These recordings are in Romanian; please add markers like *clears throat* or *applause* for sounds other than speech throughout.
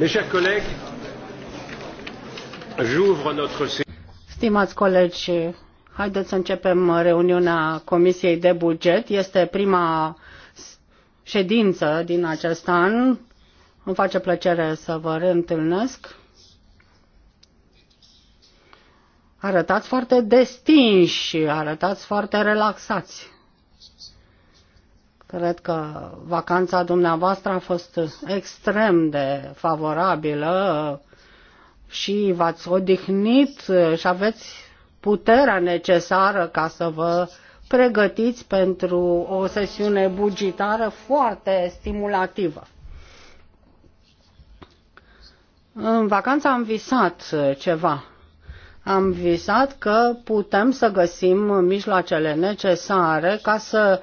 Mes chers collègues, j'ouvre notre Stimați colegi, haideți să începem reuniunea Comisiei de Buget. Este prima ședință din acest an. Îmi face plăcere să vă reîntâlnesc. arătați foarte destinși, arătați foarte relaxați. Cred că vacanța dumneavoastră a fost extrem de favorabilă și v-ați odihnit și aveți puterea necesară ca să vă pregătiți pentru o sesiune bugetară foarte stimulativă. În vacanță am visat ceva am visat că putem să găsim mijloacele necesare ca să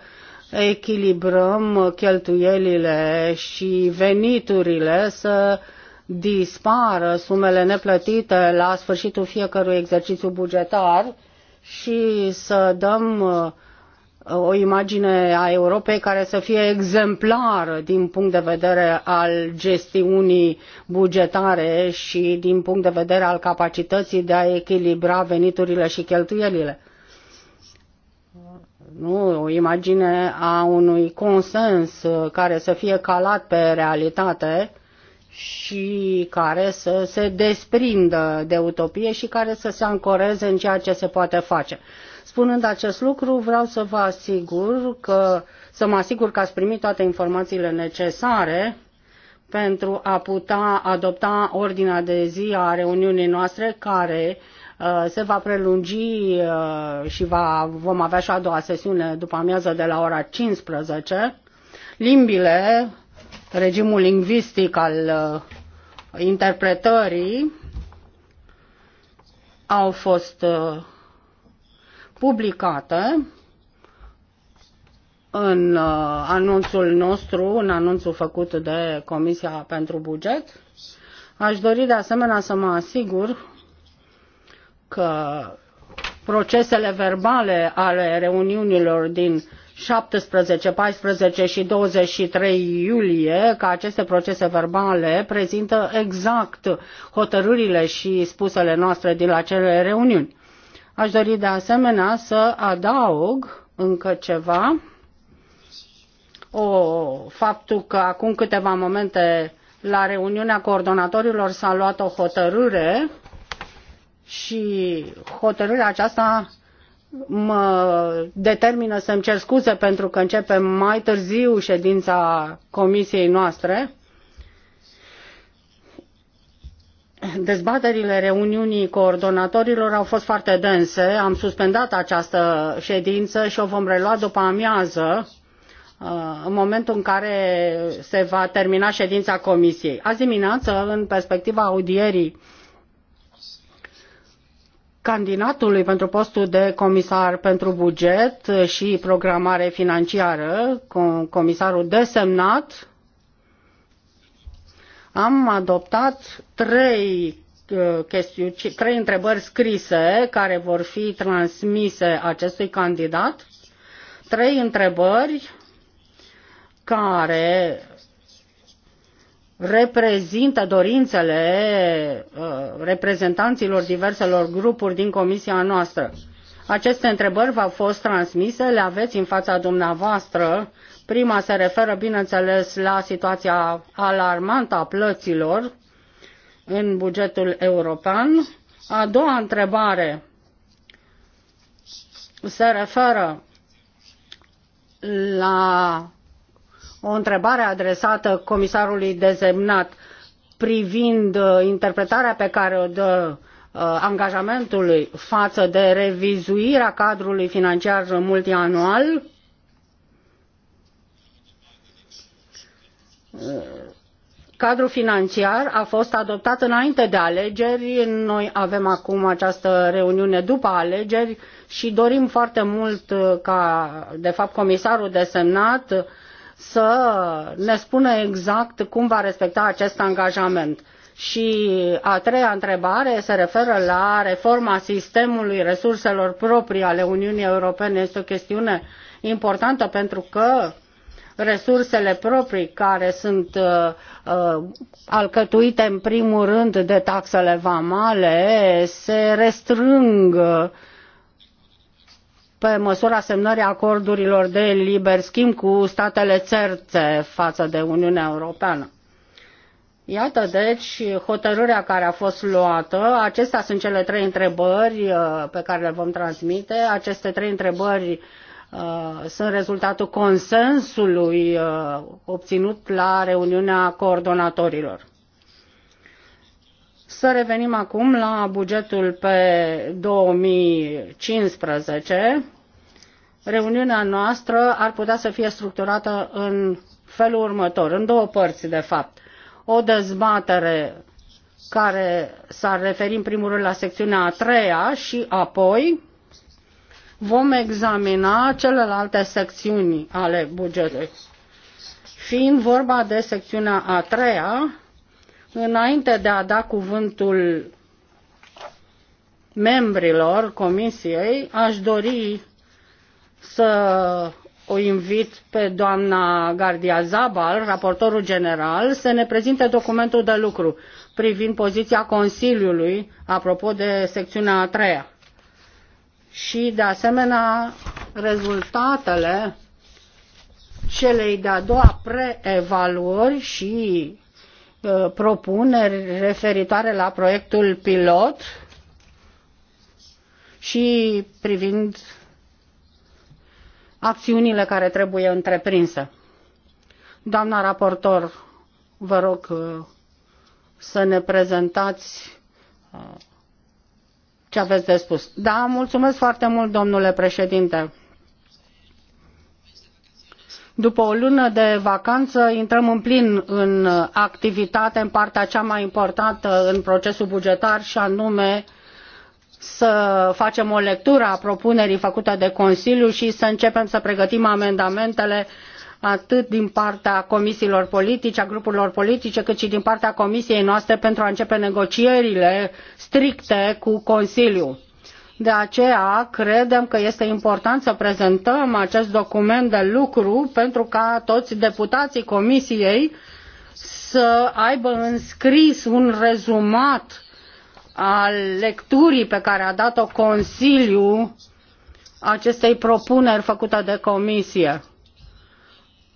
echilibrăm cheltuielile și veniturile, să dispară sumele neplătite la sfârșitul fiecărui exercițiu bugetar și să dăm uh, o imagine a Europei care să fie exemplară din punct de vedere al gestiunii bugetare și din punct de vedere al capacității de a echilibra veniturile și cheltuielile. Nu, o imagine a unui consens care să fie calat pe realitate și care să se desprindă de utopie și care să se ancoreze în ceea ce se poate face. Spunând acest lucru, vreau să vă asigur că, să mă asigur că ați primit toate informațiile necesare pentru a putea adopta ordinea de zi a reuniunii noastre care uh, se va prelungi uh, și va, vom avea și a doua sesiune după amiază de la ora 15. Limbile, regimul lingvistic al uh, interpretării au fost publicată în uh, anunțul nostru, în anunțul făcut de Comisia pentru Buget. Aș dori de asemenea să mă asigur că procesele verbale ale reuniunilor din 17, 14 și 23 iulie, că aceste procese verbale prezintă exact hotărârile și spusele noastre din acele reuniuni. Aș dori de asemenea să adaug încă ceva. O, faptul că acum câteva momente la reuniunea coordonatorilor s-a luat o hotărâre și hotărârea aceasta mă determină să-mi cer scuze pentru că începem mai târziu ședința comisiei noastre Dezbaterile reuniunii coordonatorilor au fost foarte dense. Am suspendat această ședință și o vom relua după amiază, uh, în momentul în care se va termina ședința comisiei. Azi dimineață, în perspectiva audierii candidatului pentru postul de comisar pentru buget și programare financiară, comisarul desemnat, am adoptat trei uh, chestiuni, trei întrebări scrise care vor fi transmise acestui candidat, trei întrebări care reprezintă dorințele uh, reprezentanților diverselor grupuri din comisia noastră. Aceste întrebări v-au fost transmise, le aveți în fața dumneavoastră Prima se referă, bineînțeles, la situația alarmantă a plăților în bugetul european. A doua întrebare se referă la o întrebare adresată comisarului dezemnat privind uh, interpretarea pe care o dă uh, angajamentului față de revizuirea cadrului financiar multianual cadru financiar a fost adoptat înainte de alegeri. Noi avem acum această reuniune după alegeri și dorim foarte mult uh, ca, de fapt, comisarul desemnat să ne spună exact cum va respecta acest angajament. Și a treia întrebare se referă la reforma sistemului resurselor proprii ale Uniunii Europene. Este o chestiune importantă pentru că uh, resursele proprii care sunt uh, uh, alcătuite în primul rând de taxele vamale se restrâng uh, pe măsura semnării acordurilor de liber schimb cu statele țerțe față de Uniunea Europeană. Iată, deci, hotărârea care a fost luată. Acestea sunt cele trei întrebări uh, pe care le vom transmite. Aceste trei întrebări uh, Uh, sunt rezultatul consensului uh, obținut la reuniunea coordonatorilor. Să revenim acum la bugetul pe 2015. Reuniunea noastră ar putea să fie structurată în felul următor, în două părți, de fapt. O dezbatere care s-ar referi în primul rând la secțiunea a treia și apoi vom examina celelalte secțiuni ale bugetului. Fiind vorba de secțiunea a treia, înainte de a da cuvântul membrilor comisiei, aș dori să o invit pe doamna Gardia Zabal, raportorul general, să ne prezinte documentul de lucru privind poziția Consiliului apropo de secțiunea a treia și, de asemenea, rezultatele celei de-a doua preevaluări și uh, propuneri referitoare la proiectul pilot și privind acțiunile care trebuie întreprinse. Doamna raportor, vă rog uh, să ne prezentați uh, ce aveți de spus. Da, mulțumesc foarte mult, domnule președinte. După o lună de vacanță, intrăm în plin în activitate, în partea cea mai importantă în procesul bugetar și anume să facem o lectură a propunerii făcute de Consiliu și să începem să pregătim amendamentele uh, atât din partea comisiilor politice, a grupurilor politice, cât și din partea comisiei noastre pentru a începe negocierile stricte cu Consiliul. De aceea credem că este important să prezentăm acest document de lucru pentru ca toți deputații comisiei să aibă înscris un rezumat al lecturii pe care a dat-o Consiliul acestei propuneri făcute de comisie.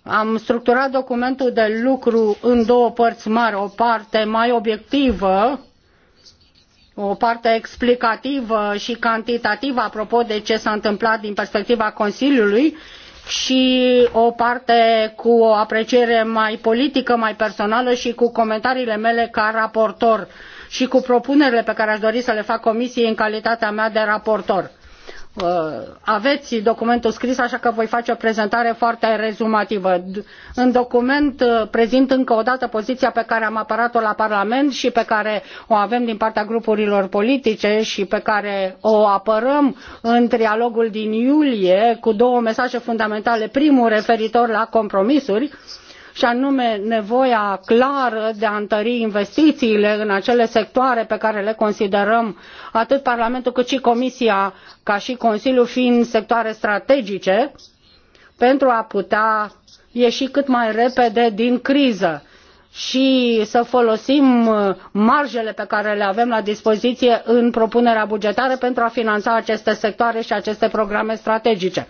Am structurat documentul de lucru în două părți mari, o parte mai obiectivă, o parte explicativă și cantitativă apropo de ce s-a întâmplat din perspectiva Consiliului și o parte cu o apreciere mai politică, mai personală și cu comentariile mele ca raportor și cu propunerile pe care aș dori să le fac comisiei în calitatea mea de raportor. Uh, aveți documentul scris, așa că voi face o prezentare foarte rezumativă. În document uh, prezint încă o dată poziția pe care am apărat-o la Parlament și pe care o avem din partea grupurilor politice și pe care o apărăm în trialogul din iulie cu două mesaje fundamentale. Primul referitor la compromisuri, și anume nevoia clară de a întări investițiile în acele sectoare pe care le considerăm atât Parlamentul cât și Comisia ca și Consiliul fiind sectoare strategice pentru a putea ieși cât mai repede din criză și să folosim marjele pe care le avem la dispoziție în propunerea bugetară pentru a finanța aceste sectoare și aceste programe strategice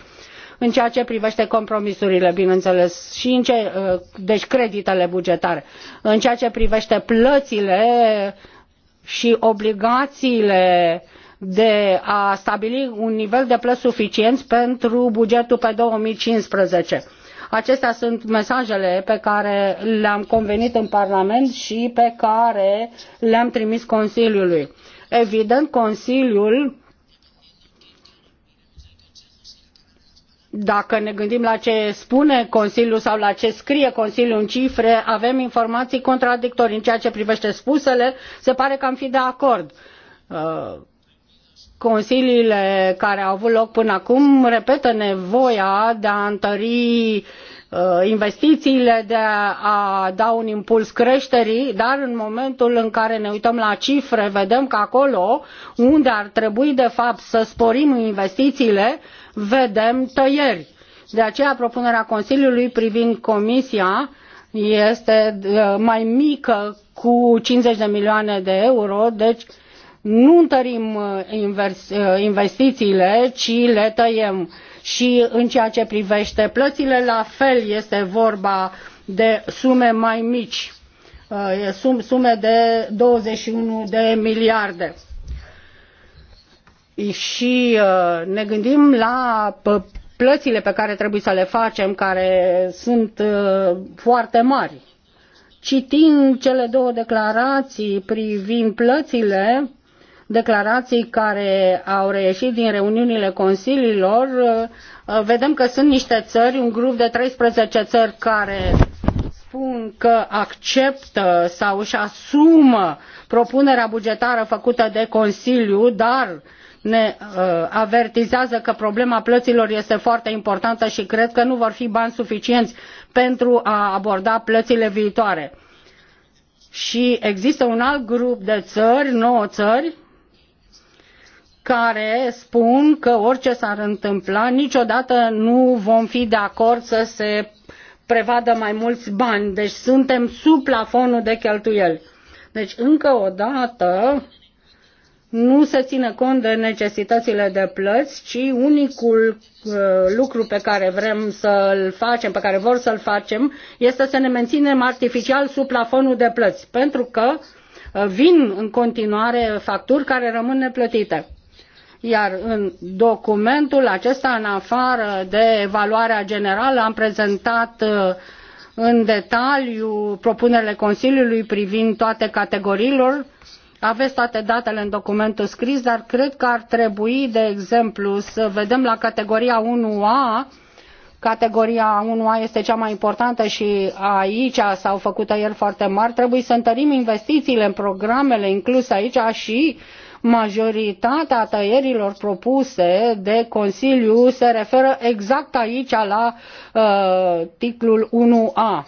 în ceea ce privește compromisurile, bineînțeles, și în ce, uh, deci creditele bugetare. În ceea ce privește plățile și obligațiile de a stabili un nivel de plăți suficient pentru bugetul pe 2015. Acestea sunt mesajele pe care le-am convenit în Parlament și pe care le-am trimis Consiliului. Evident, Consiliul dacă ne gândim la ce spune Consiliul sau la ce scrie Consiliul în cifre, avem informații contradictorii. În ceea ce privește spusele, se pare că am fi de acord. Uh, consiliile care au avut loc până acum repetă nevoia de a întări uh, investițiile, de a da un impuls creșterii, dar în momentul în care ne uităm la cifre, vedem că acolo unde ar trebui de fapt să sporim investițiile, vedem tăieri. De aceea propunerea Consiliului privind Comisia este uh, mai mică cu 50 de milioane de euro, deci nu întărim uh, uh, investițiile, ci le tăiem. Și în ceea ce privește plățile, la fel este vorba de sume mai mici, sume de 21 de miliarde și uh, ne gândim la uh, plățile pe care trebuie să le facem, care sunt uh, foarte mari. Citind cele două declarații privind plățile, declarații care au reieșit din reuniunile consiliilor, vedem că sunt niște țări, un grup de 13 țări care spun că acceptă sau își asumă propunerea bugetară făcută de Consiliu, dar uh, ne uh, avertizează că problema plăților este foarte importantă și cred că nu vor fi bani suficienți pentru a aborda plățile viitoare. Și există un alt grup de țări, nouă țări, care spun că orice s-ar întâmpla, niciodată nu vom fi de acord să se prevadă mai mulți bani. Deci suntem sub plafonul de cheltuieli. Deci, încă o dată, nu se ține cont de necesitățile de plăți, ci unicul uh, lucru pe care vrem să-l facem, pe care vor să-l facem, este să ne menținem artificial sub plafonul de plăți, pentru că uh, vin în continuare facturi care rămân neplătite. Iar în documentul acesta, în afară de evaluarea generală, am prezentat uh, în detaliu propunerile Consiliului privind toate categoriilor, aveți toate datele în documentul scris, dar cred că ar trebui, de exemplu, să vedem la categoria 1A. Categoria 1A este cea mai importantă și aici s-au făcut tăieri foarte mari. Trebuie să întărim investițiile în programele incluse aici și majoritatea tăierilor propuse de Consiliu se referă exact aici la uh, titlul 1A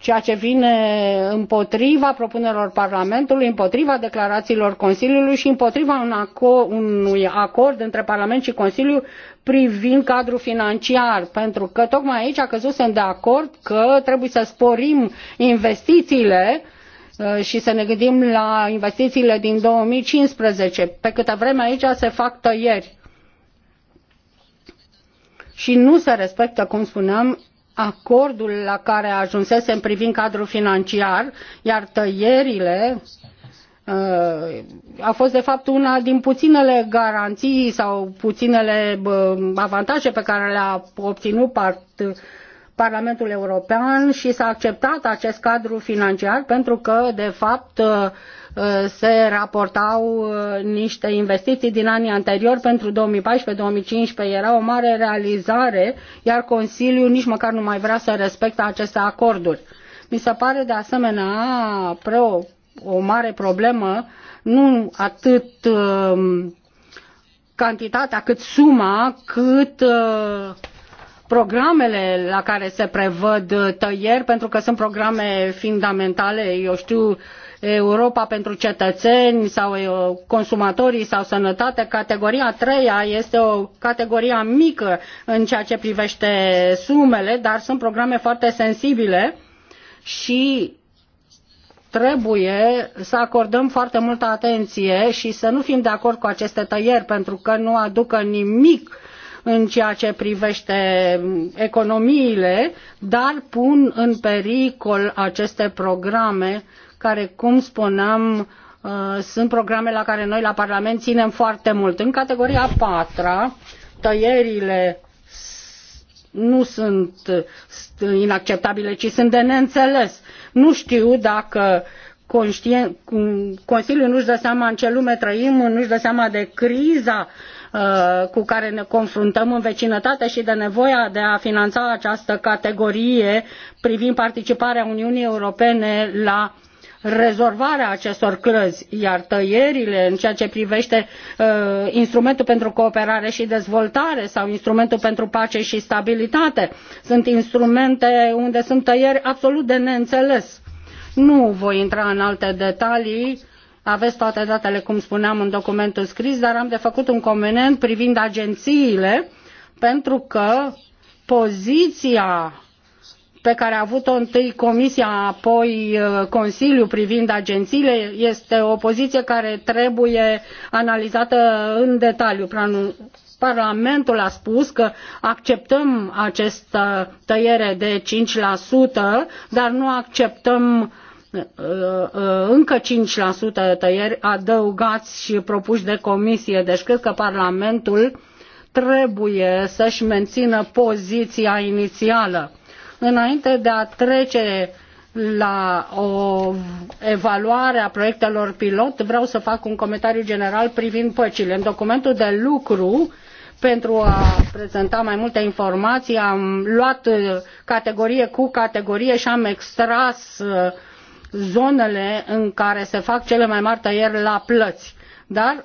ceea ce vine împotriva propunerilor Parlamentului, împotriva declarațiilor Consiliului și împotriva un unui acord între Parlament și Consiliu privind cadrul financiar, pentru că tocmai aici a căzusem de acord că trebuie să sporim investițiile uh, și să ne gândim la investițiile din 2015, pe câtă vreme aici se fac tăieri și nu se respectă, cum spuneam, acordul la care ajunsesem privind cadrul financiar, iar tăierile uh, a fost de fapt una din puținele garanții sau puținele avantaje pe care le-a obținut part, Parlamentul European și s-a acceptat acest cadru financiar pentru că, de fapt, Uh, se raportau uh, niște investiții din anii anteriori pentru 2014-2015. Era o mare realizare, iar Consiliul nici măcar nu mai vrea să respecte aceste acorduri. Mi se pare de asemenea pro o mare problemă, nu atât um, cantitatea cât suma, cât uh, programele la care se prevăd tăieri, pentru că sunt programe fundamentale, eu știu, Europa pentru cetățeni sau consumatorii sau sănătate. Categoria a treia este o categoria mică în ceea ce privește sumele, dar sunt programe foarte sensibile și trebuie să acordăm foarte multă atenție și să nu fim de acord cu aceste tăieri, pentru că nu aducă nimic în ceea ce privește economiile, dar pun în pericol aceste programe care, cum spuneam, uh, sunt programe la care noi la Parlament ținem foarte mult. În categoria a patra, tăierile nu sunt inacceptabile, ci sunt de neînțeles. Nu știu dacă Consiliul nu-și dă seama în ce lume trăim, nu-și dă seama de criza uh, cu care ne confruntăm în vecinătate și de nevoia de a finanța această categorie privind participarea Uniunii Europene la uh, rezolvarea acestor crăzi, iar tăierile în ceea ce privește uh, instrumentul pentru cooperare și dezvoltare sau instrumentul pentru pace și stabilitate sunt instrumente unde sunt tăieri absolut de neînțeles. Nu voi intra în alte detalii, aveți toate datele, cum spuneam, în documentul scris, dar am de făcut un comentariu privind agențiile, pentru că poziția pe care a avut-o întâi Comisia, apoi uh, Consiliul privind agențiile, este o poziție care trebuie analizată în detaliu. Parlamentul a spus că acceptăm această tăiere de 5%, dar nu acceptăm uh, uh, încă 5% tăieri adăugați și propuși de comisie. Deci cred că Parlamentul trebuie să-și mențină poziția inițială înainte de a trece la o evaluare a proiectelor pilot, vreau să fac un comentariu general privind păcile. În documentul de lucru, pentru a prezenta mai multe informații, am luat categorie cu categorie și am extras uh, zonele în care se fac cele mai mari tăieri la plăți. Dar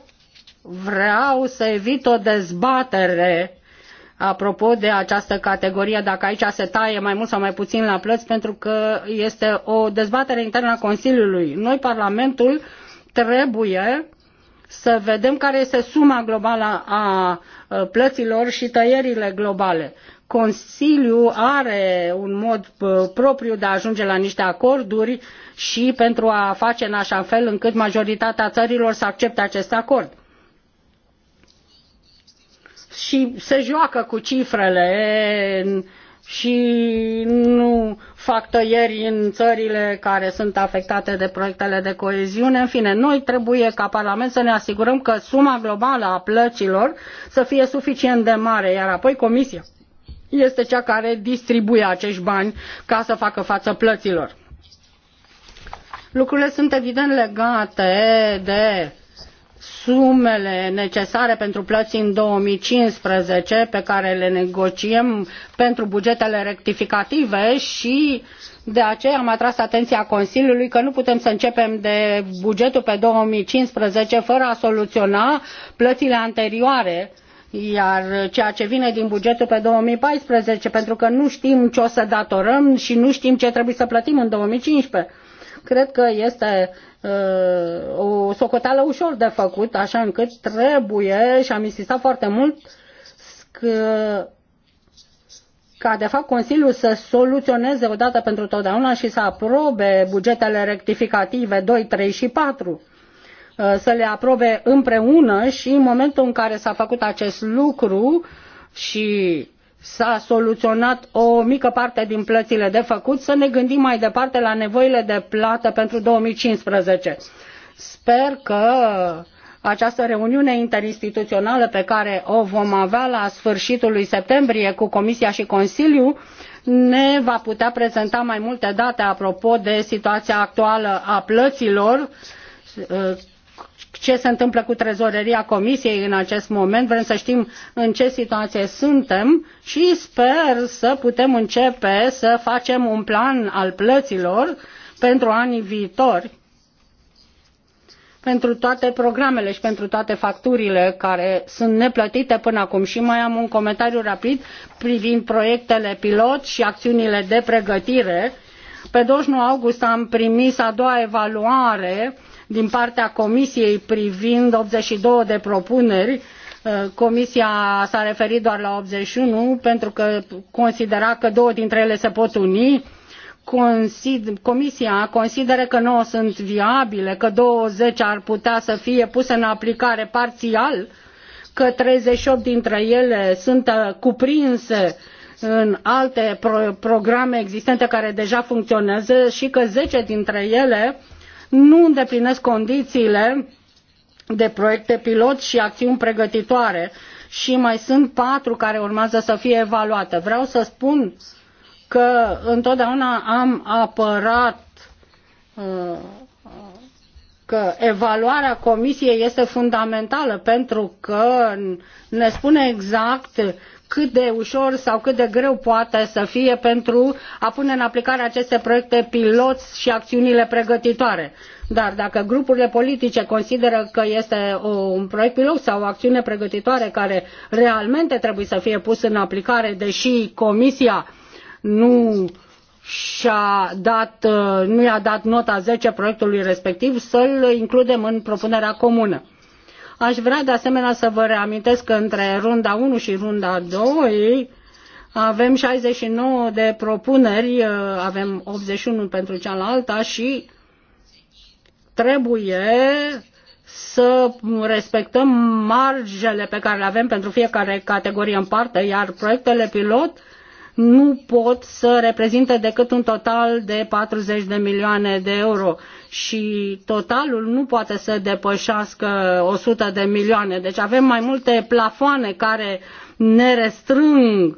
vreau să evit o dezbatere apropo de această categorie, dacă aici se taie mai mult sau mai puțin la plăți, pentru că este o dezbatere internă a Consiliului. Noi, Parlamentul, trebuie să vedem care este suma globală a plăților și tăierile globale. Consiliul are un mod uh, propriu de a ajunge la niște acorduri și pentru a face în așa fel încât majoritatea țărilor să accepte acest acord și se joacă cu cifrele și nu fac tăieri în țările care sunt afectate de proiectele de coeziune. În fine, noi trebuie ca Parlament să ne asigurăm că suma globală a plăcilor să fie suficient de mare, iar apoi Comisia este cea care distribuie acești bani ca să facă față plăților. Lucrurile sunt evident legate de sumele necesare pentru plăți în 2015 pe care le negociem pentru bugetele rectificative și de aceea am atras atenția Consiliului că nu putem să începem de bugetul pe 2015 fără a soluționa plățile anterioare iar ceea ce vine din bugetul pe 2014, pentru că nu știm ce o să datorăm și nu știm ce trebuie să plătim în 2015 cred că este uh, o socoteală ușor de făcut, așa încât trebuie, și am insistat foarte mult, că ca de fapt Consiliul să soluționeze odată pentru totdeauna și să aprobe bugetele rectificative 2, 3 și 4 uh, să le aprobe împreună și în momentul în care s-a făcut acest lucru și s-a soluționat o mică parte din plățile de făcut, să ne gândim mai departe la nevoile de plată pentru 2015. Sper că această reuniune interinstituțională pe care o vom avea la sfârșitul lui septembrie cu Comisia și Consiliul ne va putea prezenta mai multe date apropo de situația actuală a plăților ce se întâmplă cu trezoreria Comisiei în acest moment. Vrem să știm în ce situație suntem și sper să putem începe să facem un plan al plăților pentru anii viitori pentru toate programele și pentru toate facturile care sunt neplătite până acum. Și mai am un comentariu rapid privind proiectele pilot și acțiunile de pregătire. Pe 29 august am primit a doua evaluare uh, din partea Comisiei privind 82 de propuneri. Uh, Comisia s-a referit doar la 81 pentru că considera că două dintre ele se pot uni. Comisia consideră că nouă sunt viabile, că 20 ar putea să fie puse în aplicare parțial, că 38 dintre ele sunt uh, cuprinse în alte pro programe existente care deja funcționează și că 10 dintre ele nu îndeplinesc condițiile de proiecte pilot și acțiuni pregătitoare și mai sunt patru care urmează să fie evaluate. Vreau să spun că întotdeauna am apărat uh, că evaluarea comisiei este fundamentală pentru că ne spune exact cât de ușor sau cât de greu poate să fie pentru a pune în aplicare aceste proiecte pilot și acțiunile pregătitoare. Dar dacă grupurile politice consideră că este un proiect pilot sau o acțiune pregătitoare care realmente trebuie să fie pus în aplicare, deși Comisia nu și-a dat, nu i-a dat nota zece proiectului respectiv, să-l includem în propunerea comună Aș vrea de asemenea să vă reamintesc că între runda 1 și runda 2 avem 69 de propuneri, uh, avem 81 pentru cealaltă și trebuie să respectăm marjele pe care le avem pentru fiecare categorie în parte, iar proiectele pilot nu pot să reprezinte decât un total de 40 de milioane de euro și totalul nu poate să depășească 100 de milioane. Deci avem mai multe plafoane care ne restrâng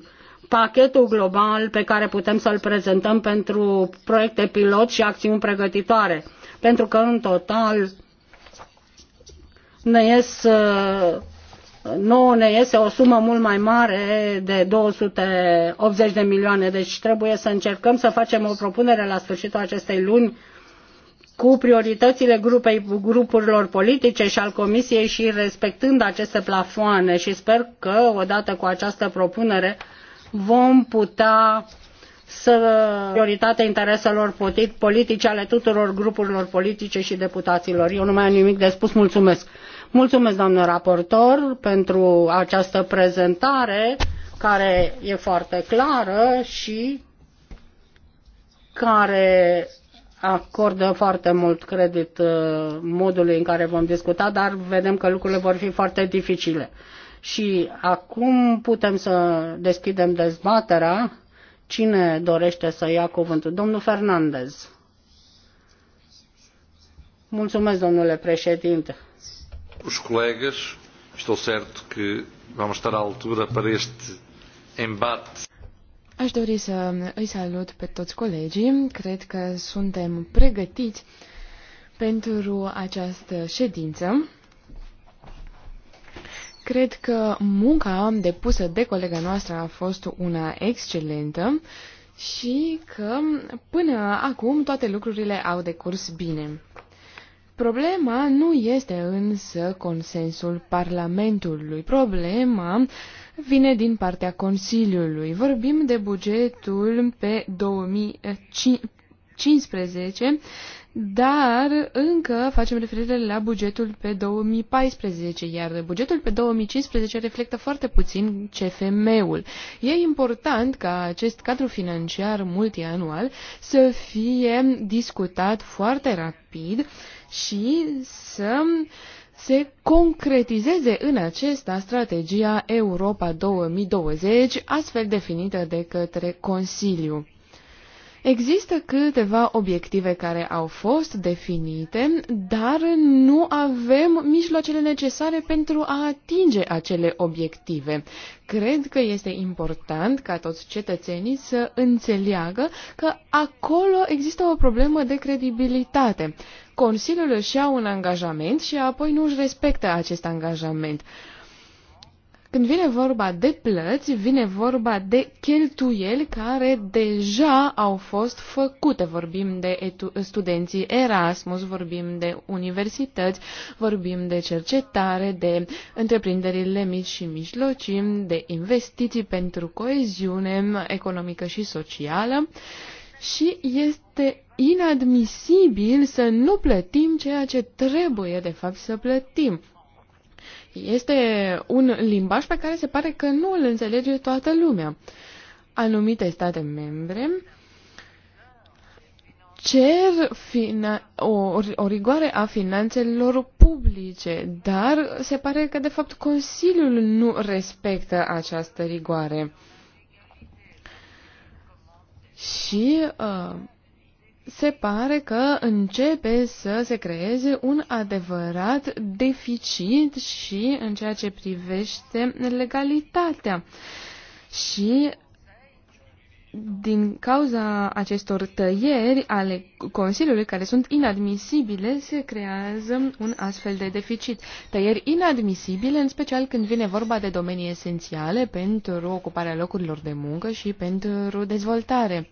pachetul global pe care putem să-l prezentăm pentru proiecte pilot și acțiuni pregătitoare. Pentru că în total ne ies nouă ne iese o sumă mult mai mare de 280 de milioane, deci trebuie să încercăm să facem o propunere la sfârșitul acestei luni cu prioritățile grupurilor politice și al Comisiei și respectând aceste plafoane și sper că odată cu această propunere vom putea să prioritate intereselor politice ale tuturor grupurilor politice și deputaților. Eu nu mai am nimic de spus, mulțumesc. Mulțumesc, doamnă raportor, pentru această prezentare care e foarte clară și care acordă foarte mult credit uh, modului în care vom discuta, dar vedem că lucrurile vor fi foarte dificile. Și acum putem să deschidem dezbaterea. Cine dorește să ia cuvântul? Domnul Fernandez. Mulțumesc, domnule președinte. Os colegas, estou certo que vamos estar à altura para este embate. Aș dori să îi salut pe toți colegii. Cred că suntem pregătiți pentru această ședință. Cred că munca depusă de colega noastră a fost una excelentă și că până acum toate lucrurile au decurs bine. Problema nu este însă consensul Parlamentului. Problema vine din partea Consiliului. Vorbim de bugetul pe 2015, dar încă facem referire la bugetul pe 2014, iar bugetul pe 2015 reflectă foarte puțin CFM-ul. E important ca acest cadru financiar multianual să fie discutat foarte rapid și să uh, se concretizeze în acesta strategia Europa 2020, astfel definită de către Consiliu. Există câteva obiective care au fost definite, dar nu avem mijloacele necesare pentru a atinge acele obiective. Cred că este important ca toți cetățenii să înțeleagă că acolo există o problemă de credibilitate. Consiliul își ia un angajament și apoi nu își respectă acest angajament. Când vine vorba de plăți, vine vorba de cheltuieli care deja au fost făcute. Vorbim de studenții Erasmus, vorbim de universități, vorbim de cercetare, de întreprinderile mici și mijlocii, de investiții pentru coeziune economică și socială și este inadmisibil să nu plătim ceea ce trebuie de fapt să plătim. Este un limbaj pe care se pare că nu îl înțelege toată lumea. Anumite state membre cer o, o rigoare a finanțelor publice, dar se pare că, de fapt, Consiliul nu respectă această rigoare. Și uh, se pare că începe să se creeze un adevărat deficit și în ceea ce privește legalitatea. Și din cauza acestor tăieri ale Consiliului, care sunt inadmisibile, se creează un astfel de deficit. Tăieri inadmisibile, în special când vine vorba de domenii esențiale pentru ocuparea locurilor de muncă și pentru dezvoltare.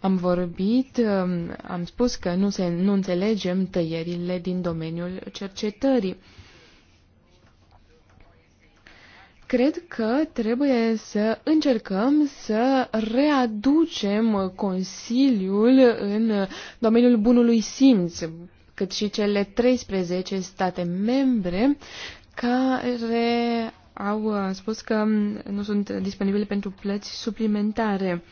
Am vorbit, um, am spus că nu, se, nu înțelegem tăierile din domeniul cercetării. Cred că trebuie să încercăm să readucem Consiliul în domeniul bunului simț, cât și cele 13 state membre care au uh, spus că nu sunt disponibile pentru plăți suplimentare.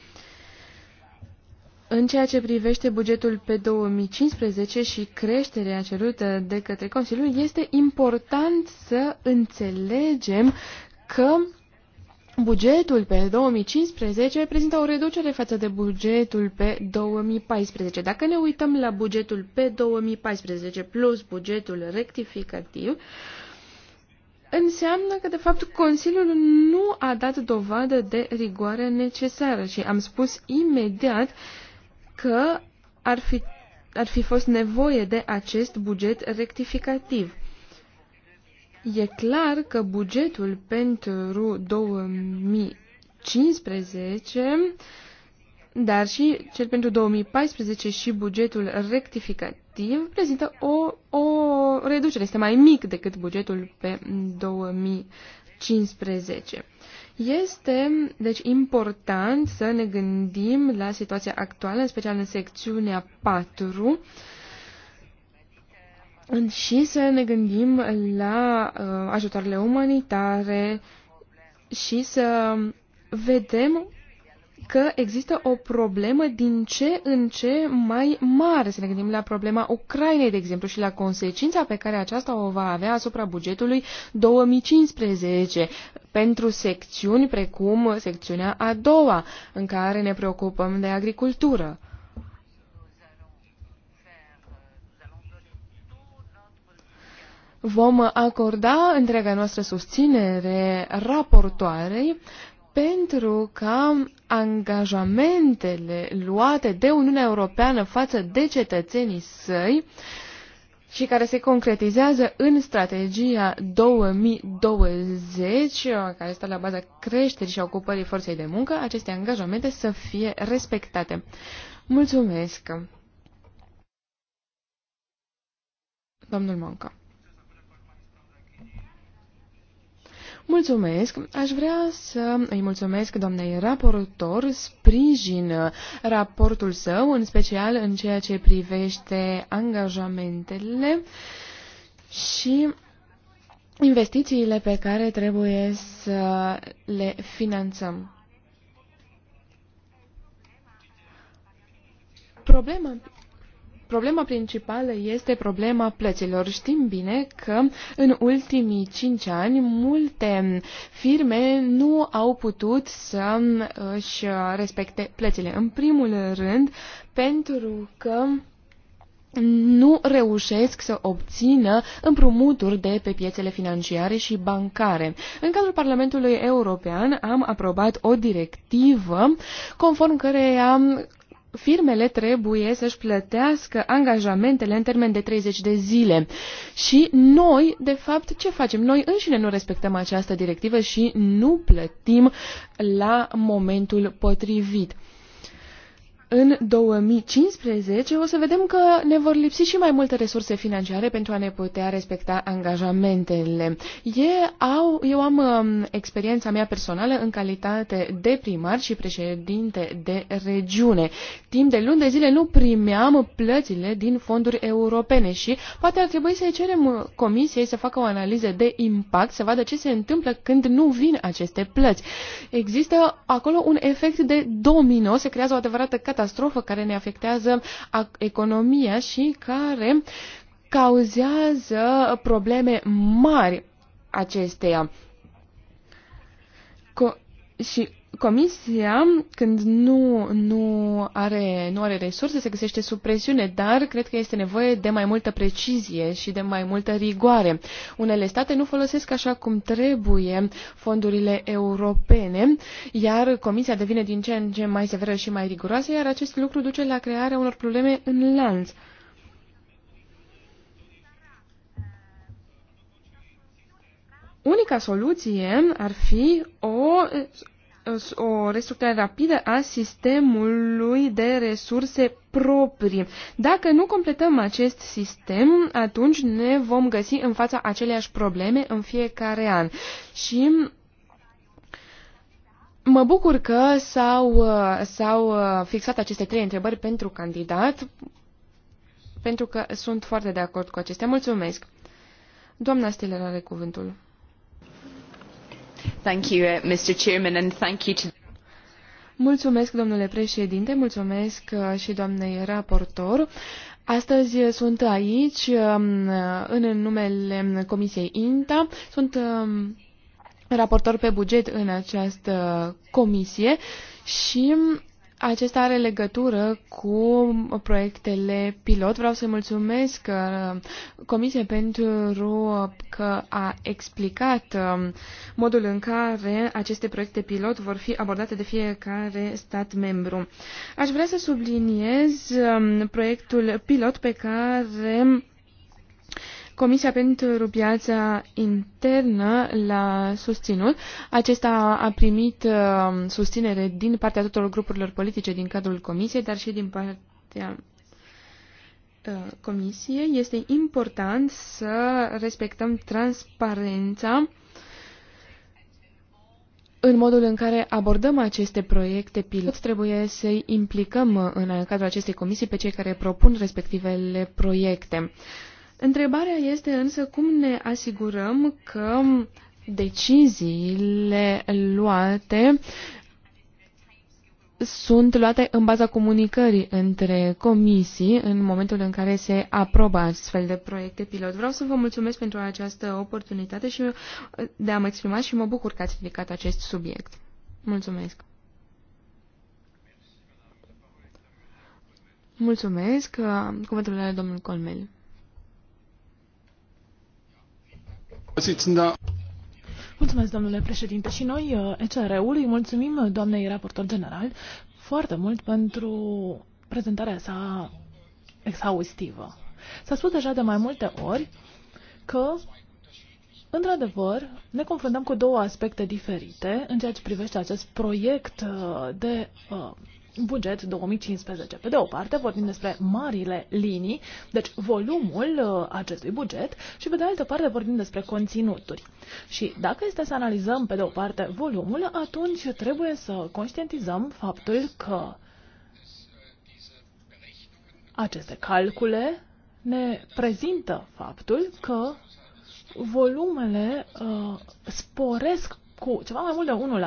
În ceea ce privește bugetul pe 2015 și creșterea cerută de către Consiliu, este important să înțelegem că Bugetul pe 2015 prezintă o reducere față de bugetul pe 2014. Dacă ne uităm la bugetul pe 2014 plus bugetul rectificativ, înseamnă că, de fapt, Consiliul nu a dat dovadă de rigoare necesară și am spus imediat uh, că ar fi, ar fi fost nevoie de acest buget rectificativ. E clar că bugetul pentru 2015, dar și cel pentru 2014 și bugetul rectificativ prezintă o, o reducere. Este mai mic decât bugetul pe 2015. Este, deci, important să ne gândim la situația actuală, în special în secțiunea 4, și să ne gândim la uh, ajutoarele umanitare și să vedem că există o problemă din ce în ce mai mare. Să ne gândim la problema Ucrainei, de exemplu, și la consecința pe care aceasta o va avea asupra bugetului 2015 pentru secțiuni precum secțiunea a doua, în care ne preocupăm de agricultură. vom acorda întreaga noastră susținere raportoarei pentru că angajamentele luate de Uniunea Europeană față de cetățenii săi și care se concretizează în strategia 2020, care stă la baza creșterii și ocupării forței de muncă, aceste angajamente să fie respectate. Mulțumesc! Domnul Monca. Mulțumesc! Aș vrea să îi mulțumesc doamnei raportor, sprijin raportul său, în special în ceea ce privește angajamentele și investițiile pe care trebuie să le finanțăm. Problema Problema principală este problema plăților. Știm bine că în ultimii cinci ani multe firme nu au putut să își respecte plățile. În primul rând, pentru că nu reușesc să obțină împrumuturi de pe piețele financiare și bancare. În cadrul Parlamentului European am aprobat o directivă conform căreia firmele trebuie să-și plătească angajamentele în termen de 30 de zile. Și noi, de fapt, ce facem? Noi înșine nu respectăm această directivă și nu plătim la momentul potrivit în 2015 o să vedem că ne vor lipsi și mai multe resurse financiare pentru a ne putea respecta angajamentele. Eu, au, eu am um, experiența mea personală în calitate de primar și președinte de regiune. Timp de luni de zile nu primeam plățile din fonduri europene și poate ar trebui să-i cerem uh, comisiei să facă o analiză de impact, să vadă ce se întâmplă când nu vin aceste plăți. Există acolo un efect de domino, se creează o adevărată catastrofă care ne afectează economia și care cauzează probleme mari acesteia. Co- și Comisia, când nu, nu, are, nu are resurse, se găsește sub presiune, dar cred că este nevoie de mai multă precizie și de mai multă rigoare. Unele state nu folosesc așa cum trebuie fondurile europene, iar Comisia devine din ce în ce mai severă și mai riguroasă, iar acest lucru duce la crearea unor probleme în lanț. Unica soluție ar fi o o restructurare rapidă a sistemului de resurse proprii. Dacă nu completăm acest sistem, atunci ne vom găsi în fața aceleași probleme în fiecare an. Și Mă bucur că s-au, fixat aceste trei întrebări pentru candidat, pentru că sunt foarte de acord cu acestea. Mulțumesc! Doamna Stiller are cuvântul. Mulțumesc, domnule președinte, mulțumesc uh, și doamnei raportor. Astăzi uh, sunt aici um, în numele Comisiei INTA. Sunt um, raportor pe buget în această comisie și acesta are legătură cu proiectele pilot. Vreau să mulțumesc uh, Comisiei pentru că a explicat um, modul în care aceste proiecte pilot vor fi abordate de fiecare stat membru. Aș vrea să subliniez um, proiectul pilot pe care Comisia pentru Piața Internă l-a susținut. Acesta a primit uh, susținere din partea tuturor grupurilor politice din cadrul Comisiei, dar și din partea uh, Comisie, este important să respectăm transparența în modul în care abordăm aceste proiecte pilot. Trebuie să implicăm uh, în cadrul acestei comisii pe cei care propun respectivele proiecte. Întrebarea este însă cum ne asigurăm că deciziile luate sunt luate în baza comunicării între comisii în momentul în care se aprobă astfel de proiecte pilot. Vreau să vă mulțumesc pentru această oportunitate și uh, de a mă exprima și mă bucur că ați ridicat acest subiect. Mulțumesc! Mulțumesc! Uh, cuvântul are domnul Colmel. Da. Mulțumesc, domnule președinte. Și noi, uh, ECR-ul, îi mulțumim uh, doamnei raportor general foarte mult pentru prezentarea sa exhaustivă. S-a spus deja de mai multe ori că, într-adevăr, ne confruntăm cu două aspecte diferite în ceea ce privește acest proiect uh, de uh, buget 2015. Pe de o parte, vorbim despre marile linii, deci volumul uh, acestui buget și pe de altă parte vorbim despre conținuturi. Și dacă este să analizăm pe de o parte volumul, atunci trebuie să conștientizăm faptul că aceste calcule ne prezintă faptul că volumele uh, sporesc cu ceva mai mult de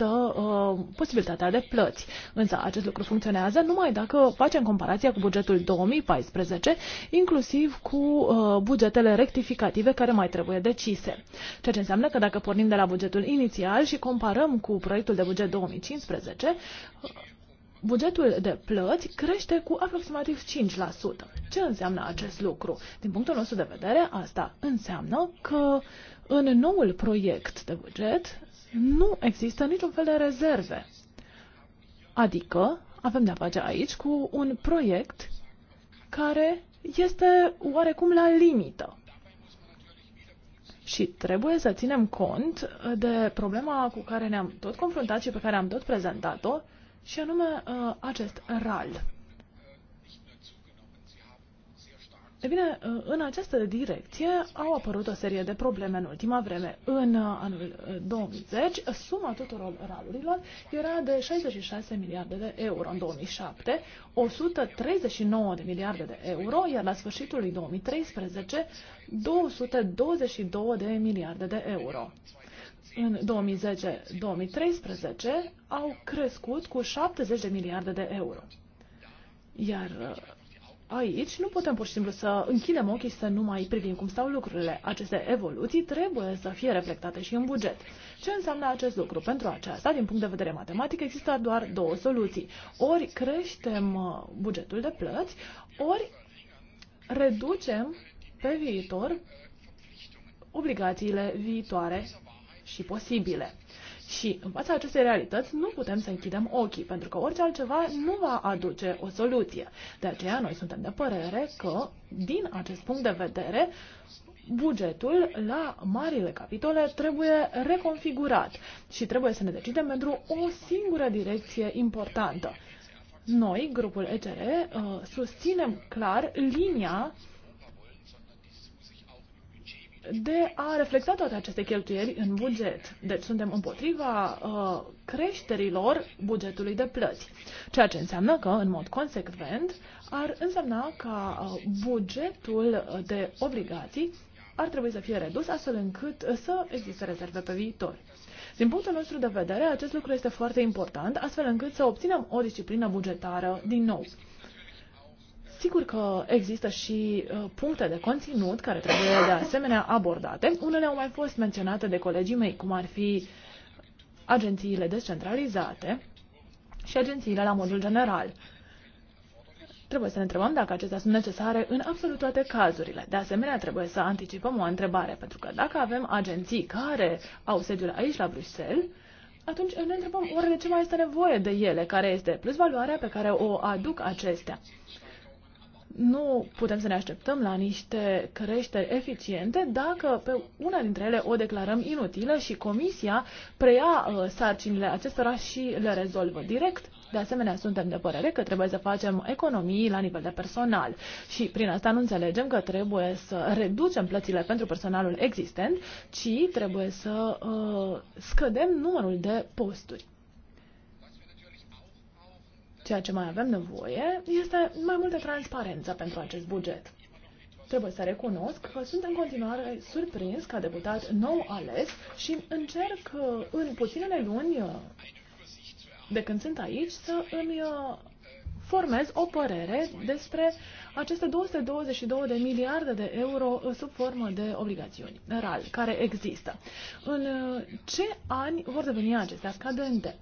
1% uh, posibilitatea de plăți. Însă acest lucru funcționează numai dacă facem comparația cu bugetul 2014, inclusiv cu uh, bugetele rectificative care mai trebuie decise. Ceea ce înseamnă că dacă pornim de la bugetul inițial și comparăm cu proiectul de buget 2015, bugetul de plăți crește cu aproximativ 5%. Ce înseamnă acest lucru? Din punctul nostru de vedere, asta înseamnă că în noul proiect de buget nu există niciun fel de rezerve. Adică avem de-a face aici cu un proiect care este oarecum la limită. Și trebuie să ținem cont de problema cu care ne-am tot confruntat și pe care am tot prezentat-o, și anume uh, acest RAL. E bine, uh, în această direcție au apărut o serie de probleme în ultima vreme. În uh, anul 2010, suma tuturor ralurilor era de 66 miliarde de euro. În 2007, 139 de miliarde de euro, iar la sfârșitul lui 2013, 222 de miliarde de euro în 2010-2013 au crescut cu 70 de miliarde de euro. Iar uh, aici nu putem pur și simplu să închidem ochii și să nu mai privim cum stau lucrurile. Aceste evoluții trebuie să fie reflectate și în buget. Ce înseamnă acest lucru? Pentru aceasta, din punct de vedere matematic, există doar două soluții. Ori creștem uh, bugetul de plăți, ori reducem pe viitor obligațiile viitoare și posibile. Și în fața acestei realități nu putem să închidem ochii, pentru că orice altceva nu va aduce o soluție. De aceea noi suntem de părere că, din acest punct de vedere, bugetul la marile capitole trebuie reconfigurat și trebuie să ne decidem pentru o singură direcție importantă. Noi, grupul ECR, uh, susținem clar linia de a reflecta toate aceste cheltuieli în buget. Deci suntem împotriva uh, creșterilor bugetului de plăți, ceea ce înseamnă că, în mod consecvent, ar însemna ca uh, bugetul de obligații ar trebui să fie redus astfel încât să existe rezerve pe viitor. Din punctul nostru de vedere, acest lucru este foarte important, astfel încât să obținem o disciplină bugetară din nou. Sigur că există și uh, puncte de conținut care trebuie de asemenea abordate. Unele au mai fost menționate de colegii mei, cum ar fi agențiile descentralizate și agențiile la modul general. Trebuie să ne întrebăm dacă acestea sunt necesare în absolut toate cazurile. De asemenea, trebuie să anticipăm o întrebare, pentru că dacă avem agenții care au sediul aici, la Bruxelles, atunci ne întrebăm oare de ce mai este nevoie de ele, care este plus valoarea pe care o aduc acestea nu putem să ne așteptăm la niște creșteri eficiente dacă pe una dintre ele o declarăm inutilă și Comisia preia uh, sarcinile acestora și le rezolvă direct. De asemenea, suntem de părere că trebuie să facem economii la nivel de personal și prin asta nu înțelegem că trebuie să reducem plățile pentru personalul existent, ci trebuie să uh, scădem numărul de posturi. Ceea ce mai avem nevoie este mai multă transparență pentru acest buget. Trebuie să recunosc că sunt în continuare surprins ca deputat nou ales și încerc uh, în puținele luni uh, de când sunt aici să îmi uh, formez o părere despre aceste 222 de miliarde de euro sub formă de obligațiuni RAL care există. În ce ani vor deveni acestea scadente?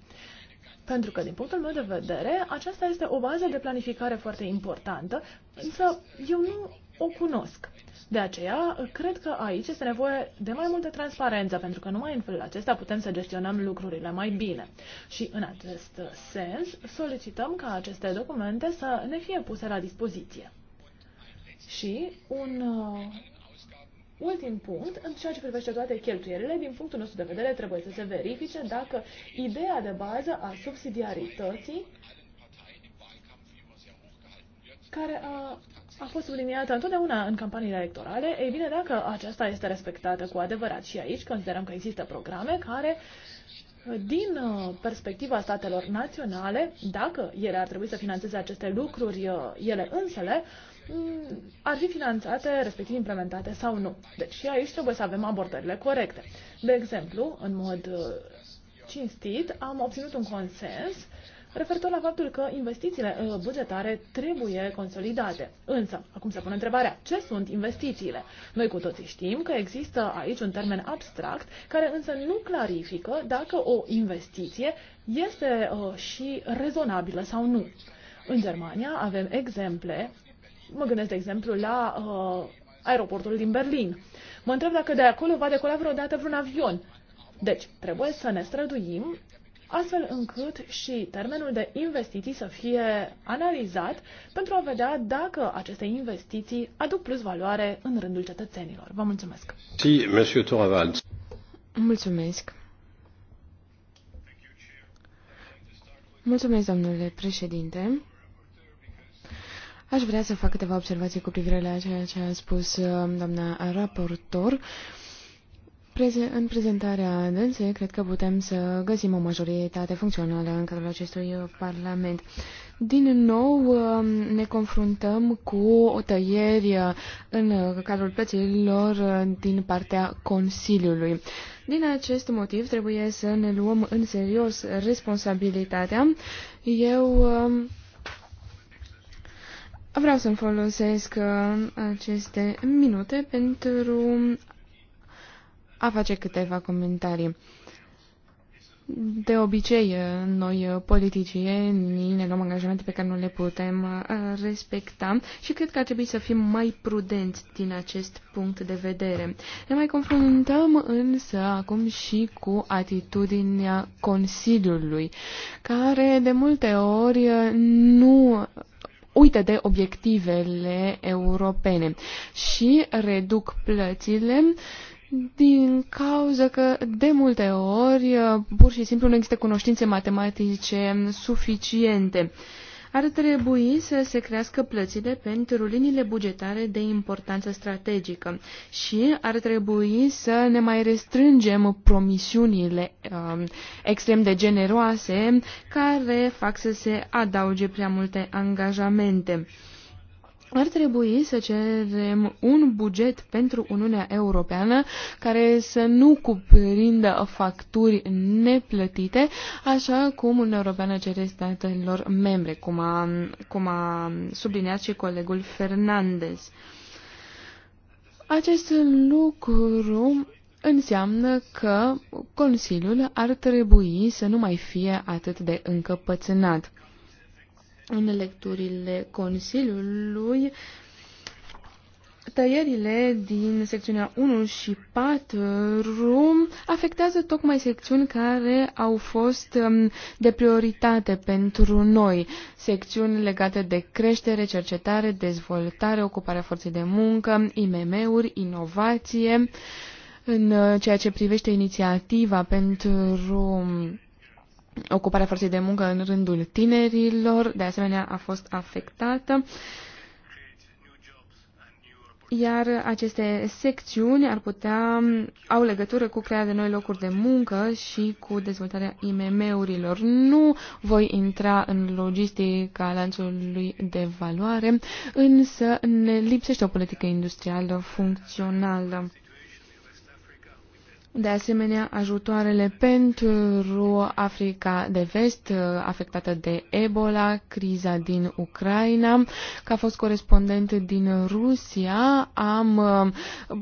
Pentru că, din punctul meu de vedere, aceasta este o bază de planificare foarte importantă, însă eu nu o cunosc. De aceea, cred că aici este nevoie de mai multă transparență, pentru că numai în felul acesta putem să gestionăm lucrurile mai bine. Și în acest sens, solicităm ca aceste documente să ne fie puse la dispoziție. Și un uh, ultim punct, în ceea ce privește toate cheltuielile, din punctul nostru de vedere trebuie să se verifice dacă ideea de bază a subsidiarității care a, a fost subliniată întotdeauna în campaniile electorale, ei bine, dacă aceasta este respectată cu adevărat și aici considerăm că există programe care din uh, perspectiva statelor naționale, dacă ele ar trebui să financeze aceste lucruri uh, ele însele, Mm, ar fi finanțate, respectiv implementate sau nu. Deci și aici trebuie să avem abordările corecte. De exemplu, în mod uh, cinstit, am obținut un consens referitor la faptul că investițiile uh, bugetare trebuie consolidate. Însă, acum se pune întrebarea, ce sunt investițiile? Noi cu toții știm că există aici un termen abstract care însă nu clarifică dacă o investiție este uh, și rezonabilă sau nu. În Germania avem exemple Mă gândesc, de exemplu, la uh, aeroportul din Berlin. Mă întreb dacă de acolo va decola vreodată vreun avion. Deci, trebuie să ne străduim astfel încât și termenul de investiții să fie analizat pentru a vedea dacă aceste investiții aduc plus valoare în rândul cetățenilor. Vă mulțumesc! Si, monsieur Toraval. Mulțumesc! Mulțumesc, domnule președinte! Aș vrea să fac câteva observații cu privire la ceea ce a spus um, doamna raportor. Preze în prezentarea dânsei, cred că putem să găsim o majoritate funcțională în cadrul acestui Parlament. Din nou um, ne confruntăm cu o tăieri uh, în cadrul plăților uh, din partea Consiliului. Din acest motiv trebuie să ne luăm în serios responsabilitatea. Eu um, Vreau să-mi folosesc uh, aceste minute pentru a face câteva comentarii. De obicei, uh, noi uh, politicieni ne luăm angajamente pe care nu le putem respecta și cred că ar trebui să fim mai prudenți din acest punct de vedere. Ne mai confruntăm însă acum și cu atitudinea Consiliului, care de multe ori nu uită de obiectivele europene și reduc plățile din cauza că de multe ori pur și simplu nu există cunoștințe matematice suficiente. Uh, ar trebui să se crească plățile pentru liniile bugetare de importanță strategică și ar trebui să ne mai restrângem promisiunile uh, extrem de generoase care fac să se adauge prea multe angajamente ar trebui să cerem un buget pentru Uniunea Europeană care să nu cuprindă facturi neplătite, așa cum Uniunea Europeană cere statelor membre, cum a, cum a subliniat și colegul Fernandez. Acest lucru înseamnă că Consiliul ar trebui să nu mai fie atât de încăpățânat în lecturile Consiliului, Tăierile din secțiunea 1 și 4 afectează tocmai secțiuni care au fost um, de prioritate pentru noi. Secțiuni legate de creștere, cercetare, dezvoltare, ocuparea forței de muncă, IMM-uri, inovație, în uh, ceea ce privește inițiativa pentru um, ocuparea forței de muncă în rândul tinerilor, de asemenea a fost afectată. Iar aceste secțiuni ar putea, au legătură cu crearea de noi locuri de muncă și cu dezvoltarea IMM-urilor. Nu voi intra în logistica lanțului de valoare, însă ne lipsește o politică industrială funcțională. De asemenea, ajutoarele pentru Africa de Vest, uh, afectată de Ebola, criza din Ucraina. Ca fost corespondent din Rusia, am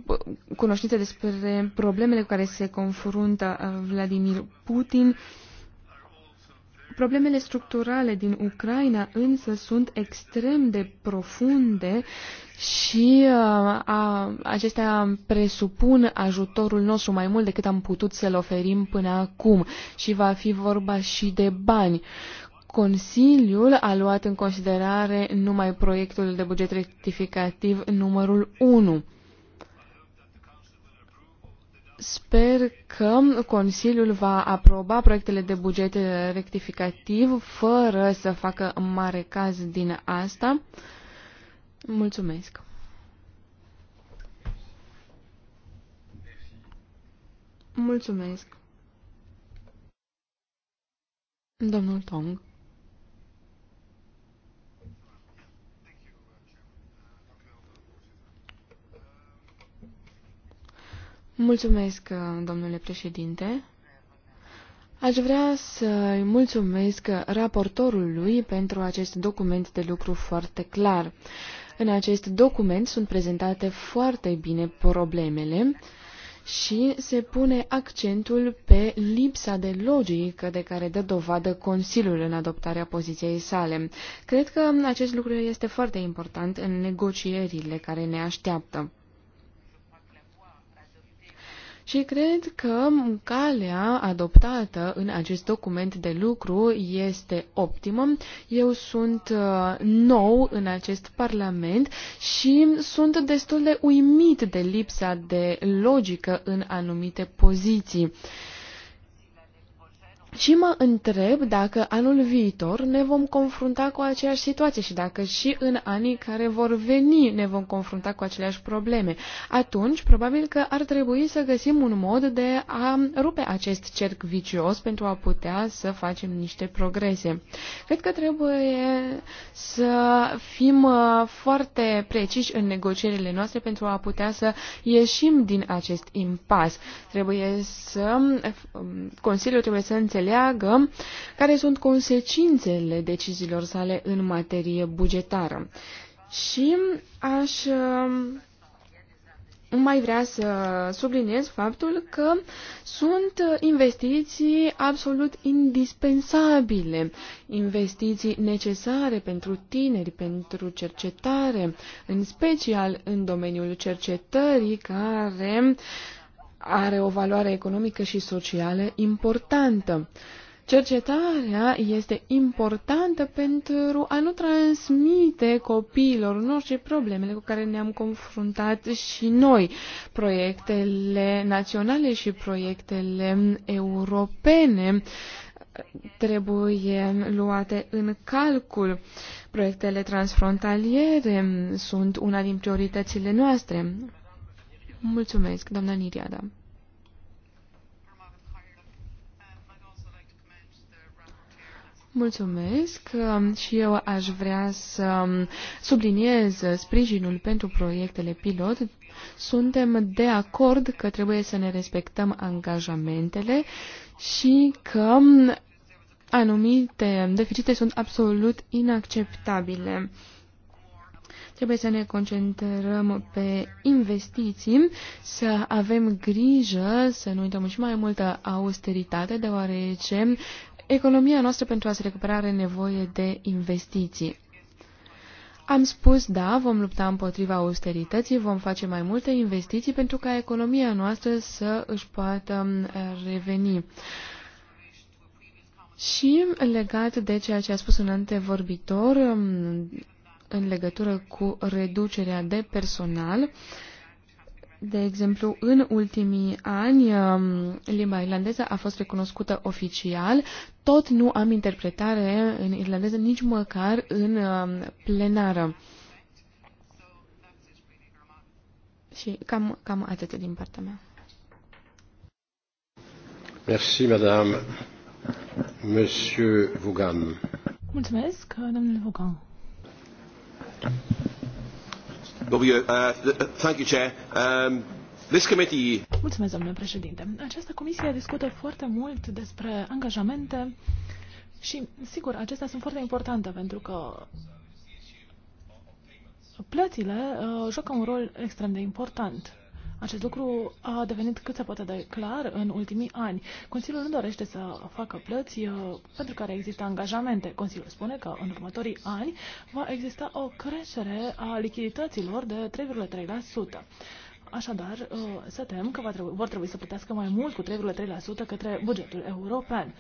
uh, cunoștință despre problemele cu care se confruntă uh, Vladimir Putin. Problemele structurale din Ucraina însă sunt extrem de profunde și uh, a, acestea presupun ajutorul nostru mai mult decât am putut să-l oferim până acum și va fi vorba și de bani. Consiliul a luat în considerare numai proiectul de buget rectificativ numărul 1. Sper că Consiliul va aproba proiectele de buget rectificativ fără să facă mare caz din asta Mulțumesc. Mulțumesc. Domnul Tong. Mulțumesc, domnule președinte. Aș vrea să-i mulțumesc raportorului pentru acest document de lucru foarte clar. În acest document sunt prezentate foarte bine problemele și se pune accentul pe lipsa de logică de care dă dovadă Consiliul în adoptarea poziției sale. Cred că acest lucru este foarte important în negocierile care ne așteaptă. Și cred că calea adoptată în acest document de lucru este optimă. Eu sunt uh, nou în acest Parlament și sunt destul de uimit de lipsa de logică în anumite poziții. Și mă întreb dacă anul viitor ne vom confrunta cu aceeași situație și dacă și în anii care vor veni ne vom confrunta cu aceleași probleme. Atunci, probabil că ar trebui să găsim un mod de a rupe acest cerc vicios pentru a putea să facem niște progrese. Cred că trebuie să fim uh, foarte preciși în negocierile noastre pentru a putea să ieșim din acest impas. Trebuie să... Um, Consiliul trebuie să înțeleagă înțeleagă care sunt consecințele deciziilor sale în materie bugetară. Și aș um, mai vrea să subliniez faptul că sunt investiții absolut indispensabile, investiții necesare pentru tineri, pentru cercetare, în special în domeniul cercetării care uh, are o valoare economică și socială importantă. Cercetarea este importantă pentru a nu transmite copiilor noștri problemele cu care ne-am confruntat și noi, proiectele naționale și proiectele europene trebuie luate în calcul. Proiectele transfrontaliere sunt una din prioritățile noastre. Mulțumesc, doamna Niriada. Mulțumesc și eu aș vrea să subliniez sprijinul pentru proiectele pilot. Suntem de acord că trebuie să ne respectăm angajamentele și că anumite deficite sunt absolut inacceptabile. Trebuie să ne concentrăm pe investiții, să avem grijă, să nu uităm și mai multă austeritate, deoarece economia noastră pentru a se recupera are nevoie de investiții. Am spus, da, vom lupta împotriva austerității, vom face mai multe investiții pentru ca economia noastră să își poată reveni. Și legat de ceea ce a spus un antevorbitor, în legătură cu reducerea de personal. De exemplu, în ultimii ani, um, limba irlandeză a fost recunoscută oficial. Tot nu am interpretare în irlandeză, nici măcar în um, plenară. Și cam, cam atât din partea mea. Merci, madame. Monsieur Vougan. Mulțumesc, domnule Vougan. Uh, uh, um, Mulțumesc, domnule președinte. Această comisie discută foarte mult despre angajamente și, sigur, acestea sunt foarte importante pentru că plățile uh, joacă un rol extrem de important. Acest lucru a devenit cât se poate de clar în ultimii ani. Consiliul nu dorește să facă plăți uh, pentru care există angajamente. Consiliul spune că în următorii ani va exista o creștere a lichidităților de 3,3%. Așadar, uh, să tem că vor trebui să plătească mai mult cu 3,3% către bugetul european.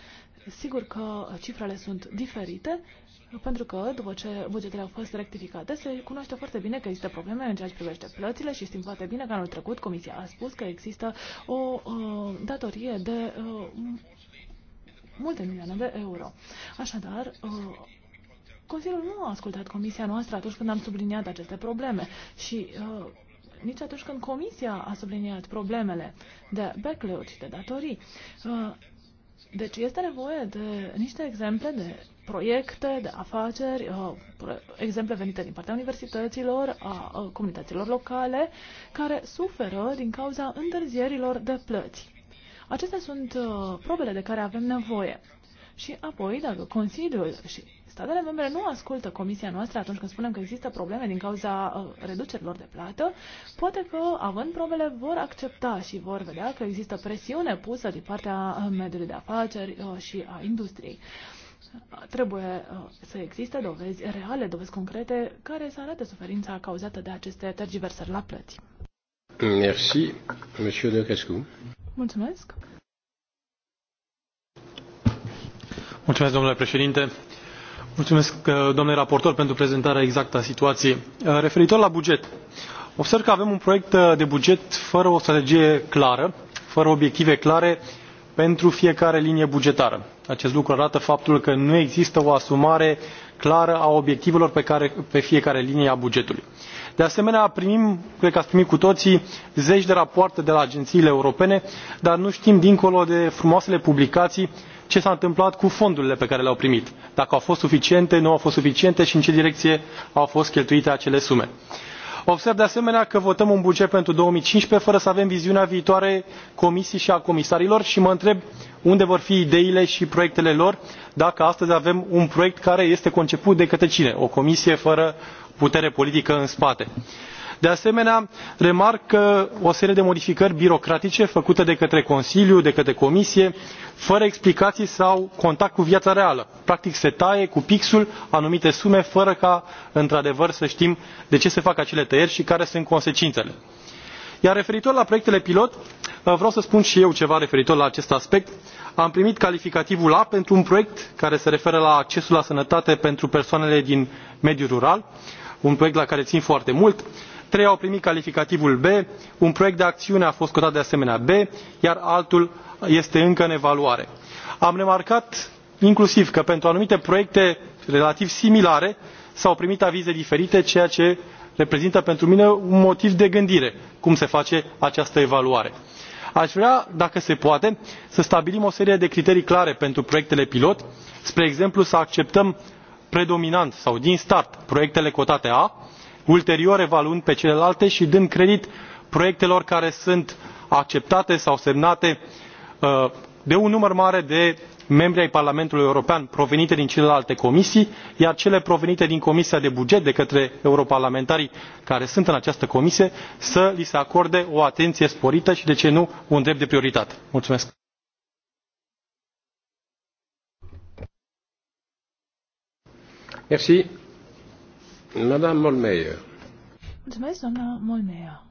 Sigur că cifrele sunt diferite, pentru că după ce bugetele au fost rectificate, se cunoaște foarte bine că există probleme în ceea ce privește plățile și știm foarte bine că anul trecut Comisia a spus că există o uh, datorie de uh, multe milioane de euro. Așadar, uh, Consiliul nu a ascultat comisia noastră atunci când am subliniat aceste probleme și uh, nici atunci când comisia a subliniat problemele de backload și de datorii. Uh, deci este nevoie de niște exemple de proiecte de afaceri, uh, exemple venite din partea universităților, a uh, comunităților locale, care suferă din cauza întârzierilor de plăți. Acestea sunt uh, probele de care avem nevoie. Și apoi, dacă Consiliul și statele membre nu ascultă comisia noastră atunci când spunem că există probleme din cauza reducerilor de plată, poate că, având probele, vor accepta și vor vedea că există presiune pusă din partea mediului de afaceri și a industriei. Trebuie uh, să existe dovezi reale, dovezi concrete, care să arate suferința cauzată de aceste tergiversări la plăți. Merci, Monsieur Dăcăscu. Mulțumesc. Mulțumesc, domnule președinte. Mulțumesc, uh, domnule raportor, pentru prezentarea exactă a situației. Uh, referitor la buget, observ că avem un proiect de buget fără o strategie clară, fără obiective clare pentru fiecare linie bugetară. Acest lucru arată faptul că nu există o asumare clară a obiectivelor pe, care, pe fiecare linie a bugetului. De asemenea, primim, cred că ați primit cu toții, zeci de rapoarte de la agențiile europene, dar nu știm dincolo de frumoasele publicații ce s-a întâmplat cu fondurile pe care le-au primit. Dacă au fost suficiente, nu au fost suficiente și în ce direcție au fost cheltuite acele sume observ de asemenea că votăm un buget pentru două mii cincisprezece fără să avem viziunea viitoare a comisiei și a comisarilor și mă întreb unde vor fi ideile și proiectele lor dacă astăzi avem un proiect care este conceput de către cine o comisie fără putere politică în spate de asemenea remarc că o serie de modificări birocratice făcute de către consiliu de către comisie fără explicații sau contact cu viața reală practic se taie cu pixul anumite sume fără ca într adevăr să știm de ce se fac acele tăieri și care sunt consecințele. iar referitor la proiectele pilot uh, vreau să spun și eu ceva referitor la acest aspect am primit calificativul a pentru un proiect care se referă la accesul la sănătate pentru persoanele din mediul rural un proiect la care țin foarte mult trei au primit calificativul b un proiect de acțiune a fost cotat de asemenea b iar altul este încă în evaluare. am remarcat inclusiv că pentru anumite proiecte relativ similare s au primit avize diferite ceea ce reprezintă pentru mine un motiv de gândire cum se face această evaluare. aș vrea dacă se poate să stabilim o serie de criterii clare pentru proiectele pilot spre exemplu să acceptăm predominant sau din start proiectele cotate a ulterior evaluând pe celelalte și dând credit proiectelor care sunt acceptate sau semnate uh, de un număr mare de membri ai parlamentului european provenite din celelalte comisii iar cele provenite din comisia pentru buget de către europarlamentarii care sunt în această comisie să li se acorde o atenție sporită și de ce nu un drept de prioritate. mulțumesc. Merci. Madame Molmeier. Mulțumesc, doamna Molmeier.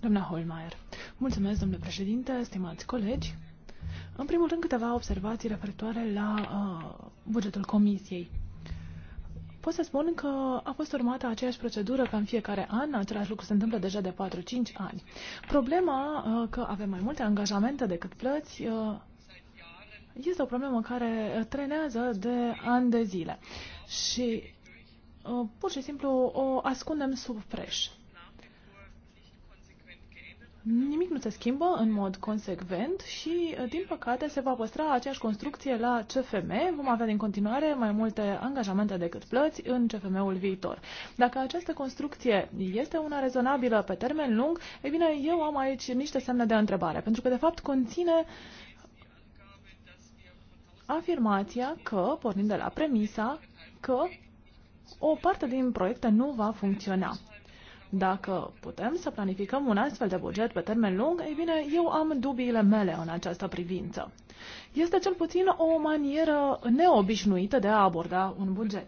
Doamna Holmeier. Mulțumesc, domnule președinte, stimați colegi. În primul rând, câteva observații referitoare la uh, bugetul comisiei. Pot să spun că a fost urmată aceeași procedură ca în fiecare an, același lucru se întâmplă deja de 4-5 ani. Problema uh, că avem mai multe angajamente decât plăți uh, este o problemă care uh, trenează de ani de zile și uh, pur și simplu o ascundem sub preș. Nimic nu se schimbă în mod consecvent și, uh, din păcate, se va păstra aceeași construcție la CFM. Vom avea din continuare mai multe angajamente decât plăți în CFM-ul viitor. Dacă această construcție este una rezonabilă pe termen lung, e bine, eu am aici niște semne de întrebare, pentru că, de fapt, conține afirmația că, pornind de la premisa, că o parte din proiecte nu va funcționa. Dacă putem să planificăm un astfel de buget pe termen lung, ei bine, eu am dubiile mele în această privință. Este cel puțin o manieră neobișnuită de a aborda un buget.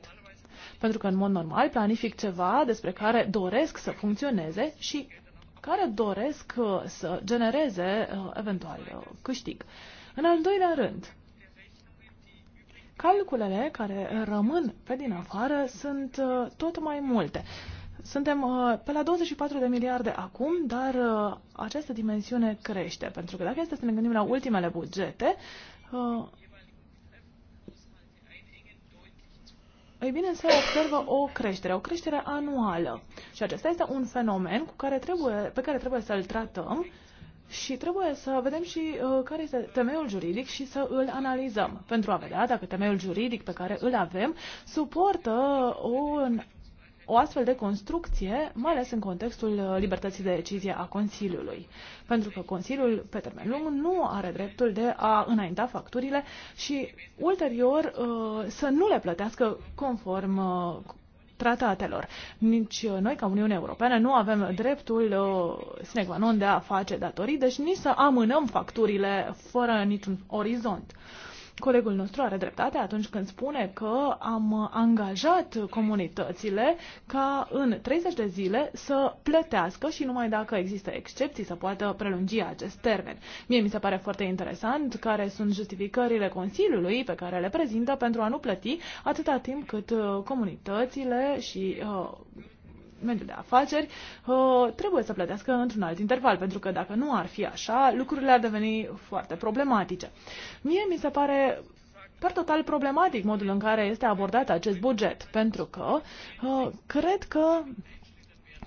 Pentru că, în mod normal, planific ceva despre care doresc să funcționeze și care doresc uh, să genereze uh, eventual uh, câștig. În al doilea rând, Calculele care eh, rămân pe din afară sunt eh, tot mai multe. Suntem eh, pe la 24 de miliarde acum, dar această dimensiune crește, pentru că dacă este să ne gândim la ultimele bugete, ei bine, se observă o creștere, o creștere anuală. Și acesta este un fenomen cu care trebuie, pe care trebuie să-l tratăm și trebuie să vedem și uh, care este temeiul juridic și să îl analizăm pentru a vedea dacă temeiul juridic pe care îl avem suportă un, o astfel de construcție, mai ales în contextul uh, libertății de decizie a Consiliului. Pentru că Consiliul, pe termen lung, nu are dreptul de a înainta facturile și ulterior uh, să nu le plătească conform uh, tratatelor. Nici uh, noi, ca Uniunea Europeană, nu avem dreptul uh, non de a face datorii, deci nici să amânăm facturile fără niciun orizont. Colegul nostru are dreptate atunci când spune că am angajat comunitățile ca în 30 de zile să plătească și numai dacă există excepții să poată prelungi acest termen. Mie mi se pare foarte interesant care sunt justificările Consiliului pe care le prezintă pentru a nu plăti atâta timp cât uh, comunitățile și uh, mediul de afaceri, uh, trebuie să plătească într-un alt interval, pentru că dacă nu ar fi așa, lucrurile ar deveni foarte problematice. Mie mi se pare par total problematic modul în care este abordat acest buget, pentru că uh, cred că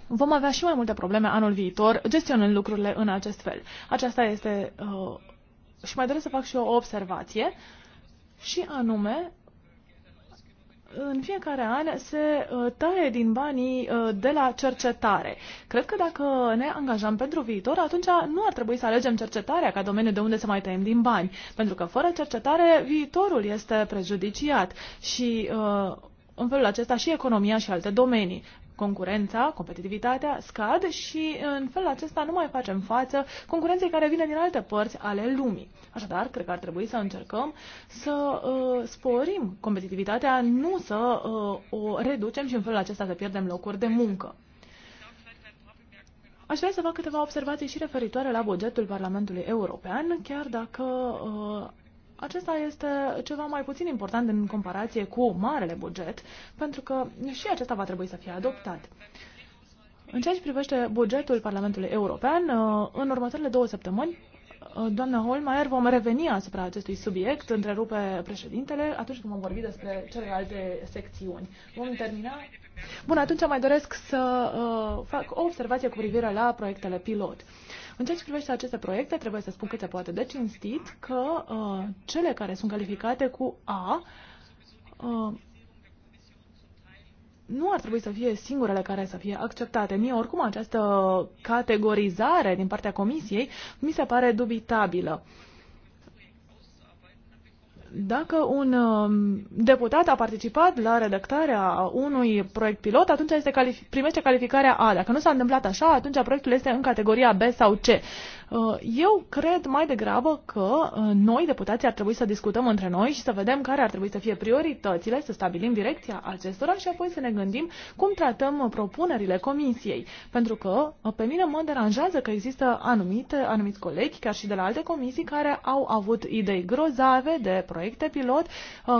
vom avea și mai multe probleme anul viitor gestionând lucrurile în acest fel. Aceasta este. Uh, și mai doresc să fac și eu o observație, și anume în fiecare an se uh, taie din banii uh, de la cercetare. Cred că dacă ne angajăm pentru viitor, atunci nu ar trebui să alegem cercetarea ca domeniu de unde să mai tăiem din bani, pentru că fără cercetare viitorul este prejudiciat și uh, în felul acesta și economia și alte domenii concurența, competitivitatea scad și în felul acesta nu mai facem față concurenței care vine din alte părți ale lumii. Așadar, cred că ar trebui să încercăm să uh, sporim competitivitatea, nu să uh, o reducem și în felul acesta să pierdem locuri de muncă. Aș vrea să fac câteva observații și referitoare la bugetul Parlamentului European, chiar dacă uh, acesta este ceva mai puțin important în comparație cu marele buget, pentru că și acesta va trebui să fie adoptat. În ceea ce privește bugetul Parlamentului European, uh, în următoarele două săptămâni, uh, doamna Holmeier, vom reveni asupra acestui subiect, întrerupe președintele, atunci când vom vorbi despre celelalte secțiuni. Vom termina. Bun, atunci mai doresc să uh, fac o observație cu privire la proiectele pilot. Uh, în ceea ce privește aceste proiecte, trebuie să spun că se poate de cinstit că uh, cele care sunt calificate cu A uh, nu ar trebui să fie singurele care să fie acceptate. Mie, oricum, această categorizare din partea Comisiei mi se pare dubitabilă. Uh, dacă un um, deputat a participat la redactarea unui proiect pilot, atunci este calific- primește calificarea A. Dacă nu s-a întâmplat așa, atunci proiectul este în categoria B sau C. Uh, eu cred mai degrabă că uh, noi, deputații, ar trebui să discutăm între noi și să vedem care ar trebui să fie prioritățile, să stabilim direcția acestora și apoi să ne gândim cum tratăm uh, propunerile comisiei. Pentru că pe mine mă deranjează că există anumite, anumiți colegi, chiar și de la alte comisii, care au avut idei grozave de proiecte pilot,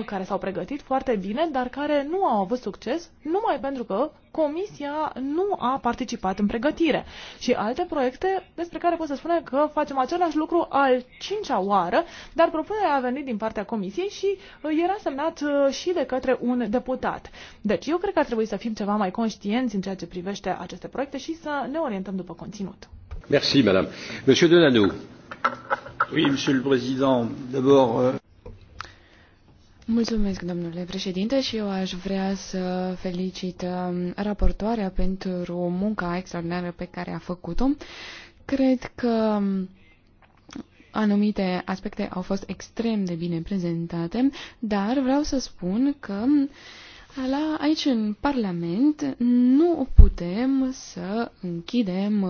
care s-au pregătit foarte bine, dar care nu au avut succes numai pentru că comisia nu a participat în pregătire. Și alte proiecte despre care pot să spune că facem același lucru al cincea oară, dar propunerea a venit din partea comisiei și uh, era semnat uh, și de către un deputat. Deci eu cred că ar trebui să fim ceva mai conștienți în ceea ce privește aceste proiecte și să ne orientăm după conținut. Merci, madame. Monsieur Delano. Oui, monsieur le président. D'abord, euh... Mulțumesc, domnule președinte, și eu aș vrea să felicit um, raportoarea pentru munca extraordinară pe care a făcut-o Cred că um, anumite aspecte au fost extrem de bine prezentate, dar vreau să spun că uh, la, aici, în Parlament, nu putem să închidem uh,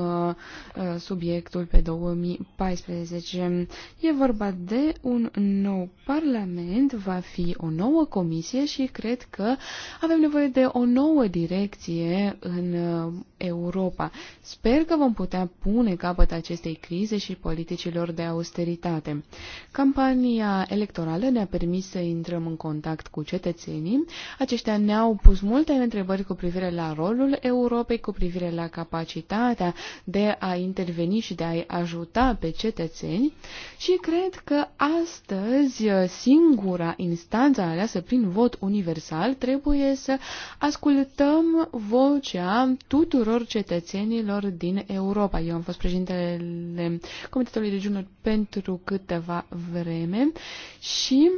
uh subiectul pe 2014. E vorba de un nou Parlament, va fi o nouă comisie și cred că avem nevoie de o nouă direcție în uh, Europa. Sper că vom putea pune capăt acestei crize și politicilor de austeritate. Campania electorală ne-a permis să intrăm în contact cu cetățenii. Aceștia Comisia ne-au pus multe întrebări cu privire la rolul Europei, cu privire la capacitatea de a interveni și de a-i ajuta pe cetățeni și cred că astăzi singura instanță aleasă prin vot universal trebuie să ascultăm vocea tuturor cetățenilor din Europa. Eu am fost președintele Comitetului Regiunilor pentru câteva vreme și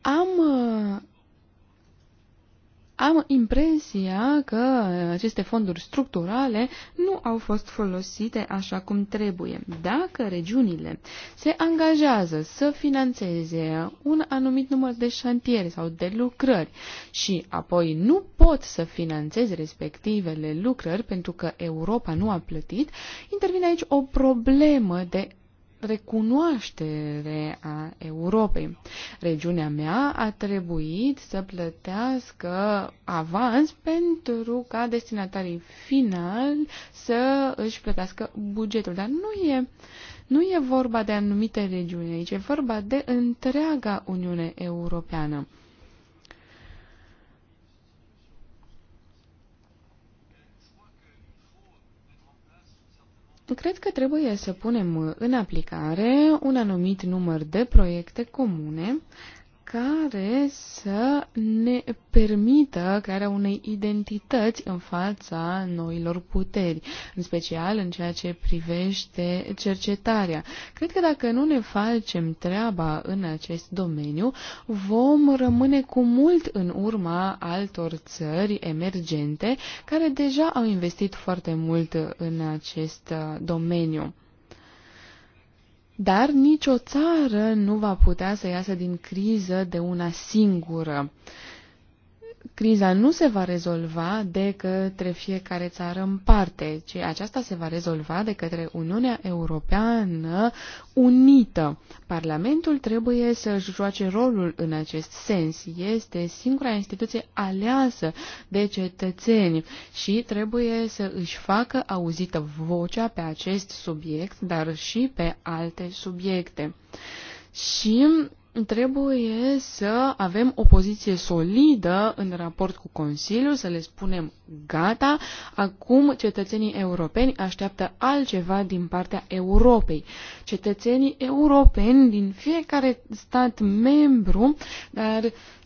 am am impresia că aceste fonduri structurale nu au fost folosite așa cum trebuie. Dacă regiunile se angajează să financeze un anumit număr de șantiere sau de lucrări și apoi nu pot să financeze respectivele lucrări pentru că Europa nu a plătit, intervine aici o problemă de recunoaștere a Europei. Regiunea mea a trebuit să plătească avans pentru ca destinatarii finali să își plătească bugetul. Dar nu e, nu e vorba de anumite regiuni aici, e vorba de întreaga Uniune Europeană. Cred că trebuie să punem în aplicare un anumit număr de proiecte comune care să ne permită crearea unei identități în fața noilor puteri, în special în ceea ce privește cercetarea. Cred că dacă nu ne facem treaba în acest domeniu, vom rămâne cu mult în urma altor țări emergente care deja au investit foarte mult în acest domeniu dar nicio țară nu va putea să iasă din criză de una singură criza nu se va rezolva de către fiecare țară în parte, ci aceasta se va rezolva de către Uniunea Europeană unită. Parlamentul trebuie să-și joace rolul în acest sens. Este singura instituție aleasă de cetățeni și trebuie să își facă auzită vocea pe acest subiect, dar și pe alte subiecte. Și trebuie să avem o poziție solidă în raport cu Consiliul, să le spunem gata, acum cetățenii europeni așteaptă altceva din partea Europei. Cetățenii europeni din fiecare stat membru, dar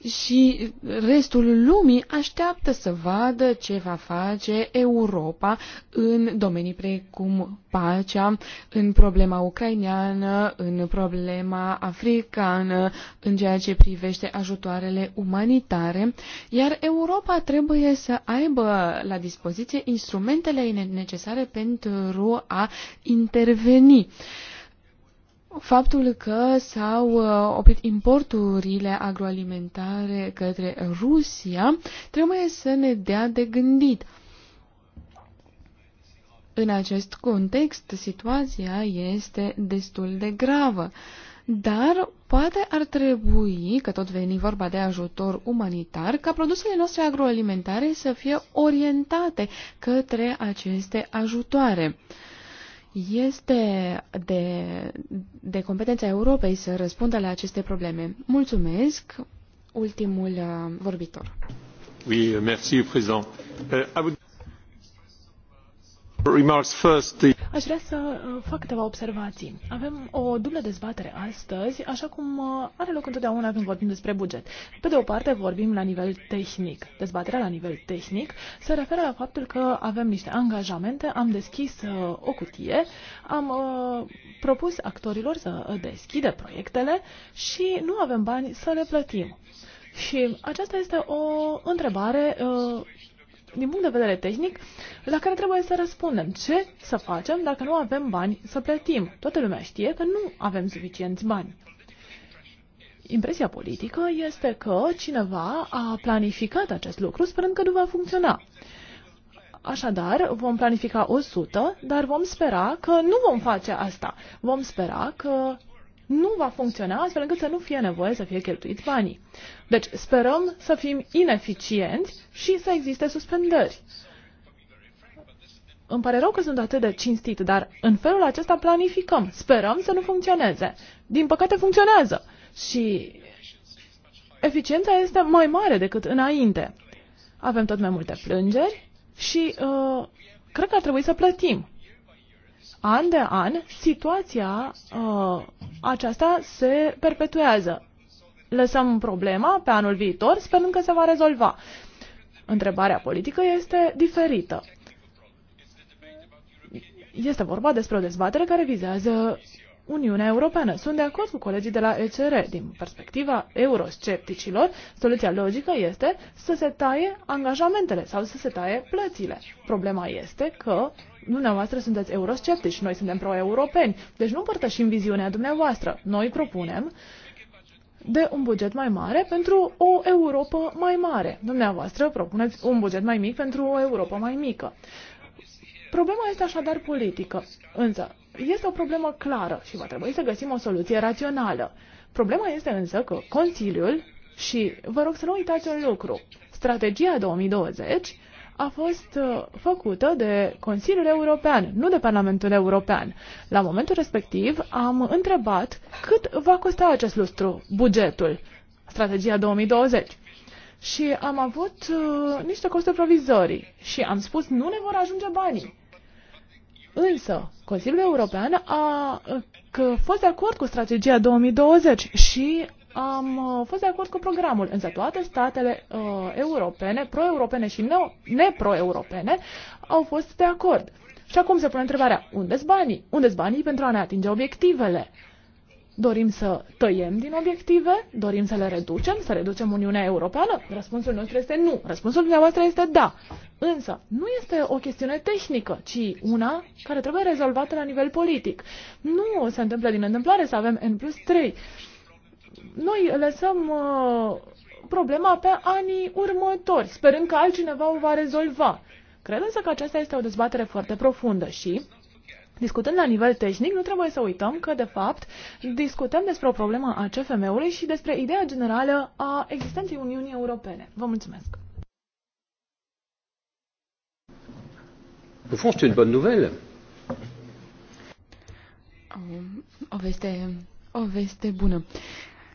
și restul lumii așteaptă să vadă ce va face Europa în domenii precum pacea, în problema ucraineană, în problema africană, în ceea ce privește ajutoarele umanitare, iar Europa trebuie să aibă la dispoziție instrumentele necesare pentru a interveni. Uh, faptul că s-au uh, oprit importurile agroalimentare către Rusia trebuie să ne dea de gândit. În acest context, situația este destul de gravă, dar poate ar trebui, că tot veni vorba de ajutor umanitar, ca produsele noastre agroalimentare să fie orientate către aceste ajutoare. Uh, este de, de competența Europei să răspundă la aceste probleme. Mulțumesc. Ultimul uh, vorbitor. Oui, merci, président. Uh, Aș vrea să uh, fac câteva observații. Avem o dublă dezbatere astăzi, așa cum uh, are loc întotdeauna când vorbim despre buget. Pe de o parte vorbim la nivel tehnic. Dezbaterea la nivel tehnic se referă la faptul că avem niște angajamente, am deschis uh, o cutie, am propus actorilor să deschidă proiectele și nu avem bani să le plătim. Și aceasta este o întrebare uh, din punct de vedere tehnic, la care trebuie să răspundem. Ce să facem dacă nu avem bani să plătim? Toată lumea știe că nu avem suficienți bani. Impresia politică este că cineva a planificat acest lucru sperând că nu va funcționa. Așadar, vom planifica 100, dar vom spera că nu vom face asta. Vom spera că nu va funcționa astfel încât să nu fie nevoie să fie cheltuiți banii. Deci sperăm să fim ineficienți și să existe suspendări. Îmi pare rău că sunt atât de cinstit, dar în felul acesta planificăm. Sperăm să nu funcționeze. Din păcate funcționează și eficiența este mai mare decât înainte. Avem tot mai multe plângeri și uh, cred că ar trebui să plătim an de an, situația uh, aceasta se perpetuează. Lăsăm problema pe anul viitor, sperând că se va rezolva. Întrebarea politică este diferită. Este vorba despre o dezbatere care vizează Uniunea Europeană. Sunt de acord cu colegii de la ECR. Din perspectiva euroscepticilor, soluția logică este să se taie angajamentele sau să se taie plățile. Problema este că Dumneavoastră sunteți eurosceptici, noi suntem pro-europeni, deci nu împărtășim viziunea dumneavoastră. Noi propunem de un buget mai mare pentru o Europa mai mare. Dumneavoastră propuneți un buget mai mic pentru o Europa mai mică. Problema este așadar politică, însă este o problemă clară și va trebui să găsim o soluție rațională. Problema este însă că Consiliul, și vă rog să nu uitați un lucru, strategia 2020 a fost uh, făcută de Consiliul European, nu de Parlamentul European. La momentul respectiv am întrebat cât va costa acest lustru, bugetul, strategia 2020. Și am avut uh, niște costuri provizorii și am spus nu ne vor ajunge banii. Însă, Consiliul European a uh, că fost de acord cu strategia 2020 și am uh, fost de acord cu programul, însă toate statele uh, europene, pro-europene și nepro-europene, au fost de acord. Și acum se pune întrebarea, unde sunt banii? unde sunt banii pentru a ne atinge obiectivele? Dorim să tăiem din obiective? Dorim să le reducem? Să reducem Uniunea Europeană? Răspunsul nostru este nu. Răspunsul dumneavoastră este da. Însă, nu este o chestiune tehnică, ci una care trebuie rezolvată la nivel politic. Nu se întâmplă din întâmplare să avem N plus 3 noi lăsăm uh, problema pe anii următori, sperând că altcineva o va rezolva. Cred însă că aceasta este o dezbatere foarte profundă și Discutând la nivel tehnic, nu trebuie să uităm că, de fapt, discutăm despre o problemă a CFM-ului și despre ideea generală a existenței Uniunii Europene. Vă mulțumesc! Au fond, une bonne nouvelle. O veste, o veste bună.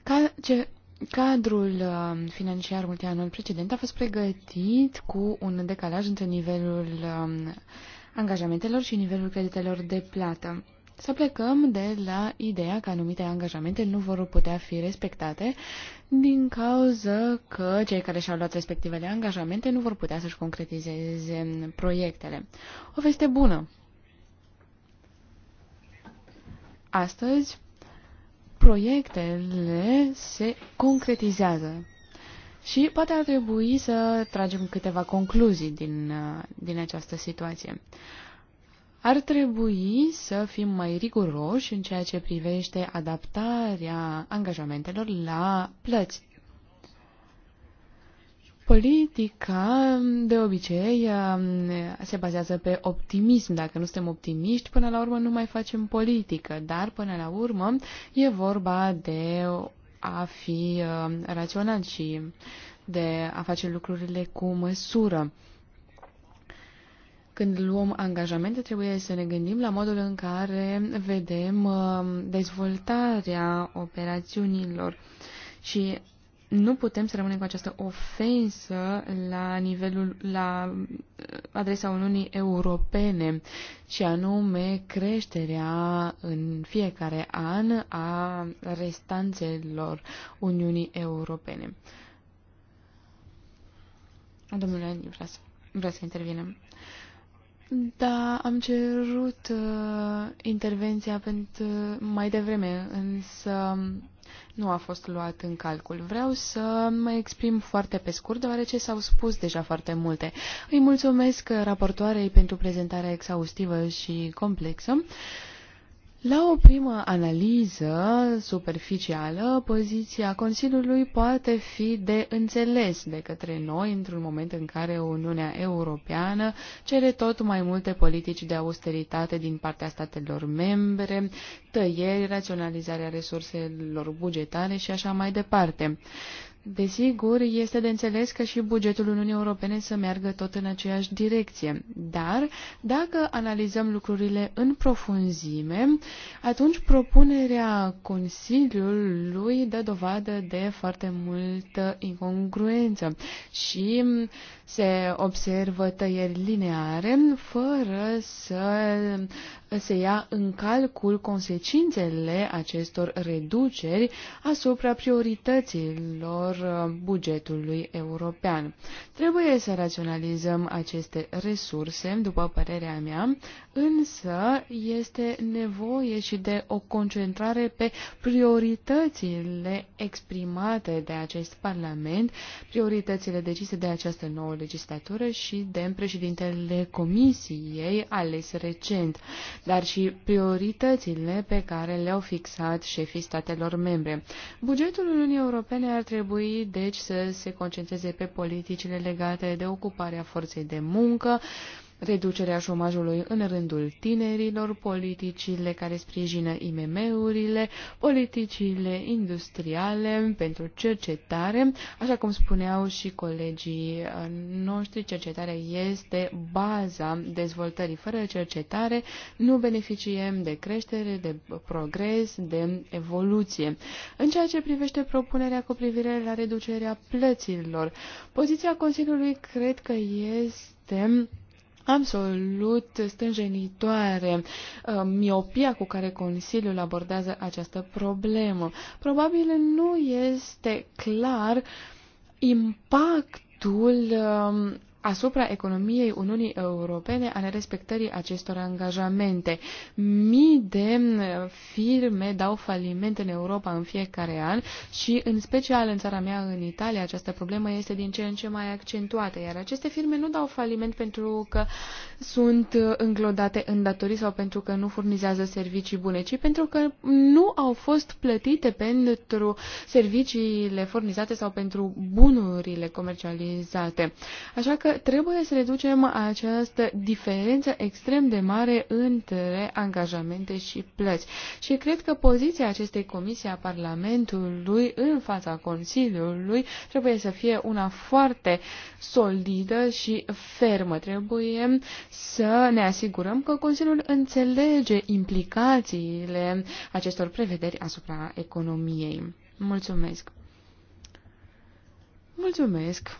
Ca, ce, cadrul um, financiar multianual precedent a fost pregătit cu un decalaj între nivelul um, angajamentelor și nivelul creditelor de plată. Să plecăm de la ideea că anumite angajamente nu vor putea fi respectate din cauza că cei care și-au luat respectivele angajamente nu vor putea să-și concretizeze um, proiectele. O veste bună! Astăzi, proiectele se concretizează. Și poate ar trebui să tragem câteva concluzii din, uh, din această situație. Ar trebui să fim mai riguroși în ceea ce privește adaptarea angajamentelor la plăți. Politica, de obicei, um, se bazează pe optimism. Dacă nu suntem optimiști, până la urmă nu mai facem politică, dar până la urmă e vorba de a fi um, rațional și de a face lucrurile cu măsură. Când luăm angajamente, trebuie să ne gândim la modul în care vedem um, dezvoltarea operațiunilor și nu putem să rămânem cu această ofensă la nivelul, la adresa Uniunii Europene, și anume creșterea în fiecare an a restanțelor Uniunii Europene. Domnule, vrea să, vrea să intervenim? Da, am cerut uh, intervenția pentru mai devreme, însă nu a fost luat în calcul. Vreau să mă exprim foarte pe scurt, deoarece s-au spus deja foarte multe. Îi mulțumesc raportoarei pentru prezentarea exhaustivă și complexă. Uh, la o primă analiză superficială, poziția Consiliului poate fi de înțeles de către noi într-un moment în care Uniunea Europeană cere tot mai multe politici de austeritate din partea statelor membre, tăieri, raționalizarea resurselor bugetare și așa mai departe. Desigur, este de înțeles că și bugetul Uniunii Europene să meargă tot în aceeași direcție, dar dacă analizăm lucrurile în profunzime, atunci propunerea Consiliului dă dovadă de foarte multă incongruență și se observă tăieri lineare fără să se ia în calcul consecințele acestor reduceri asupra priorităților bugetului european. Trebuie să raționalizăm aceste resurse, după părerea mea, însă este nevoie și de o concentrare pe prioritățile exprimate de acest Parlament, prioritățile decise de această nouă legislatură și de președintele comisiei ales recent, dar și prioritățile pe care le-au fixat șefii statelor membre. Bugetul Uniunii Europene ar trebui, deci, să se concentreze pe politicile legate de ocuparea forței de muncă, reducerea șomajului în rândul tinerilor, politicile care sprijină IMM-urile, politicile industriale pentru cercetare. Așa cum spuneau și colegii uh, noștri, cercetarea este baza dezvoltării. Fără cercetare nu beneficiem de creștere, de progres, de evoluție. În ceea ce privește propunerea cu privire la reducerea plăților, poziția Consiliului cred că este absolut stânjenitoare, uh, miopia cu care Consiliul abordează această problemă. Probabil nu este clar impactul um, asupra economiei Uniunii Europene ale respectării acestor angajamente. Mii de uh, firme dau faliment în Europa în fiecare an și în special în țara mea, în Italia, această problemă este din ce în ce mai accentuată, iar aceste firme nu dau faliment pentru că sunt uh, înglodate în datorii sau pentru că nu furnizează servicii bune, ci pentru că nu au fost plătite pentru serviciile furnizate sau pentru bunurile comercializate. Așa că că trebuie să reducem această diferență extrem de mare între angajamente și plăți. Și cred că poziția acestei comisii a Parlamentului în fața Consiliului trebuie să fie una foarte solidă și fermă. Trebuie să ne asigurăm că Consiliul înțelege implicațiile acestor prevederi asupra economiei. Mulțumesc! Mulțumesc!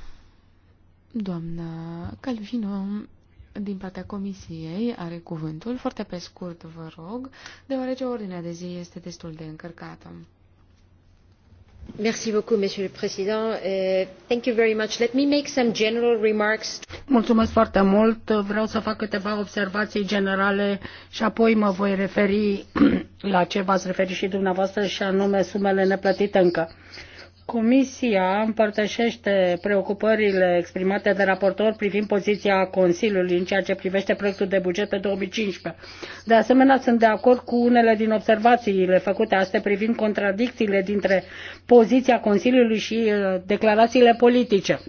Doamna Calvino, din partea comisiei, are cuvântul. Foarte pe scurt, vă rog, deoarece ordinea de zi este destul de încărcată. Merci beaucoup, Monsieur le Président. Uh, thank you very much. Let me make some general remarks. Mulțumesc foarte mult. Vreau să fac câteva observații generale și apoi mă voi referi *clears throat* la ce v-ați referit și dumneavoastră și anume sumele neplătite încă. Uh, Comisia împărtășește preocupările exprimate de raportor privind poziția Consiliului în ceea ce privește proiectul de buget pe 2015. De asemenea, sunt de acord cu unele din observațiile făcute astăzi privind contradicțiile dintre poziția Consiliului și uh, declarațiile politice.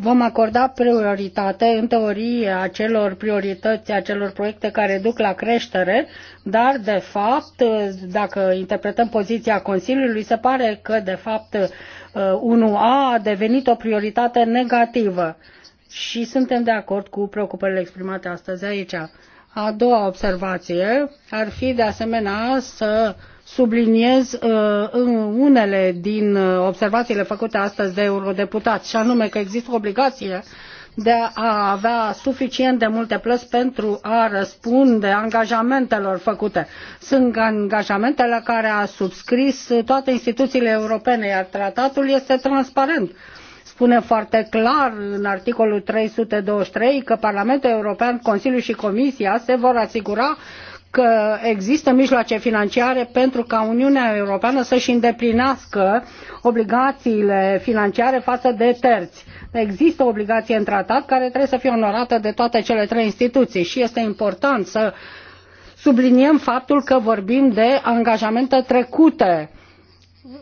Vom acorda prioritate, în teorie, acelor priorități, acelor proiecte care duc la creștere, dar, de fapt, dacă interpretăm poziția Consiliului, se pare că, de fapt, 1A uh, a devenit o prioritate negativă. Și suntem de acord cu preocupările exprimate astăzi aici. A doua observație ar fi, de asemenea, să uh, subliniez uh, unele din uh, observațiile făcute astăzi de eurodeputați, și anume că există obligație de a avea suficient de multe plăți pentru a răspunde angajamentelor făcute. Sunt angajamentele care a subscris toate instituțiile europene, iar tratatul este transparent. Spune foarte clar în articolul 323 că Parlamentul European, Consiliul și Comisia se vor asigura că există mijloace financiare pentru ca Uniunea Europeană să-și îndeplinească obligațiile financiare față de terți. Există o obligație în tratat care trebuie să fie onorată de toate cele trei instituții și este important să subliniem faptul că vorbim de angajamente trecute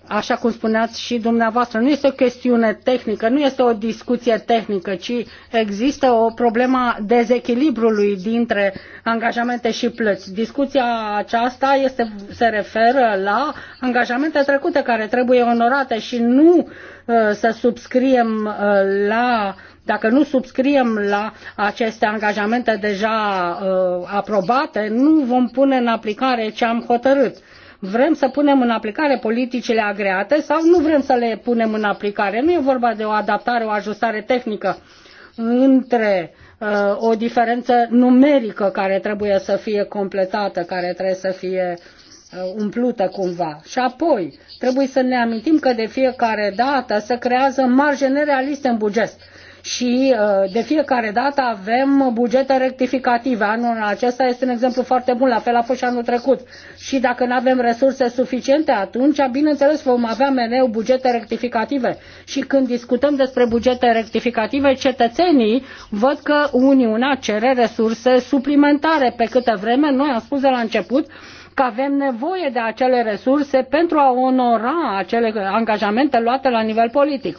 așa cum spuneați și dumneavoastră, nu este o chestiune tehnică, nu este o discuție tehnică, ci există o problemă a dezechilibrului dintre angajamente și plăți. Discuția aceasta este, se referă la angajamente trecute care trebuie onorate și nu uh, să subscriem uh, la dacă nu subscriem la aceste angajamente deja uh, aprobate, nu vom pune în aplicare ce am hotărât Vrem să punem în aplicare politicile agreate sau nu vrem să le punem în aplicare? Nu e vorba de o adaptare, o ajustare tehnică între uh, o diferență numerică care trebuie să fie completată, care trebuie să fie uh, umplută cumva. Și apoi, trebuie să ne amintim că de fiecare dată se creează marje nerealiste în buget și uh, de fiecare dată avem bugete rectificative. Anul acesta este un exemplu foarte bun, la fel a fost și anul trecut. Și dacă nu avem resurse suficiente, atunci, bineînțeles, vom avea mereu bugete rectificative. Și când discutăm despre bugete rectificative, cetățenii văd că Uniunea cere resurse suplimentare. Pe câte vreme, noi am spus de la început, că avem nevoie de acele resurse pentru a onora acele angajamente luate la nivel politic.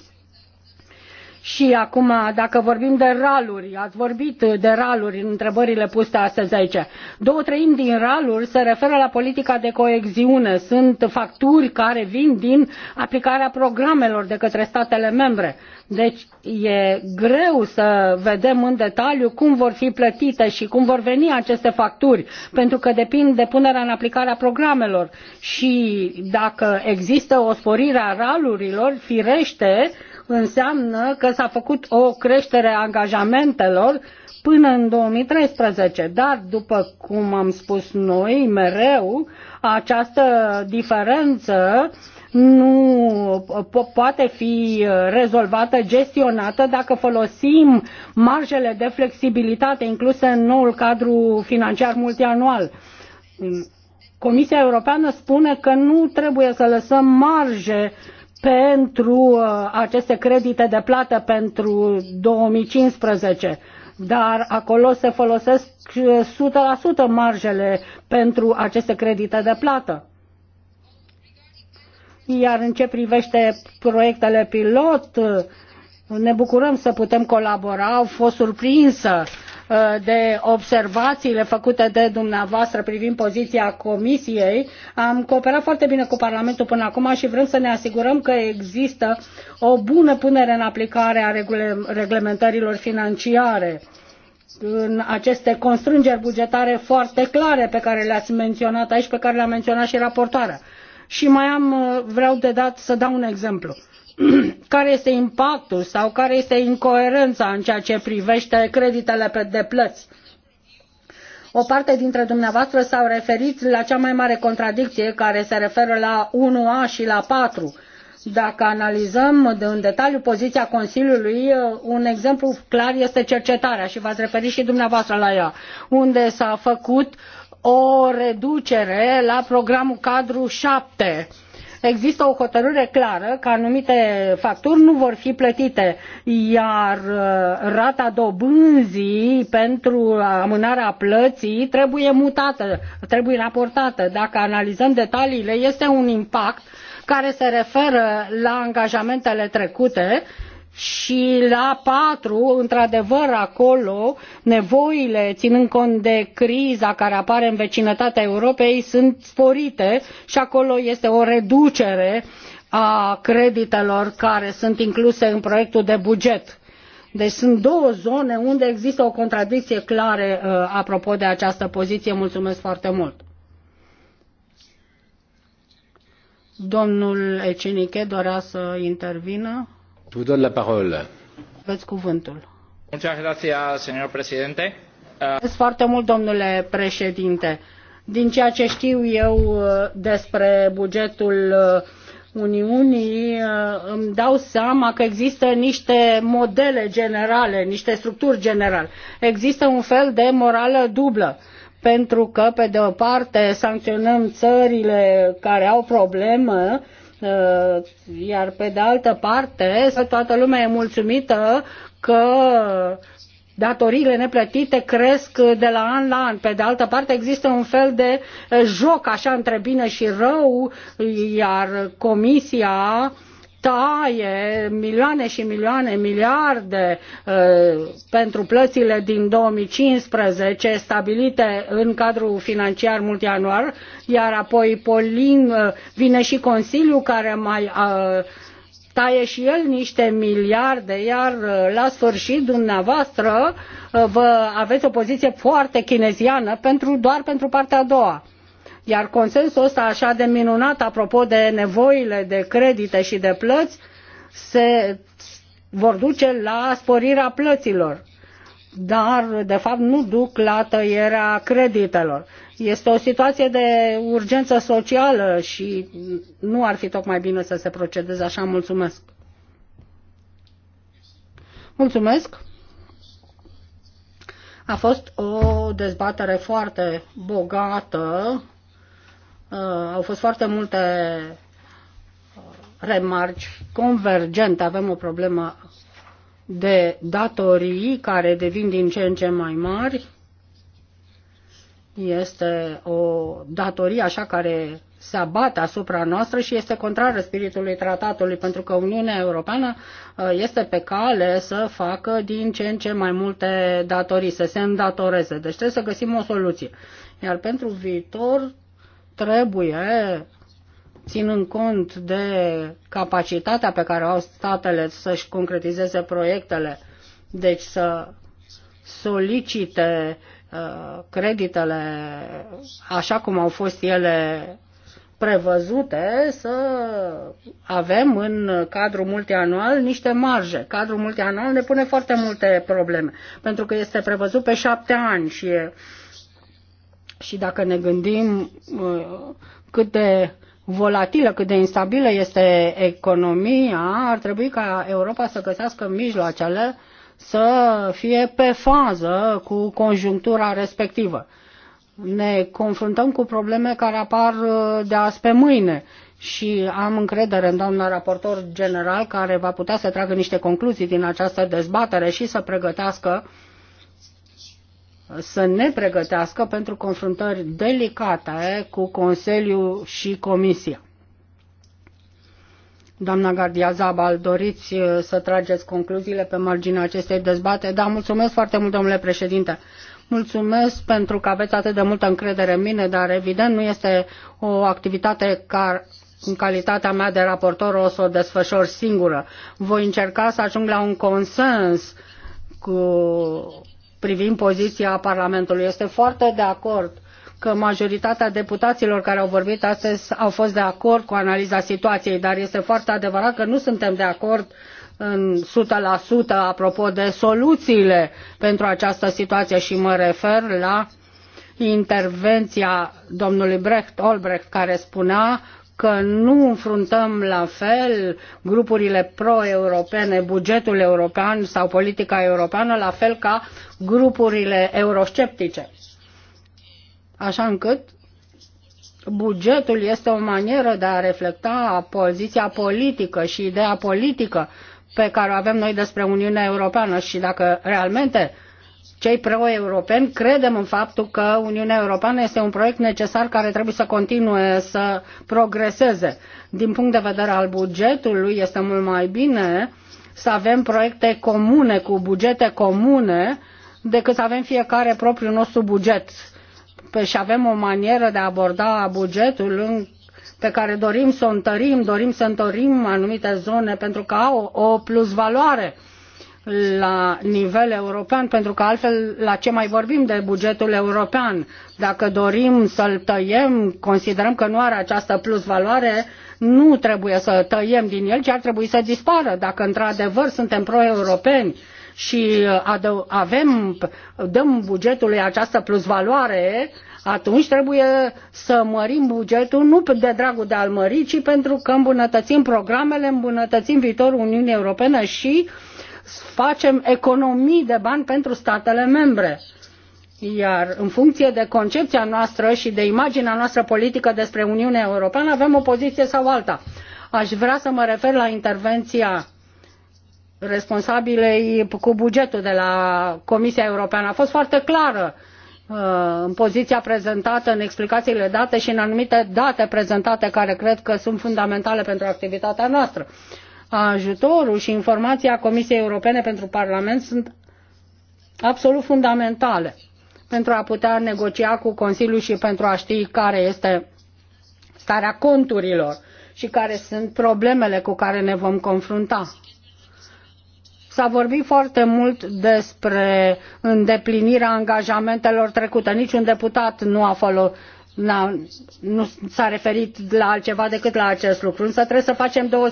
Și acum, dacă vorbim de raluri, ați vorbit de raluri în întrebările puse astăzi aici. Două treimi din raluri se referă la politica de coeziune. Sunt facturi care vin din aplicarea programelor de către statele membre. Deci e greu să vedem în detaliu cum vor fi plătite și cum vor veni aceste facturi, pentru că depind de punerea în aplicare a programelor. Și dacă există o sporire a ralurilor, firește, înseamnă că s-a făcut o creștere a angajamentelor până în 2013, dar după cum am spus noi mereu, această diferență nu po- poate fi rezolvată, gestionată dacă folosim marjele de flexibilitate incluse în noul cadru financiar multianual. Comisia Europeană spune că nu trebuie să lăsăm marje uh, pentru uh, aceste credite de plată pentru 2015, dar acolo se folosesc 100% uh, marjele pentru aceste credite de plată. Iar în ce privește proiectele pilot, uh, ne bucurăm să putem colabora. Au fost surprinsă Uh, de observațiile făcute de dumneavoastră privind poziția Comisiei. Am cooperat foarte bine cu Parlamentul până acum și vrem să ne asigurăm că există o bună punere în aplicare a reglementărilor financiare în aceste constrângeri bugetare foarte clare pe care le-ați menționat aici, pe care le-a menționat și raportoarea. Și mai am, uh, vreau de dat să dau un exemplu *clears throat* care este impactul sau care este incoerența în ceea ce privește creditele de plăți. O parte dintre dumneavoastră s-au referit la cea mai mare contradicție care se referă la 1A și la 4. Dacă analizăm de în detaliu poziția Consiliului, un exemplu clar este cercetarea și v-ați referit și dumneavoastră la ea, unde s-a făcut o reducere la programul cadru 7 există o hotărâre clară că anumite facturi nu vor fi plătite, iar uh, rata dobânzii pentru amânarea plății trebuie mutată, trebuie raportată. Dacă analizăm detaliile, este un impact care se referă la angajamentele trecute, uh, și la patru, într-adevăr, acolo nevoile, ținând cont de criza care apare în vecinătatea Europei, sunt sporite și acolo este o reducere a creditelor care sunt incluse în proiectul de buget. Deci sunt două zone unde există o contradicție clară uh, apropo de această poziție. Mulțumesc foarte mult. Domnul Eciniche dorea să intervină. Vă dau la parole. Aveți cuvântul. Ah, Mulțumesc foarte mult, domnule președinte. Din ceea ce știu eu uh, despre bugetul uh, Uniunii, uh, îmi dau seama că există niște modele generale, niște structuri generale. Există un fel de morală dublă, pentru că, pe de o parte, sancționăm țările care au probleme, iar pe de altă parte, toată lumea e mulțumită că datoriile neplătite cresc de la an la an. Pe de altă parte, există un fel de joc așa între bine și rău, iar comisia taie milioane și milioane, miliarde uh, pentru plățile din 2015 stabilite în cadrul financiar multianual, iar apoi Polin uh, vine și Consiliul care mai uh, taie și el niște miliarde, iar uh, la sfârșit dumneavoastră uh, vă aveți o poziție foarte chineziană pentru, doar pentru partea a doua iar consensul ăsta așa de minunat apropo de nevoile de credite și de plăți se vor duce la sporirea plăților, dar de fapt nu duc la tăierea creditelor. Este o situație de urgență socială și nu ar fi tocmai bine să se procedeze așa. Mulțumesc. Mulțumesc. A fost o dezbatere foarte bogată. Uh, au fost foarte multe uh, remarci convergente. Avem o problemă de datorii care devin din ce în ce mai mari. Este o datorie așa care se abate asupra noastră și este contrară spiritului tratatului, pentru că Uniunea Europeană uh, este pe cale să facă din ce în ce mai multe datorii, să se îndatoreze. Deci trebuie să găsim o soluție. Iar pentru viitor trebuie, ținând cont de capacitatea pe care au statele să-și concretizeze proiectele, deci să solicite uh, creditele așa cum au fost ele prevăzute să avem în cadrul multianual niște marje. Cadrul multianual ne pune foarte multe probleme, pentru că este prevăzut pe șapte ani și e și dacă ne gândim uh, cât de volatilă, cât de instabilă este economia, ar trebui ca Europa să găsească mijloacele să fie pe fază cu conjunctura respectivă. Ne confruntăm cu probleme care apar uh, de azi pe mâine și am încredere în doamna raportor general care va putea să tragă niște concluzii din această dezbatere și să pregătească uh, să ne pregătească pentru confruntări delicate cu Consiliul și Comisia. Doamna Gardia Zabal, doriți uh, să trageți concluziile pe marginea acestei dezbate? Da, mulțumesc foarte mult, domnule președinte. Mulțumesc pentru că aveți atât de multă încredere în mine, dar evident nu este o activitate care în calitatea mea de raportor o să o desfășor singură. Voi încerca să ajung la un consens cu privind poziția Parlamentului. Este foarte de acord că majoritatea deputaților care au vorbit astăzi au fost de acord cu analiza situației, dar este foarte adevărat că nu suntem de acord în 100% apropo de soluțiile pentru această situație și mă refer la intervenția domnului Brecht Olbrecht care spunea că nu înfruntăm la fel grupurile pro-europene, bugetul european sau politica europeană, la fel ca grupurile eurosceptice. Așa încât bugetul este o manieră de a reflecta poziția politică și ideea politică pe care o avem noi despre Uniunea Europeană și dacă realmente cei pro-europeni credem în faptul că Uniunea Europeană este un proiect necesar care trebuie să continue să progreseze. Din punct de vedere al bugetului, este mult mai bine să avem proiecte comune, cu bugete comune, decât să avem fiecare propriul nostru buget. Și avem o manieră de a aborda bugetul în pe care dorim să o întărim, dorim să întărim anumite zone pentru că au o plusvaloare. valoare la nivel european, pentru că altfel la ce mai vorbim de bugetul european? Dacă dorim să-l tăiem, considerăm că nu are această plus valoare, nu trebuie să tăiem din el, ci ar trebui să dispară. Dacă într-adevăr suntem pro-europeni și avem, dăm bugetului această plus valoare, atunci trebuie să mărim bugetul nu de dragul de a-l mări, ci pentru că îmbunătățim programele, îmbunătățim viitorul Uniunii Europene și uh, facem economii de bani pentru statele membre. Iar în funcție de concepția noastră și de imaginea noastră politică despre Uniunea Europeană avem o poziție sau alta. Aș vrea să mă refer la intervenția responsabilei cu bugetul de la Comisia Europeană. A fost foarte clară uh, în poziția prezentată, în explicațiile date și în anumite date prezentate care cred că sunt fundamentale pentru activitatea noastră ajutorul și informația Comisiei Europene pentru Parlament sunt absolut fundamentale pentru a putea negocia cu Consiliul și pentru a ști care este starea conturilor și care sunt problemele cu care ne vom confrunta. S-a vorbit foarte mult despre îndeplinirea angajamentelor trecute. Niciun deputat nu a, folosit nu s-a referit la altceva decât la acest lucru, însă trebuie să facem două,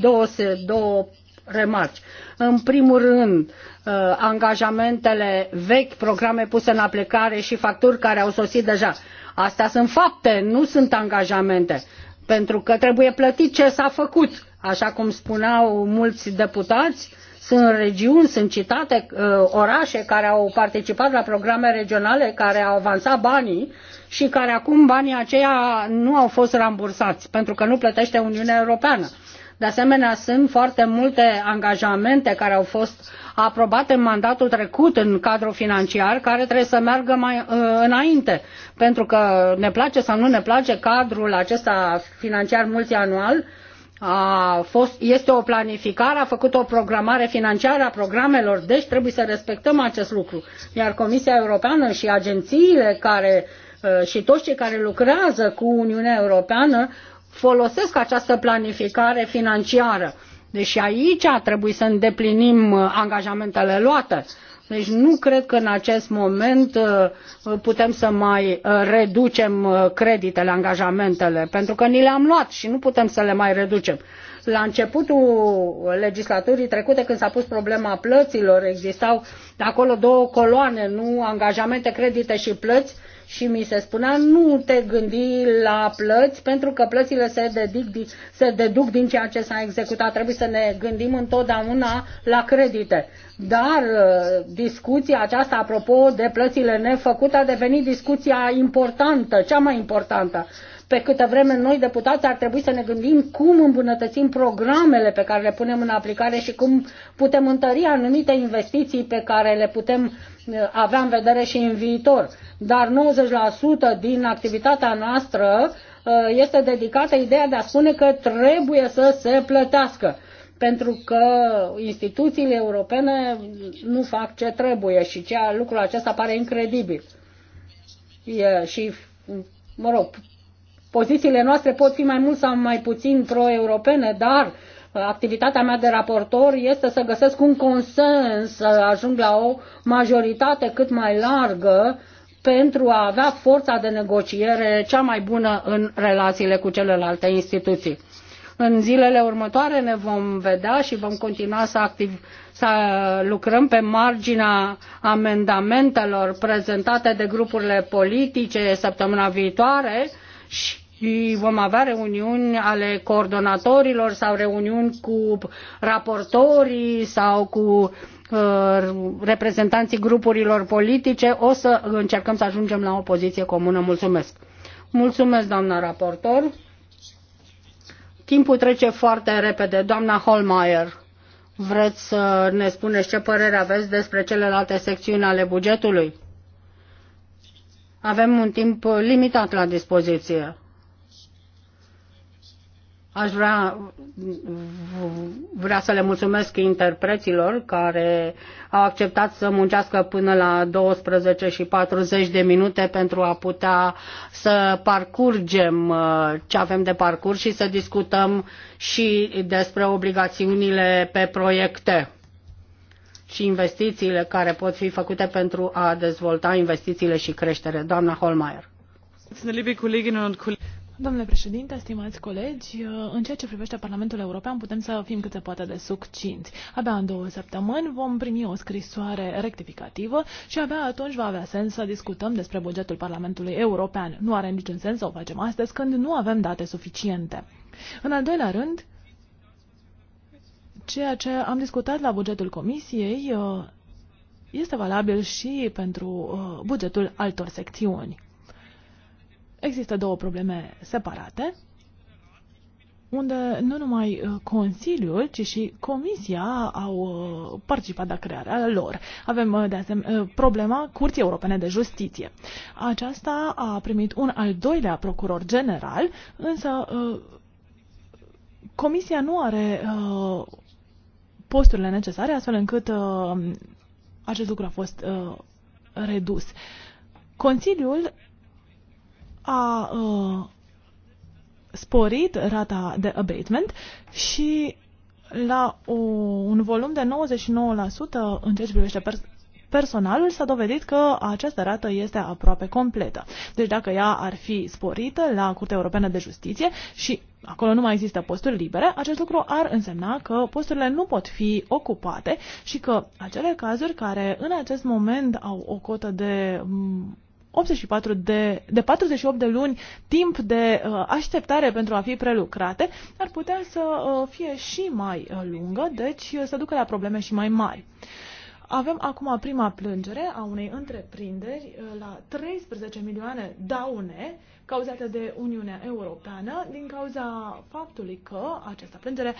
două, două remarci. În primul rând, uh, angajamentele vechi, programe puse în aplicare și facturi care au sosit deja. Astea sunt fapte, nu sunt angajamente, pentru că trebuie plătit ce s-a făcut. Așa cum spuneau mulți deputați, sunt regiuni, sunt citate uh, orașe care au participat la programe regionale, care au avansat banii și care acum banii aceia nu au fost rambursați pentru că nu plătește Uniunea Europeană. De asemenea, sunt foarte multe angajamente care au fost aprobate în mandatul trecut în cadrul financiar, care trebuie să meargă mai uh, înainte, pentru că ne place sau nu ne place cadrul acesta financiar multianual a fost, este o planificare, a făcut o programare financiară a programelor, deci trebuie să respectăm acest lucru. Iar Comisia Europeană și agențiile care uh, și toți cei care lucrează cu Uniunea Europeană folosesc această planificare financiară. Deci aici trebuie să îndeplinim uh, angajamentele luate. Deci nu cred că în acest moment uh, putem să mai uh, reducem uh, creditele, angajamentele, pentru că ni le-am luat și nu putem să le mai reducem. La începutul legislaturii trecute, când s-a pus problema plăților, existau acolo două coloane, nu angajamente, credite și plăți, și mi se spunea nu te gândi la plăți pentru că plățile se, dedic, se deduc din ceea ce s-a executat. Trebuie să ne gândim întotdeauna la credite. Dar uh, discuția aceasta apropo de plățile nefăcute a devenit discuția importantă, cea mai importantă pe câtă vreme noi, deputați, ar trebui să ne gândim cum îmbunătățim programele pe care le punem în aplicare și cum putem întări anumite investiții pe care le putem uh, avea în vedere și în viitor dar 90% din activitatea noastră uh, este dedicată ideea de a spune că trebuie să se plătească pentru că instituțiile europene nu fac ce trebuie și cea, lucrul acesta pare incredibil. E, și, mă rog, pozițiile noastre pot fi mai mult sau mai puțin pro-europene, dar uh, activitatea mea de raportor este să găsesc un consens, să ajung la o majoritate cât mai largă pentru a avea forța de negociere cea mai bună în relațiile cu celelalte instituții. În zilele următoare ne vom vedea și vom continua să, activ, să lucrăm pe marginea amendamentelor prezentate de grupurile politice săptămâna viitoare și și vom avea reuniuni ale coordonatorilor sau reuniuni cu raportorii sau cu uh, reprezentanții grupurilor politice, o să încercăm să ajungem la o poziție comună. Mulțumesc! Mulțumesc, doamna raportor! Timpul trece foarte repede. Doamna Holmeier, vreți să ne spuneți ce părere aveți despre celelalte secțiuni ale bugetului? Avem un timp limitat la dispoziție. Aș vrea, vrea să le mulțumesc interpreților care au acceptat să muncească până la 12 și 40 de minute pentru a putea să parcurgem uh, ce avem de parcurs și să discutăm și despre obligațiunile pe proiecte și investițiile care pot fi făcute pentru a dezvolta investițiile și creștere. Doamna Holmeier. Domnule președinte, stimați colegi, uh, în ceea ce privește Parlamentul European putem să fim cât se poate de succinți. Abia în două săptămâni vom primi o scrisoare rectificativă și abia atunci va avea sens să discutăm despre bugetul Parlamentului European. Nu are niciun sens să o facem astăzi când nu avem date suficiente. În al doilea rând, ceea ce am discutat la bugetul Comisiei uh, este valabil și pentru uh, bugetul altor secțiuni. Există două probleme separate, unde nu numai uh, Consiliul, ci și Comisia au uh, participat la crearea lor. Avem, uh, de asemenea, problema Curții Europene de Justiție. Aceasta a primit un al doilea procuror general, însă Comisia nu are posturile necesare, astfel încât acest lucru a fost redus. Consiliul a uh, sporit rata de abatement și la o, un volum de 99% în ceea ce privește pers- personalul s-a dovedit că această rată este aproape completă. Deci dacă ea ar fi sporită la Curtea Europeană de Justiție și acolo nu mai există posturi libere, acest lucru ar însemna că posturile nu pot fi ocupate și că acele cazuri care în acest moment au o cotă de 84 de, de 48 de luni timp de uh, așteptare pentru a fi prelucrate, ar putea să uh, fie și mai uh, lungă, deci uh, să ducă la probleme și mai mari. Uh, avem acum prima plângere a unei întreprinderi uh, la 13 milioane daune cauzate de Uniunea Europeană din cauza faptului că această plângere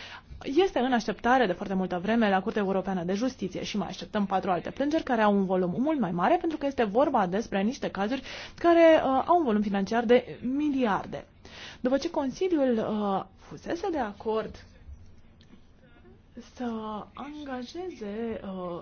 este în așteptare de foarte multă vreme la Curtea Europeană de Justiție și mai așteptăm patru alte plângeri care au un volum mult mai mare pentru că este vorba despre niște cazuri care uh, au un volum financiar de miliarde. După ce Consiliul uh, fusese de acord să angajeze uh,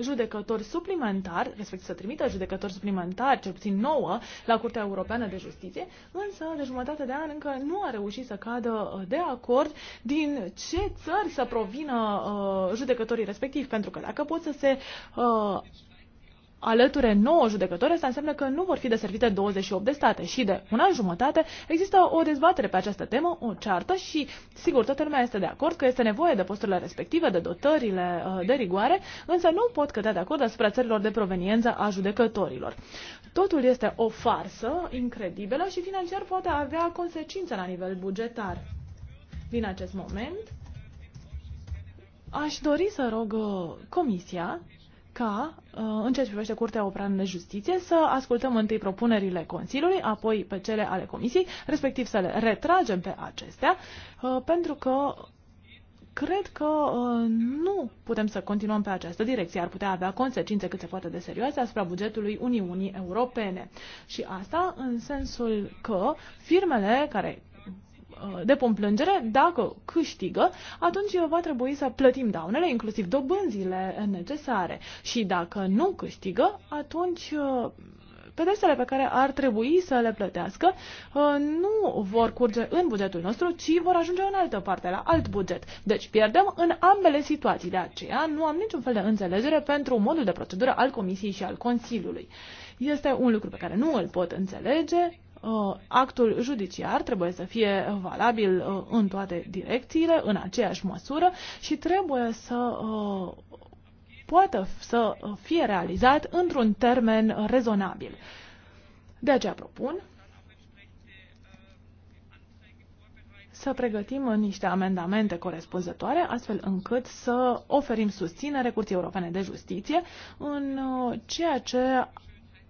judecător suplimentar respectiv să trimită judecător suplimentar, cel puțin nouă, la Curtea Europeană de Justiție, însă de jumătate de an încă nu a reușit să cadă uh, de acord din ce țări să provină uh, judecătorii respectivi, pentru că dacă pot să se uh, alăture 9 judecători, asta înseamnă că nu vor fi deservite 28 de state și de un an jumătate există o dezbatere pe această temă, o ceartă și sigur toată lumea este de acord că este nevoie de posturile respective, de dotările uh, de rigoare, însă nu pot cădea de acord asupra țărilor de proveniență a judecătorilor. Totul este o farsă incredibilă și financiar poate avea consecințe la nivel bugetar. Din acest moment, aș dori să rog uh, Comisia ca, uh, în ceea ce privește Curtea Europeană de Justiție, să ascultăm întâi propunerile Consiliului, apoi pe cele ale Comisiei, respectiv să le retragem pe acestea, uh, pentru că cred că uh, nu putem să continuăm pe această direcție. Ar putea avea consecințe cât se poate de serioase asupra bugetului Uniunii Europene. Și asta în sensul că firmele care Uh, depun plângere, dacă câștigă, atunci uh, va trebui să plătim daunele, inclusiv dobânzile necesare. Și dacă nu câștigă, atunci uh, pedepsele pe care ar trebui să le plătească nu vor curge în bugetul nostru, ci vor ajunge în altă parte, la alt buget. Deci pierdem în ambele situații. De aceea nu am niciun fel de înțelegere pentru modul de procedură al Comisiei și al Consiliului. Este un lucru pe care nu îl pot înțelege Uh, actul judiciar trebuie să fie valabil uh, în toate direcțiile, în aceeași măsură și trebuie să uh, poată să fie realizat într-un termen rezonabil. De aceea propun să pregătim niște amendamente corespunzătoare, astfel încât să oferim susținere Curții Europene de Justiție în ceea ce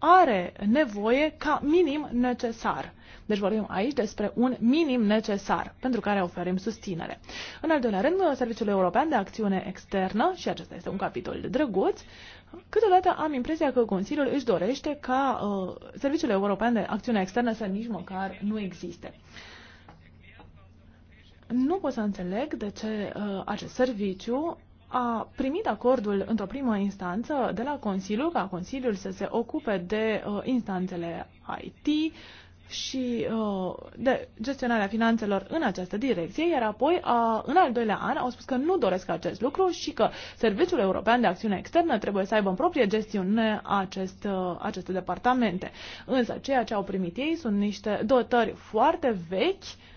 are nevoie ca minim necesar. Deci vorbim aici despre un minim necesar pentru care oferim susținere. În al doilea rând, Serviciul European de Acțiune Externă, și acesta este un capitol de drăguț, câteodată am impresia că Consiliul își dorește ca uh, Serviciul European de Acțiune Externă să nici măcar nu existe. Nu pot să înțeleg de ce uh, acest serviciu a primit acordul într-o primă instanță de la Consiliu, ca Consiliul să se ocupe de uh, instanțele IT și uh, de gestionarea finanțelor în această direcție, iar apoi, uh, în al doilea an, au spus că nu doresc acest lucru și că Serviciul European de Acțiune Externă trebuie să aibă în proprie gestiune acest, uh, aceste departamente. Însă, ceea ce au primit ei sunt niște dotări foarte vechi uh,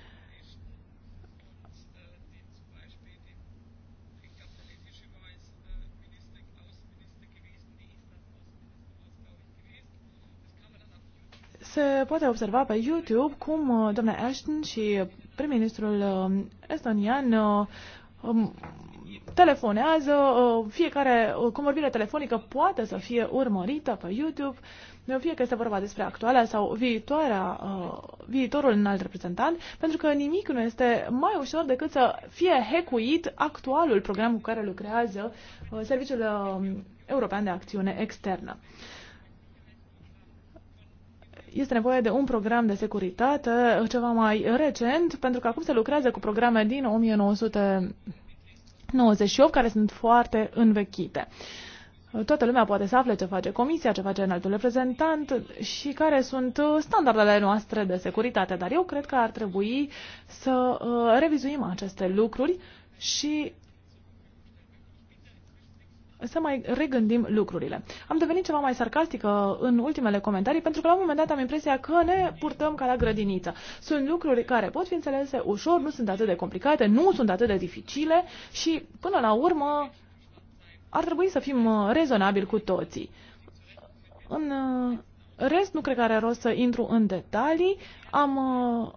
se poate observa pe YouTube cum uh, domnul Ashton și prim-ministrul uh, estonian uh, um, telefonează, fiecare convorbire telefonică poate să fie urmărită pe YouTube, fie că este vorba despre actuala sau viitoarea, viitorul înalt reprezentant, pentru că nimic nu este mai ușor decât să fie hecuit actualul program cu care lucrează Serviciul European de Acțiune Externă este nevoie de un program de securitate ceva mai recent, pentru că acum se lucrează cu programe din 1998, care sunt foarte învechite. Toată lumea poate să afle ce face comisia, ce face înaltul reprezentant și care sunt standardele noastre de securitate, dar eu cred că ar trebui să uh, revizuim aceste lucruri și să mai regândim lucrurile. Am devenit ceva mai sarcastică în ultimele comentarii pentru că la un moment dat am impresia că ne purtăm ca la grădiniță. Sunt lucruri care pot fi înțelese ușor, nu sunt atât de complicate, nu sunt atât de dificile și până la urmă ar trebui să fim uh, rezonabili cu toții. În uh, rest, nu cred că are rost să intru în detalii. Am uh,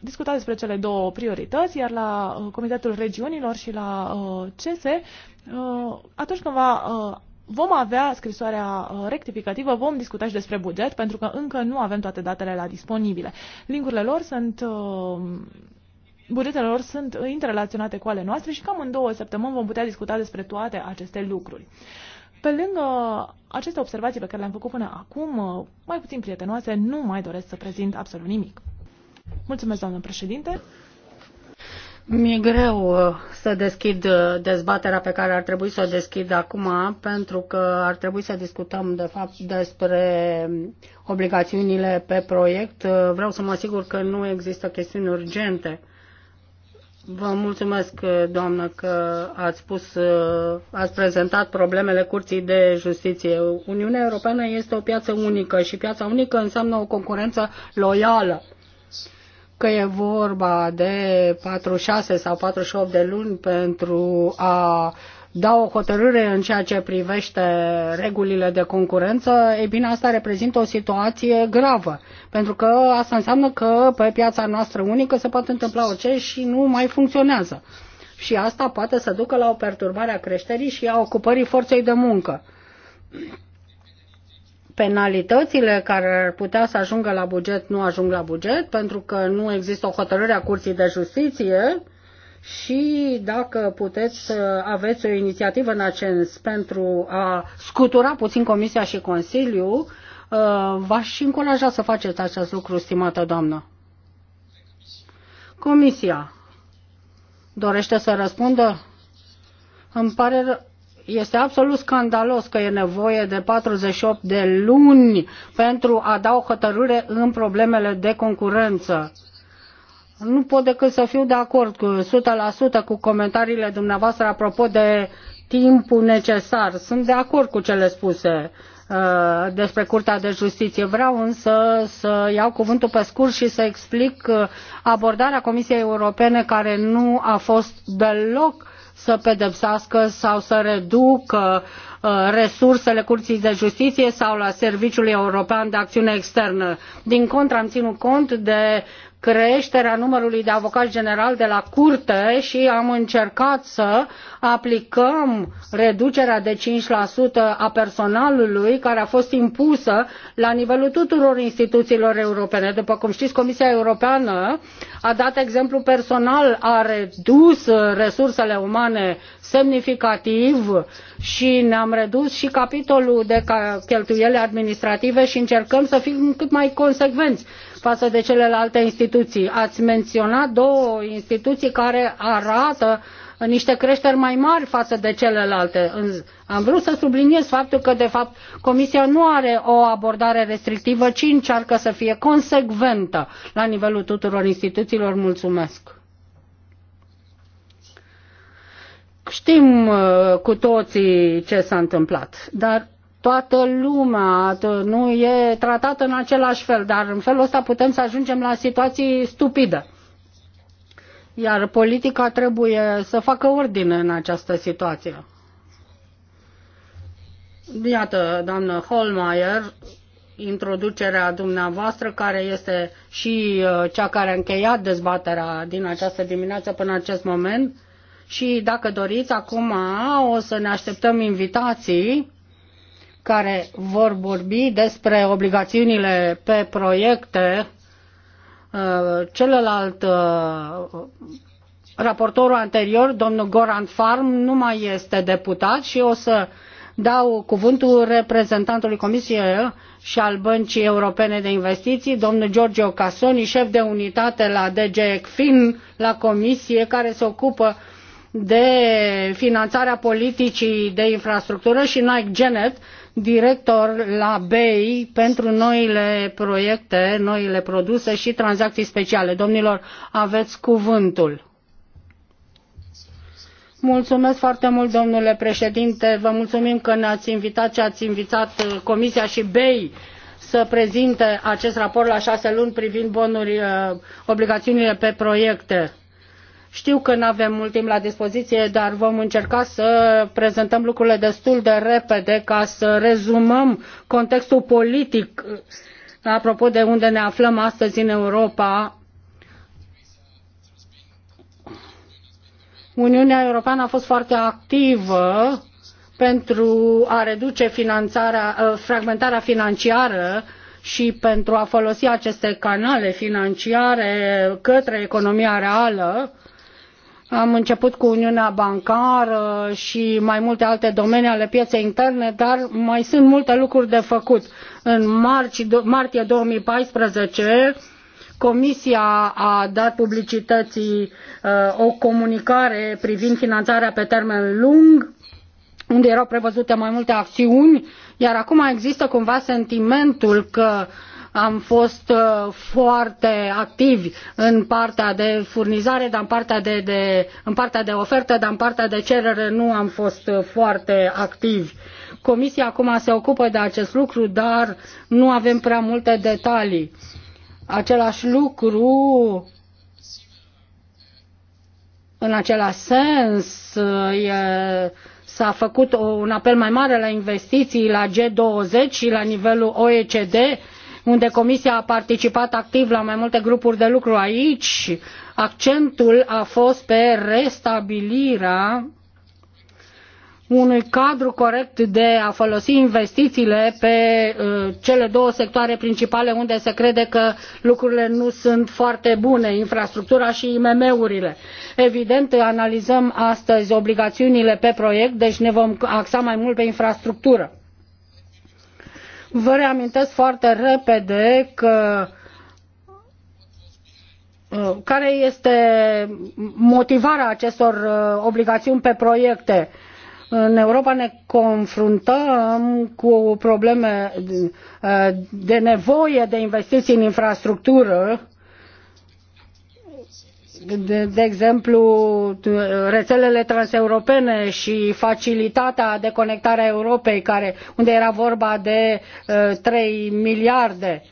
discuta despre cele două priorități, iar la uh, Comitetul Regiunilor și la uh, CESE, uh, atunci când va Vom avea scrisoarea rectificativă, vom discuta și despre buget, pentru că încă nu avem toate datele la disponibile. Linkurile lor sunt bugetele lor sunt interrelaționate cu ale noastre și cam în două săptămâni vom putea discuta despre toate aceste lucruri. Pe lângă aceste observații pe care le-am făcut până acum, mai puțin prietenoase, nu mai doresc să prezint absolut nimic. Mulțumesc, doamnă președinte. Mi-e greu uh, să deschid uh, dezbaterea pe care ar trebui să o deschid acum, pentru că ar trebui să discutăm, de fapt, despre obligațiunile pe proiect. Uh, vreau să mă asigur că nu există chestiuni urgente. Vă mulțumesc, doamnă, că ați spus, ați prezentat problemele Curții de Justiție. Uniunea Europeană este o piață unică și piața unică înseamnă o concurență loială că e vorba de 46 sau 48 de luni pentru a da o hotărâre în ceea ce privește regulile de concurență, e bine, asta reprezintă o situație gravă, pentru că asta înseamnă că pe piața noastră unică se poate întâmpla orice și nu mai funcționează. Și asta poate să ducă la o perturbare a creșterii și a ocupării forței de muncă penalitățile care ar putea să ajungă la buget nu ajung la buget pentru că nu există o hotărâre a Curții de Justiție și dacă puteți să uh, aveți o inițiativă în acest pentru a scutura puțin Comisia și Consiliu, uh, v-aș încuraja să faceți acest lucru, stimată doamnă. Comisia dorește să răspundă? Îmi pare rău. Este absolut scandalos că e nevoie de 48 de luni pentru a da o hotărâre în problemele de concurență. Nu pot decât să fiu de acord cu 100% cu comentariile dumneavoastră apropo de timpul necesar. Sunt de acord cu cele spuse uh, despre Curtea de Justiție. Vreau însă să iau cuvântul pe scurt și să explic uh, abordarea Comisiei Europene care nu a fost deloc să pedepsească sau să reducă uh, resursele Curții de Justiție sau la Serviciul European de Acțiune Externă. Din contră, am ținut cont de creșterea numărului de avocați general de la curte și am încercat să aplicăm reducerea de 5% a personalului care a fost impusă la nivelul tuturor instituțiilor europene. După cum știți, Comisia Europeană a dat exemplu personal, a redus resursele umane semnificativ și ne-am redus și capitolul de cheltuieli administrative și încercăm să fim cât mai consecvenți față de celelalte instituții. Ați menționat două instituții care arată niște creșteri mai mari față de celelalte. Am vrut să subliniez faptul că, de fapt, Comisia nu are o abordare restrictivă, ci încearcă să fie consecventă la nivelul tuturor instituțiilor. Mulțumesc! Știm uh, cu toții ce s-a întâmplat, dar toată lumea nu e tratată în același fel, dar în felul ăsta putem să ajungem la situații stupide. Iar politica trebuie să facă ordine în această situație. Iată, doamnă Holmeier, introducerea dumneavoastră, care este și uh, cea care a încheiat dezbaterea din această dimineață până acest moment. Și dacă doriți, acum o să ne așteptăm invitații care vor vorbi despre obligațiunile pe proiecte. Uh, celălalt uh, raportorul anterior, domnul Goran Farm, nu mai este deputat și o să dau cuvântul reprezentantului Comisiei și al Băncii Europene de Investiții, domnul Giorgio Casoni, șef de unitate la DG ECFIN, la Comisie, care se ocupă de finanțarea politicii de infrastructură și Nike Genet, director la BEI pentru noile proiecte, noile produse și tranzacții speciale. Domnilor, aveți cuvântul. Mulțumesc foarte mult, domnule președinte. Vă mulțumim că ne-ați invitat și ați invitat uh, Comisia și BEI să prezinte acest raport la șase luni privind bonuri, uh, obligațiunile pe proiecte știu că nu avem mult timp la dispoziție, dar vom încerca să prezentăm lucrurile destul de repede ca să rezumăm contextul politic uh, apropo de unde ne aflăm astăzi în Europa. Uniunea Europeană a fost foarte activă pentru a reduce finanțarea, uh, fragmentarea financiară și pentru a folosi aceste canale financiare către economia reală am început cu Uniunea Bancară și mai multe alte domenii ale pieței interne, dar mai sunt multe lucruri de făcut. În două martie paisprezece Comisia a dat publicității uh, o comunicare privind finanțarea pe termen lung, unde erau prevăzute mai multe acțiuni, iar acum există cumva sentimentul că uh, am fost uh, foarte activi în partea de furnizare, dar în partea de, de, în partea de ofertă, dar în partea de cerere nu am fost uh, foarte activi. Comisia acum se ocupă de acest lucru, dar nu avem prea multe detalii. Același lucru în același sens uh, s-a făcut un apel mai mare la investiții la G20 și la nivelul OECD unde Comisia a participat activ la mai multe grupuri de lucru aici. Accentul a fost pe restabilirea unui cadru corect de a folosi investițiile pe uh, cele două sectoare principale unde se crede că lucrurile nu sunt foarte bune, infrastructura și IMM-urile. Evident, analizăm astăzi obligațiunile pe proiect, deci ne vom axa mai mult pe infrastructură. Vă reamintesc foarte repede că uh, care este motivarea acestor uh, obligațiuni pe proiecte. În Europa ne confruntăm cu probleme uh, de nevoie de investiții în infrastructură de, de exemplu, rețelele transeuropene și facilitatea de conectare a Europei, care, unde era vorba de uh, trei miliarde,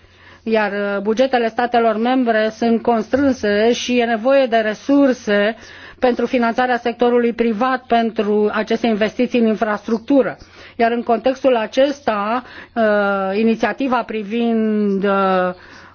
iar uh, bugetele statelor membre sunt constrânse și e nevoie de resurse pentru finanțarea sectorului privat pentru aceste investiții în infrastructură. Iar în contextul acesta, uh, inițiativa privind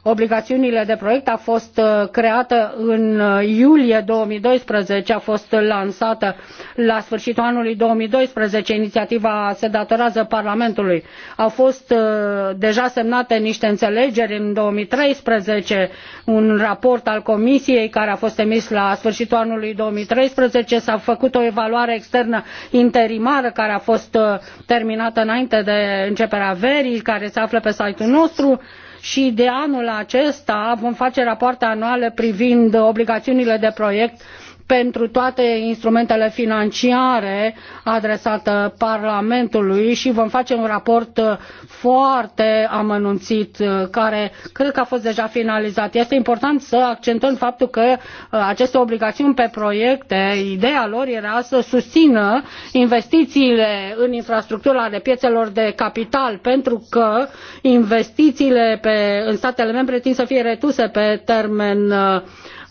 obligațiunile de proiect a fost uh, creată în uh, iulie 2012, a fost lansată la sfârșitul anului 2012, inițiativa se datorează Parlamentului. Au fost uh, deja semnate niște înțelegeri în 2013, un raport al Comisiei care a fost emis la sfârșitul anului 2013, s-a făcut o evaluare externă interimară care a fost terminată înainte de începerea verii, care se află pe site-ul nostru. Uh, și de anul acesta vom face rapoarte anuale privind obligațiunile de proiect uh, pentru toate instrumentele financiare adresate Parlamentului și vom face un raport foarte amănunțit uh, care cred că a fost deja finalizat. Este important să accentuăm faptul că uh, aceste obligațiuni pe proiecte, ideea lor era să susțină investițiile în infrastructura de piețelor de capital pentru că investițiile pe, în statele membre tind să fie retuse pe termen uh,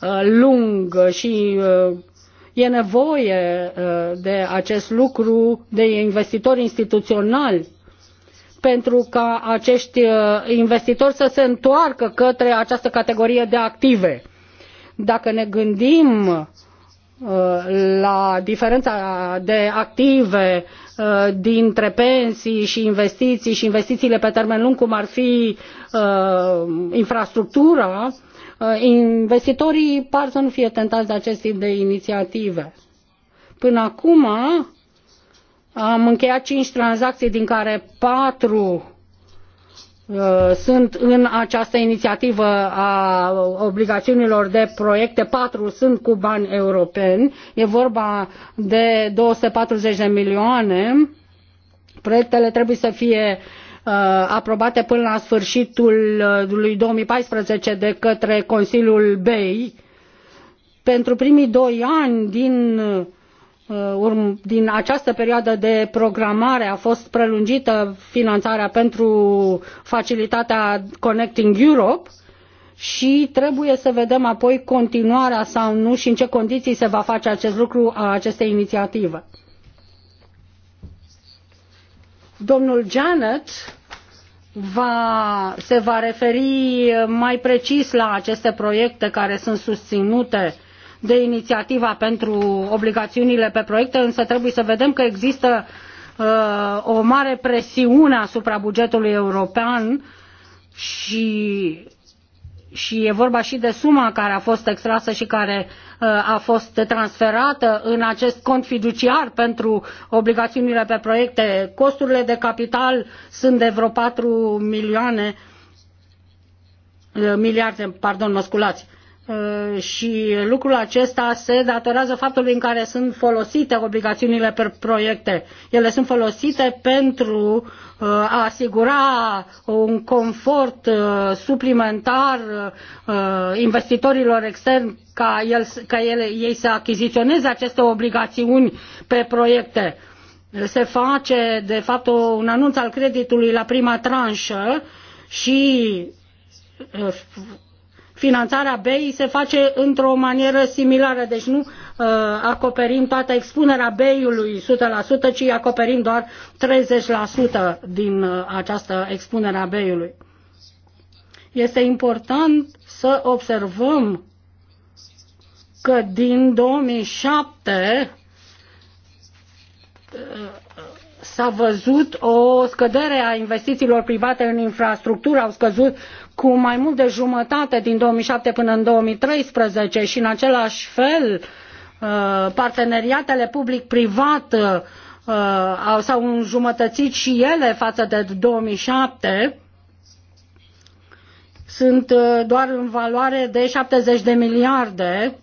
Uh, lung și uh, e nevoie uh, de acest lucru de investitori instituționali pentru ca acești investitori să se întoarcă către această categorie de active. Dacă ne gândim la diferența de active dintre pensii și investiții și investițiile pe termen lung, cum ar fi infrastructura, Uh, investitorii par să nu fie tentați de acest tip de inițiative. Până acum am încheiat cinci tranzacții din care patru uh, sunt în această inițiativă a obligațiunilor de proiecte, patru sunt cu bani europeni, e vorba de 240 de milioane, proiectele trebuie să fie uh, Uh, aprobate până la sfârșitul uh, lui 2014 de către Consiliul BEI. Pentru primii doi ani din, uh, din această perioadă de programare a fost prelungită finanțarea pentru facilitatea Connecting Europe și trebuie să vedem apoi continuarea sau nu și în ce condiții se va face acest lucru a acestei inițiative. Domnul Janet va, se va referi mai precis la aceste proiecte care sunt susținute de inițiativa pentru obligațiunile pe proiecte, însă trebuie să vedem că există uh, o mare presiune asupra bugetului european și, și e vorba și de suma care a fost extrasă și care a fost transferată în acest cont fiduciar pentru obligațiunile pe proiecte. Costurile de capital sunt de vreo 4 milioane, eh, miliarde, pardon, mă sculați eh, și lucrul acesta se datorează faptului în care sunt folosite obligațiunile pe proiecte. Ele sunt folosite pentru Uh, a asigura un confort uh, suplimentar uh, investitorilor externi ca, el, ca ele, ei să achiziționeze aceste obligațiuni pe proiecte. Se face, de fapt, un anunț al creditului la prima tranșă și finanțarea BEI se face într-o manieră similară, deci nu uh, acoperim toată expunerea BEI-ului 100%, ci acoperim doar 30% din uh, această expunere a BEI-ului. Este important să observăm că din 2007 uh, s-a văzut o scădere a investițiilor private în infrastructură, au scăzut cu mai mult de jumătate din două mii șapte până în două mii treisprezece și în același fel uh, parteneriatele public privat uh, uh, s au înjumătățit și ele față de două mii șapte sunt doar în valoare de 70 de miliarde,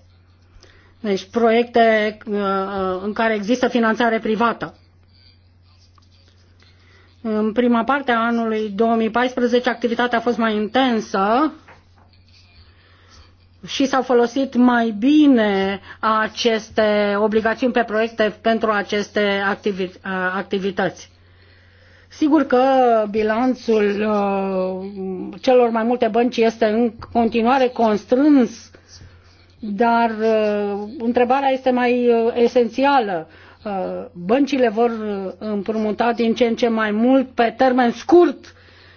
deci proiecte în care există finanțare privată. În prima parte a anului 2014 activitatea a fost mai intensă și s-au folosit mai bine aceste obligațiuni pe proiecte pentru aceste activi activități. Sigur că bilanțul uh, celor mai multe bănci este în continuare constrâns, dar uh, întrebarea este mai esențială. Uh, băncile vor uh, împrumuta din ce în ce mai mult pe termen scurt,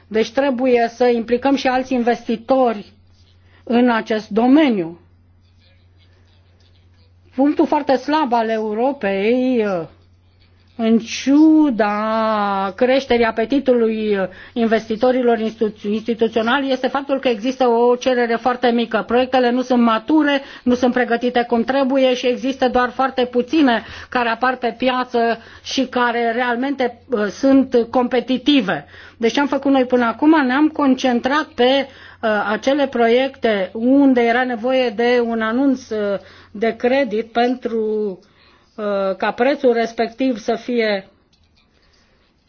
deci trebuie să implicăm și alți investitori în acest domeniu. Punctul foarte slab al Europei uh, în ciuda creșterii apetitului investitorilor instituționali este faptul că există o cerere foarte mică. Proiectele nu sunt mature, nu sunt pregătite cum trebuie și există doar foarte puține care apar pe piață și care realmente uh, sunt competitive. Deci ce am făcut noi până acum? Ne-am concentrat pe uh, acele proiecte unde era nevoie de un anunț uh, de credit pentru Uh, ca prețul respectiv să fie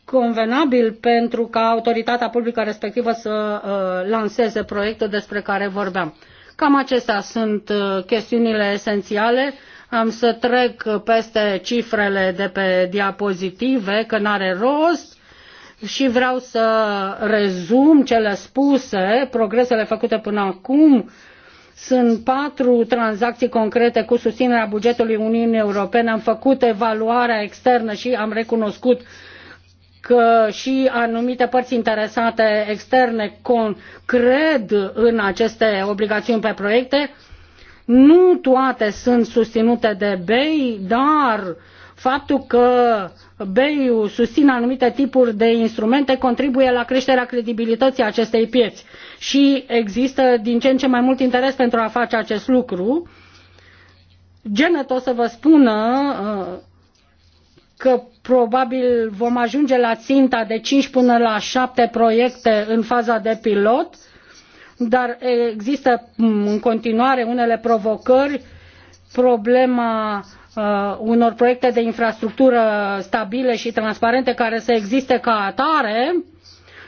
convenabil pentru ca autoritatea publică respectivă să uh, lanseze proiectul despre care vorbeam. Cam acestea sunt uh, chestiunile esențiale. Am să trec peste cifrele de pe diapozitive, că n-are rost și vreau să rezum cele spuse, progresele făcute până acum sunt patru tranzacții concrete cu susținerea bugetului Uniunii Europene. Am făcut evaluarea externă și am recunoscut că și anumite părți interesate externe cred în aceste obligațiuni pe proiecte. Nu toate sunt susținute de BEI, dar Faptul că bei susține anumite tipuri de instrumente contribuie la creșterea credibilității acestei pieți și există din ce în ce mai mult interes pentru a face acest lucru. Genet o să vă spună uh, că probabil vom ajunge la ținta de cinci până la 7 proiecte în faza de pilot, dar există mm, în continuare unele provocări, problema Uh, unor proiecte de infrastructură stabile și transparente care să existe ca atare.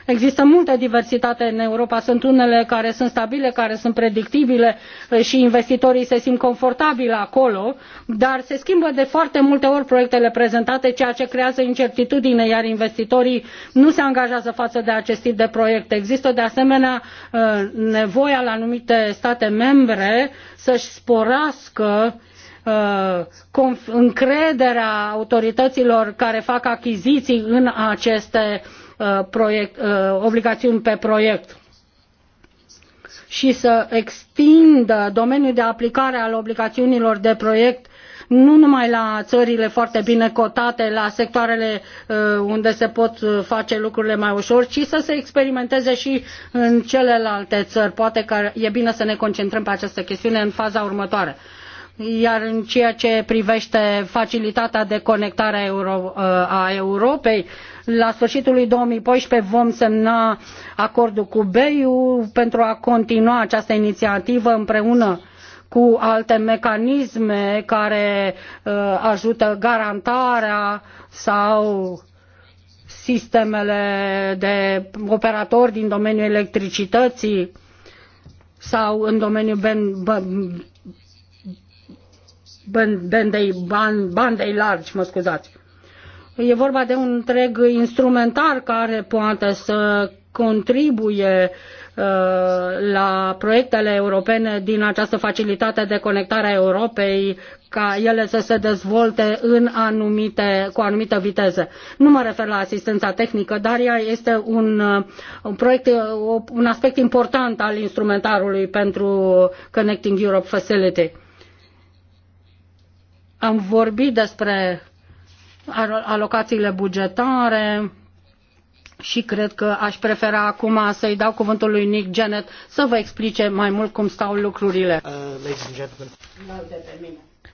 Există multă diversitate în Europa, sunt unele care sunt stabile, care sunt predictibile uh, și investitorii se simt confortabili acolo, dar se schimbă de foarte multe ori proiectele prezentate, ceea ce creează incertitudine, iar investitorii nu se angajează față de acest tip de proiecte. Există de asemenea uh, nevoia la anumite state membre să-și sporească Uh, încrederea autorităților care fac achiziții în aceste uh, proiect, uh, obligațiuni pe proiect și să extindă domeniul de aplicare al obligațiunilor de proiect nu numai la țările foarte bine cotate, la sectoarele unde se pot face lucrurile mai ușor, ci să se experimenteze și în celelalte țări. Poate că e bine să ne concentrăm pe această chestiune în faza următoare iar în ceea ce privește facilitatea de conectare a, Euro uh, a Europei, la sfârșitul lui 2014 vom semna acordul cu bei pentru a continua această inițiativă împreună cu alte mecanisme care uh, ajută garantarea sau sistemele de operatori din domeniul electricității sau în domeniul ben, bandei, bandei largi, mă scuzați. E vorba de un întreg instrumentar care poate să contribuie uh, la proiectele europene din această facilitate de conectare a Europei ca ele să se dezvolte în anumite, cu anumită viteză. Nu mă refer la asistența tehnică, dar ea este un, uh, un, proiect, uh, un aspect important al instrumentarului pentru Connecting Europe Facility am vorbit despre alocațiile bugetare și cred că aș prefera acum să-i dau cuvântul lui Nick Janet să vă explice mai mult cum stau lucrurile. Uh,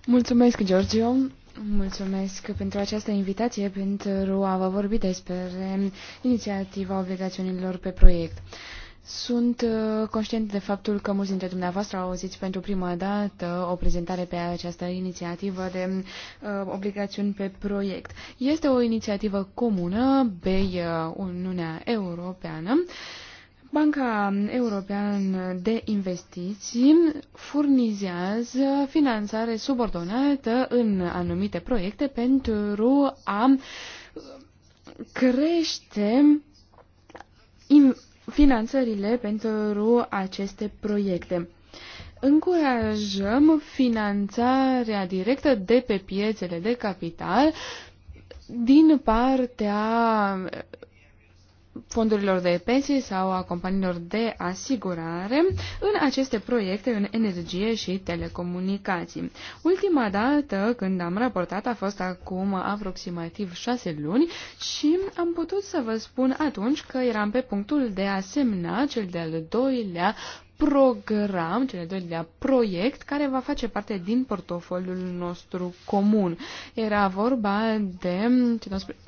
Mulțumesc, Giorgio. Mulțumesc pentru această invitație pentru a vă vorbi despre inițiativa obligațiunilor pe proiect. Sunt uh, conștient de faptul că mulți dintre dumneavoastră au auzit pentru prima dată o prezentare pe această inițiativă de uh, obligațiuni pe proiect. Este o inițiativă comună, BEI, uh, Uniunea Europeană. Banca Europeană de Investiții furnizează finanțare subordonată în anumite proiecte pentru a uh, crește finanțările pentru aceste proiecte. Încurajăm finanțarea directă de pe piețele de capital din partea fondurilor de pensii sau a companiilor de asigurare în aceste proiecte în energie și telecomunicații. Ultima dată când am raportat a fost acum aproximativ șase luni și am putut să vă spun atunci că eram pe punctul de a semna cel de-al doilea program, cel doilea proiect, care va face parte din portofoliul nostru comun. Era vorba de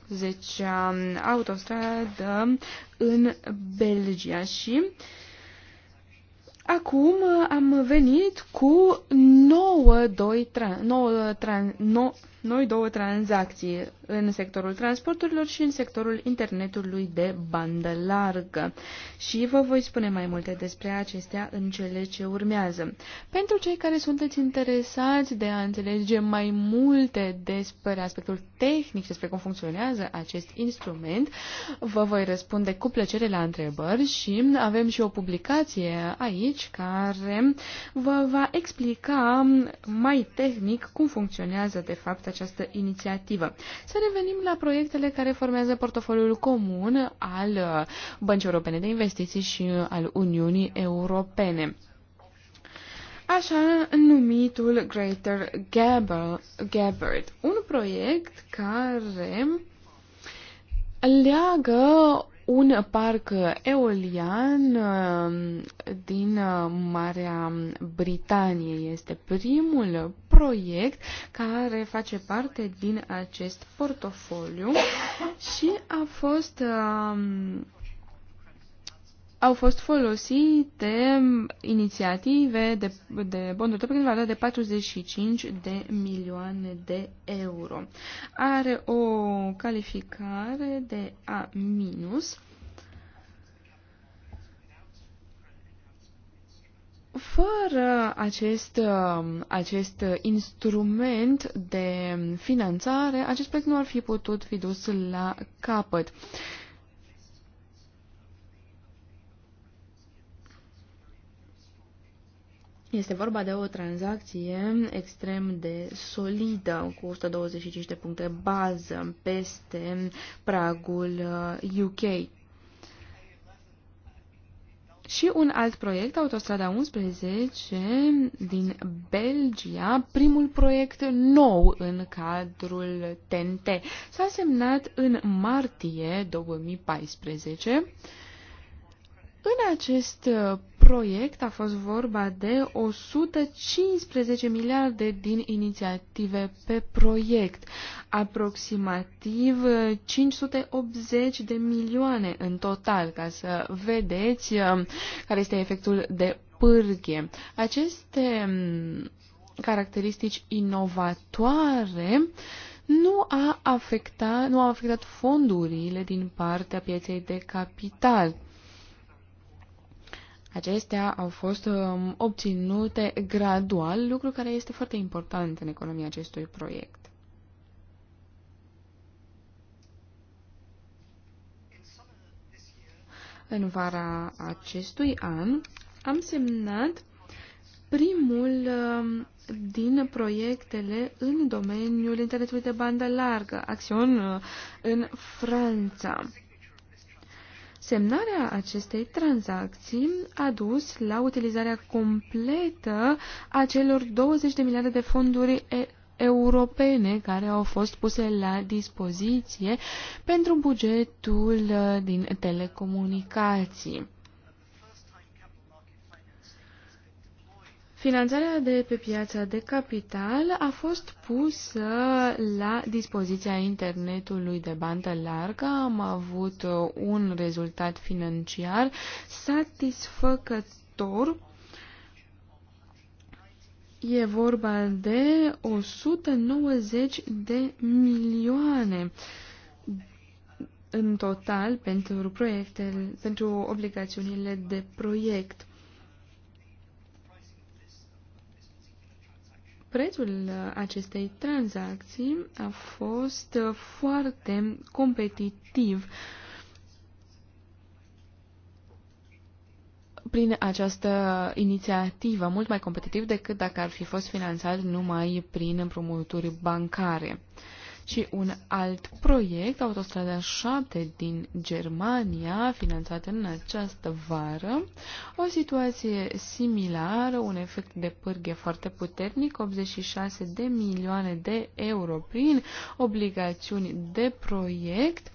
19 autostradă în Belgia și Acum am venit cu 9, 2, 3, 9, 9, noi două tranzacții în sectorul transporturilor și în sectorul internetului de bandă largă. Și vă voi spune mai multe despre acestea în cele ce urmează. Pentru cei care sunteți interesați de a înțelege mai multe despre aspectul tehnic, despre cum funcționează acest instrument, vă voi răspunde cu plăcere la întrebări și avem și o publicație aici care vă va explica mai tehnic cum funcționează de fapt această inițiativă. Să revenim la proiectele care formează portofoliul comun al uh, Băncii Europene de Investiții și uh, al Uniunii Europene așa numitul Greater Gabbard, un proiect care leagă un parc eolian um, din uh, Marea Britanie. Este primul proiect care face parte din acest portofoliu și a fost um, au fost folosite inițiative de, de bonduri prin valoare de 45 de milioane de euro. Are o calificare de A-. minus. Fără acest, acest instrument de finanțare, acest proiect nu ar fi putut fi dus la capăt. Este vorba de o tranzacție extrem de solidă, cu 125 de puncte bază peste pragul UK. Uh, și un alt proiect, Autostrada 11 din Belgia, primul proiect nou în cadrul TNT. S-a semnat în martie 2014. În acest proiect a fost vorba de 115 miliarde din inițiative pe proiect, aproximativ 580 de milioane în total, ca să vedeți um, care este efectul de pârghie. Aceste um, caracteristici inovatoare nu a afectat, nu au afectat fondurile din partea pieței de capital. Acestea au fost um, obținute gradual, lucru care este foarte important în economia acestui proiect. În vara acestui an am semnat primul um, din proiectele în domeniul internetului de bandă largă, acțiuni uh, în Franța. Semnarea acestei tranzacții a dus la utilizarea completă a celor 20 de miliarde de fonduri e europene care au fost puse la dispoziție pentru bugetul uh, din telecomunicații. Finanțarea de pe piața de capital a fost pusă la dispoziția internetului de bandă largă. Am avut un rezultat financiar satisfăcător. E vorba de 190 de milioane în total pentru, proiecte, pentru obligațiunile de proiect. Prețul acestei tranzacții a fost foarte competitiv. prin această inițiativă mult mai competitiv decât dacă ar fi fost finanțat numai prin împrumuturi bancare. Uh, și un alt proiect, Autostrada 7 din Germania, finanțat în această vară. O situație similară, un efect de pârghe foarte puternic, 86 de milioane de euro prin obligațiuni de proiect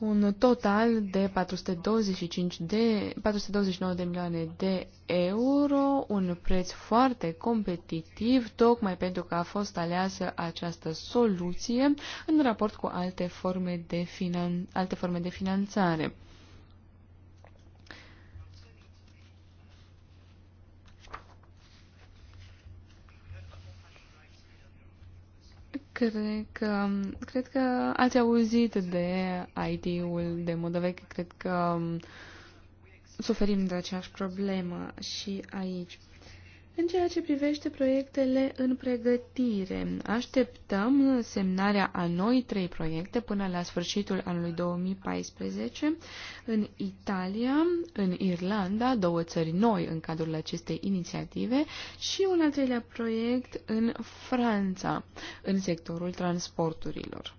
un total de 425 de, 429 de milioane de euro, un preț foarte competitiv, tocmai pentru că a fost aleasă această soluție în raport cu alte forme de, finan, alte forme de finanțare. Cred că, cred că ați auzit de IT-ul de modă veche, cred că um, suferim de aceeași problemă și aici. În ceea ce privește proiectele în pregătire, așteptăm semnarea a noi trei proiecte până la sfârșitul anului 2014 în Italia, în Irlanda, două țări noi în cadrul acestei inițiative, și un al treilea proiect în Franța, în sectorul transporturilor.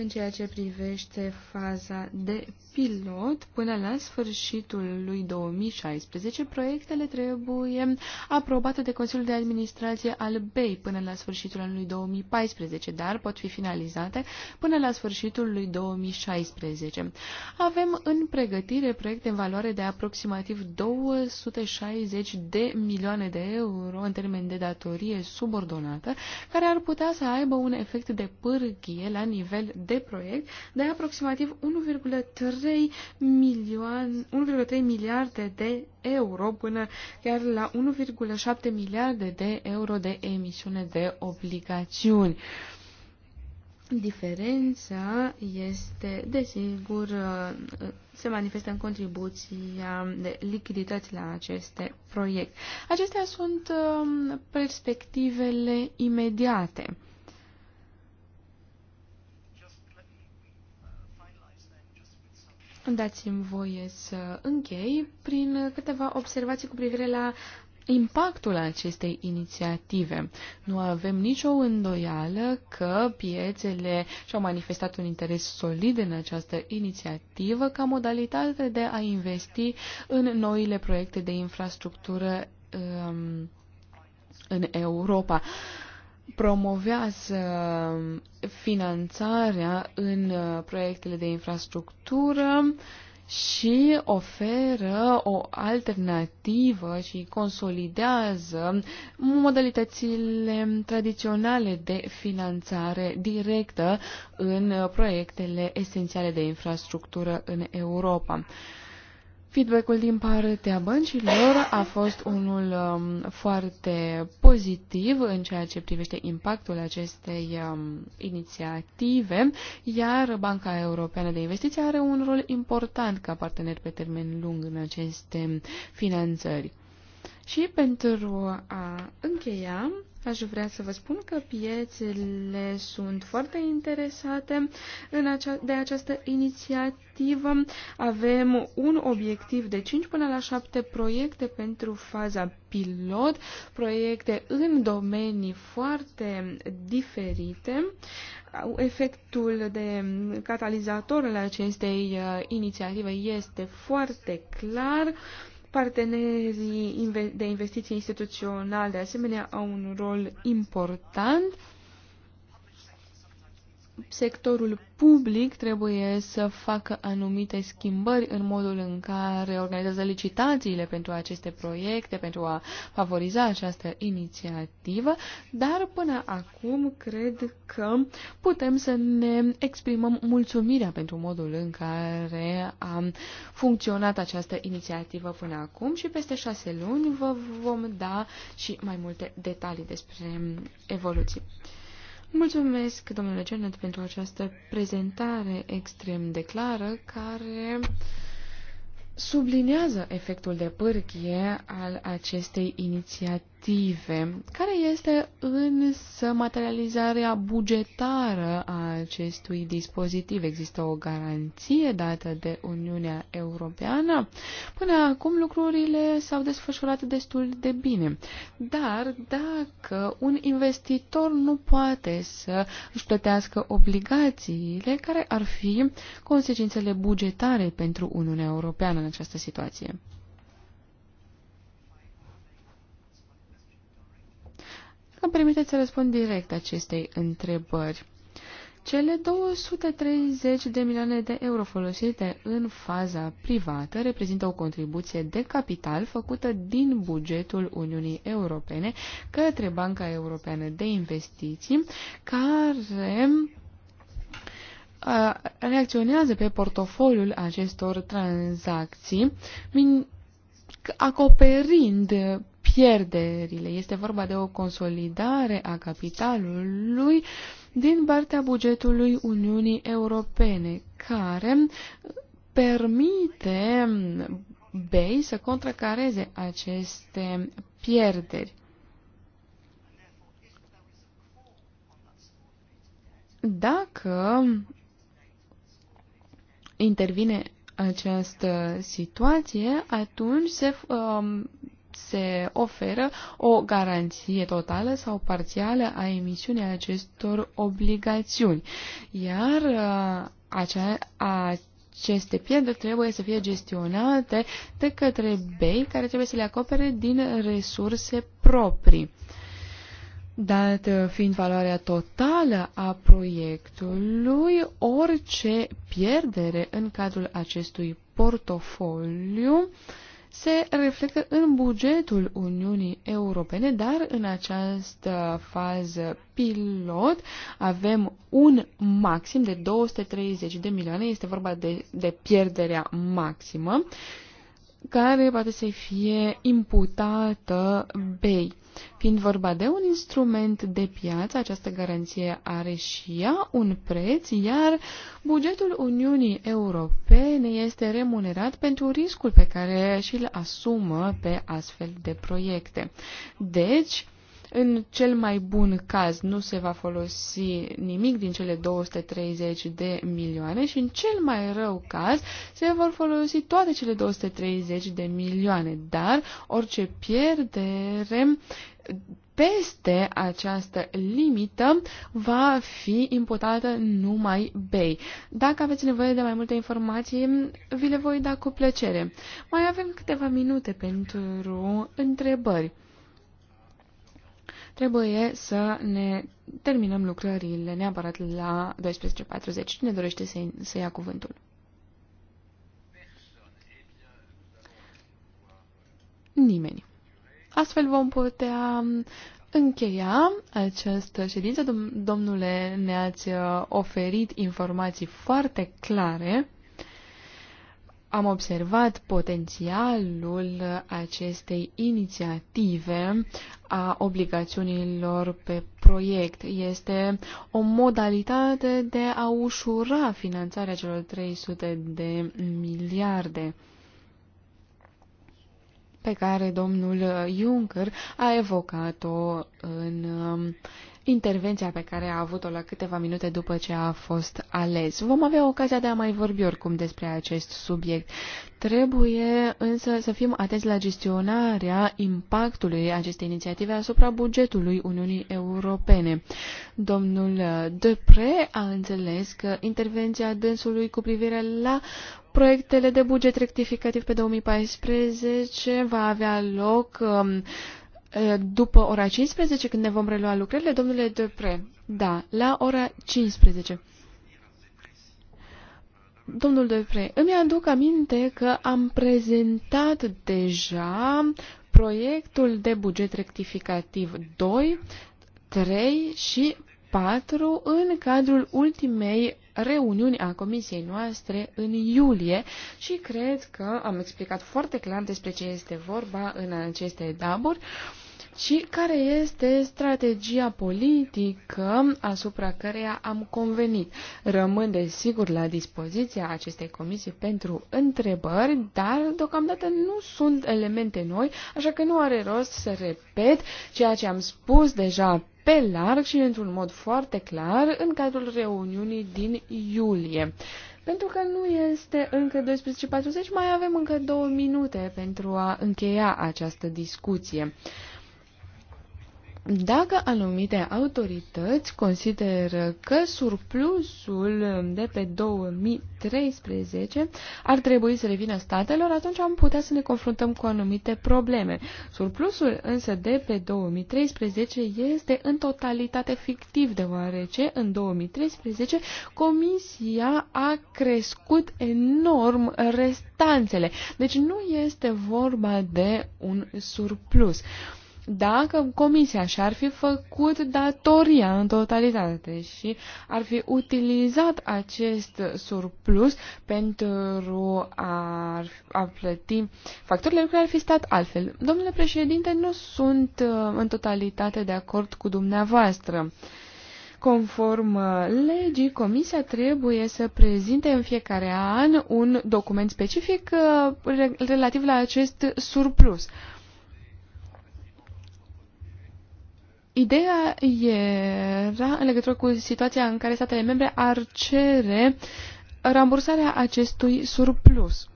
în ceea ce privește faza de pilot, până la sfârșitul lui 2016, proiectele trebuie aprobate de Consiliul de Administrație al BEI până la sfârșitul anului 2014, dar pot fi finalizate până la sfârșitul lui 2016. Avem în pregătire proiecte în valoare de aproximativ 260 de milioane de euro în termen de datorie subordonată, care ar putea să aibă un efect de pârghie la nivel de proiect de aproximativ 1,3 milioane, 1,3 miliarde de euro până chiar la 1,7 miliarde de euro de emisiune de obligațiuni. Diferența este, desigur, se manifestă în contribuția de lichidități la aceste proiecte. Acestea sunt um, perspectivele imediate. Dați-mi voie să închei prin câteva observații cu privire la impactul acestei inițiative. Nu avem nicio îndoială că piețele și-au manifestat un interes solid în această inițiativă ca modalitate de a investi în noile proiecte de infrastructură um, în Europa. Uh, promovează uh, finanțarea în uh, proiectele de infrastructură și oferă o alternativă și consolidează modalitățile tradiționale de finanțare directă în uh, proiectele esențiale de infrastructură în Europa. Feedback-ul din partea băncilor a fost unul um, foarte pozitiv în ceea ce privește impactul acestei um, inițiative, iar Banca Europeană de Investiții are un rol important ca partener pe termen lung în aceste finanțări. Și pentru a încheia, Aș vrea să vă spun că piețele sunt foarte interesate în acea, de această inițiativă. Avem un obiectiv de 5 până la 7 proiecte pentru faza pilot, proiecte în domenii foarte diferite. Efectul de catalizator la acestei uh, inițiative este foarte clar. Uh, Partenerii de investiții instituționale, de asemenea, au un rol important sectorul public trebuie să facă anumite schimbări în modul în care organizează licitațiile pentru aceste proiecte, pentru a favoriza această inițiativă, dar până acum cred că putem să ne exprimăm mulțumirea pentru modul în care a funcționat această inițiativă până acum și peste șase luni vă vom da și mai multe detalii despre evoluții. Mulțumesc, domnule Genet, pentru această prezentare extrem de clară care sublinează efectul de pârghie al acestei inițiative obiective. Care este însă materializarea bugetară a acestui dispozitiv? Există o garanție dată de Uniunea Europeană? Până acum lucrurile s-au desfășurat destul de bine. Dar dacă un investitor nu poate să își plătească obligațiile, care ar fi consecințele bugetare pentru Uniunea Europeană în această situație? Îmi permiteți să răspund direct acestei întrebări. Cele 230 de milioane de euro folosite în faza privată reprezintă o contribuție de capital făcută din bugetul Uniunii Europene către Banca Europeană de Investiții, care reacționează pe portofoliul acestor tranzacții, acoperind pierderile. Este vorba de o consolidare a capitalului din partea bugetului Uniunii Europene, care permite BEI să contracareze aceste pierderi. Dacă intervine această situație, atunci se um, se oferă o garanție totală sau parțială a emisiunii acestor obligațiuni. Iar uh, acea, aceste pierderi trebuie să fie gestionate de către BEI, care trebuie să le acopere din resurse proprii. Dat fiind valoarea totală a proiectului, orice pierdere în cadrul acestui portofoliu uh, se reflectă în bugetul Uniunii Europene, dar în această fază pilot avem un maxim de 230 de milioane, este vorba de, de pierderea maximă care poate să fie imputată BEI. Fiind vorba de un instrument de piață, această garanție are și ea un preț, iar bugetul Uniunii Europene este remunerat pentru riscul pe care și-l asumă pe astfel de proiecte. Deci, în cel mai bun caz nu se va folosi nimic din cele 230 de milioane și în cel mai rău caz se vor folosi toate cele 230 de milioane, dar orice pierdere peste această limită va fi imputată numai bei. Dacă aveți nevoie de mai multe informații, vi le voi da cu plăcere. Mai avem câteva minute pentru întrebări. Trebuie să ne terminăm lucrările neapărat la 12.40. Cine dorește să, să ia cuvântul? Nimeni. Astfel vom putea încheia această ședință. Domnule, ne-ați oferit informații foarte clare am observat potențialul acestei inițiative a obligațiunilor pe proiect. Este o modalitate de a ușura finanțarea celor 300 de miliarde pe care domnul Juncker a evocat-o în intervenția pe care a avut-o la câteva minute după ce a fost ales. Vom avea ocazia de a mai vorbi oricum despre acest subiect. Trebuie însă să fim atenți la gestionarea impactului acestei inițiative asupra bugetului Uniunii Europene. Domnul Depre a înțeles că intervenția dânsului cu privire la proiectele de buget rectificativ pe 2014 va avea loc um, după ora 15, când ne vom relua lucrările, domnule Depre, da, la ora 15. Domnul Depre, îmi aduc aminte că am prezentat deja proiectul de buget rectificativ 2, 3 și 4 în cadrul ultimei reuniuni a comisiei noastre în iulie și cred că am explicat foarte clar despre ce este vorba în aceste daburi. Uh, și care este strategia politică asupra căreia am convenit. Rămân, desigur, la dispoziția acestei comisii pentru întrebări, dar deocamdată nu sunt elemente noi, așa că nu are rost să repet ceea ce am spus deja pe larg și într-un mod foarte clar în cadrul reuniunii din iulie. Pentru că nu este încă 12.40, mai avem încă două minute pentru a încheia această discuție. Dacă anumite autorități consideră că surplusul de pe 2013 ar trebui să revină statelor, atunci am putea să ne confruntăm cu anumite probleme. Surplusul însă de pe 2013 este în totalitate fictiv, deoarece în 2013 Comisia a crescut enorm restanțele. Deci nu este vorba de un surplus dacă Comisia și-ar fi făcut datoria în totalitate și ar fi utilizat acest surplus pentru a, a plăti factorile lucrurile ar fi stat altfel. Domnule președinte, nu sunt uh, în totalitate de acord cu dumneavoastră. Conform uh, legii, Comisia trebuie să prezinte în fiecare an un document specific uh, relativ la acest surplus. Ideea era în legătură cu situația în care statele membre ar cere rambursarea acestui surplus.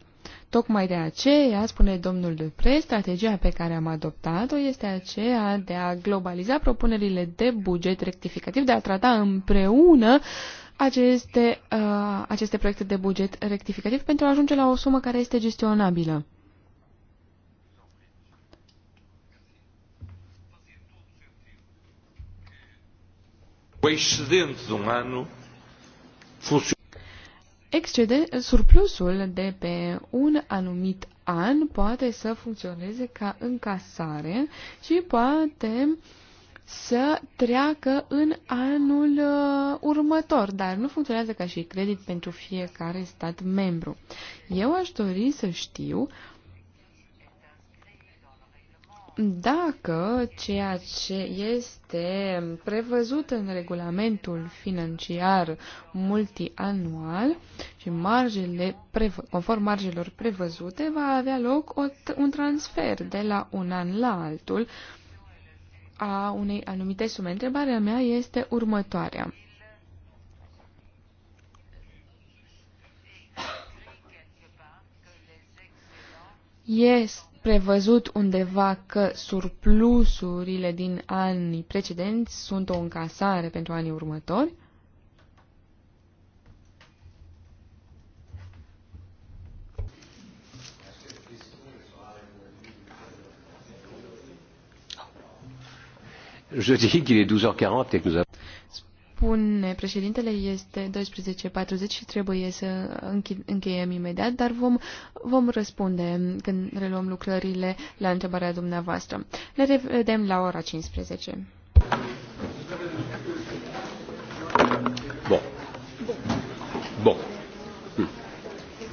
Tocmai de aceea, spune domnul Dupre, strategia pe care am adoptat-o este aceea de a globaliza propunerile de buget rectificativ, de a trata împreună aceste, uh, aceste proiecte de buget rectificativ pentru a ajunge la o sumă care este gestionabilă. O excedente de um ano funciona. Excede, surplusul de pe un anumit an poate să funcționeze ca încasare și poate să treacă în anul uh, următor, dar nu funcționează ca și credit pentru fiecare stat membru. Eu aș dori să știu dacă ceea ce este prevăzut în regulamentul financiar multianual și margele, conform marjelor prevăzute va avea loc o, un transfer de la un an la altul a unei anumite sume. Întrebarea mea este următoarea. Este prevăzut undeva că surplusurile din anii precedenți sunt o încasare pentru anii următori? Je dis qu'il est 12h40 et que nous avons spune președintele, este 12.40 și trebuie să încheiem imediat, dar vom, vom răspunde când reluăm lucrările la întrebarea dumneavoastră. Ne revedem la ora 15. Bun. Bun.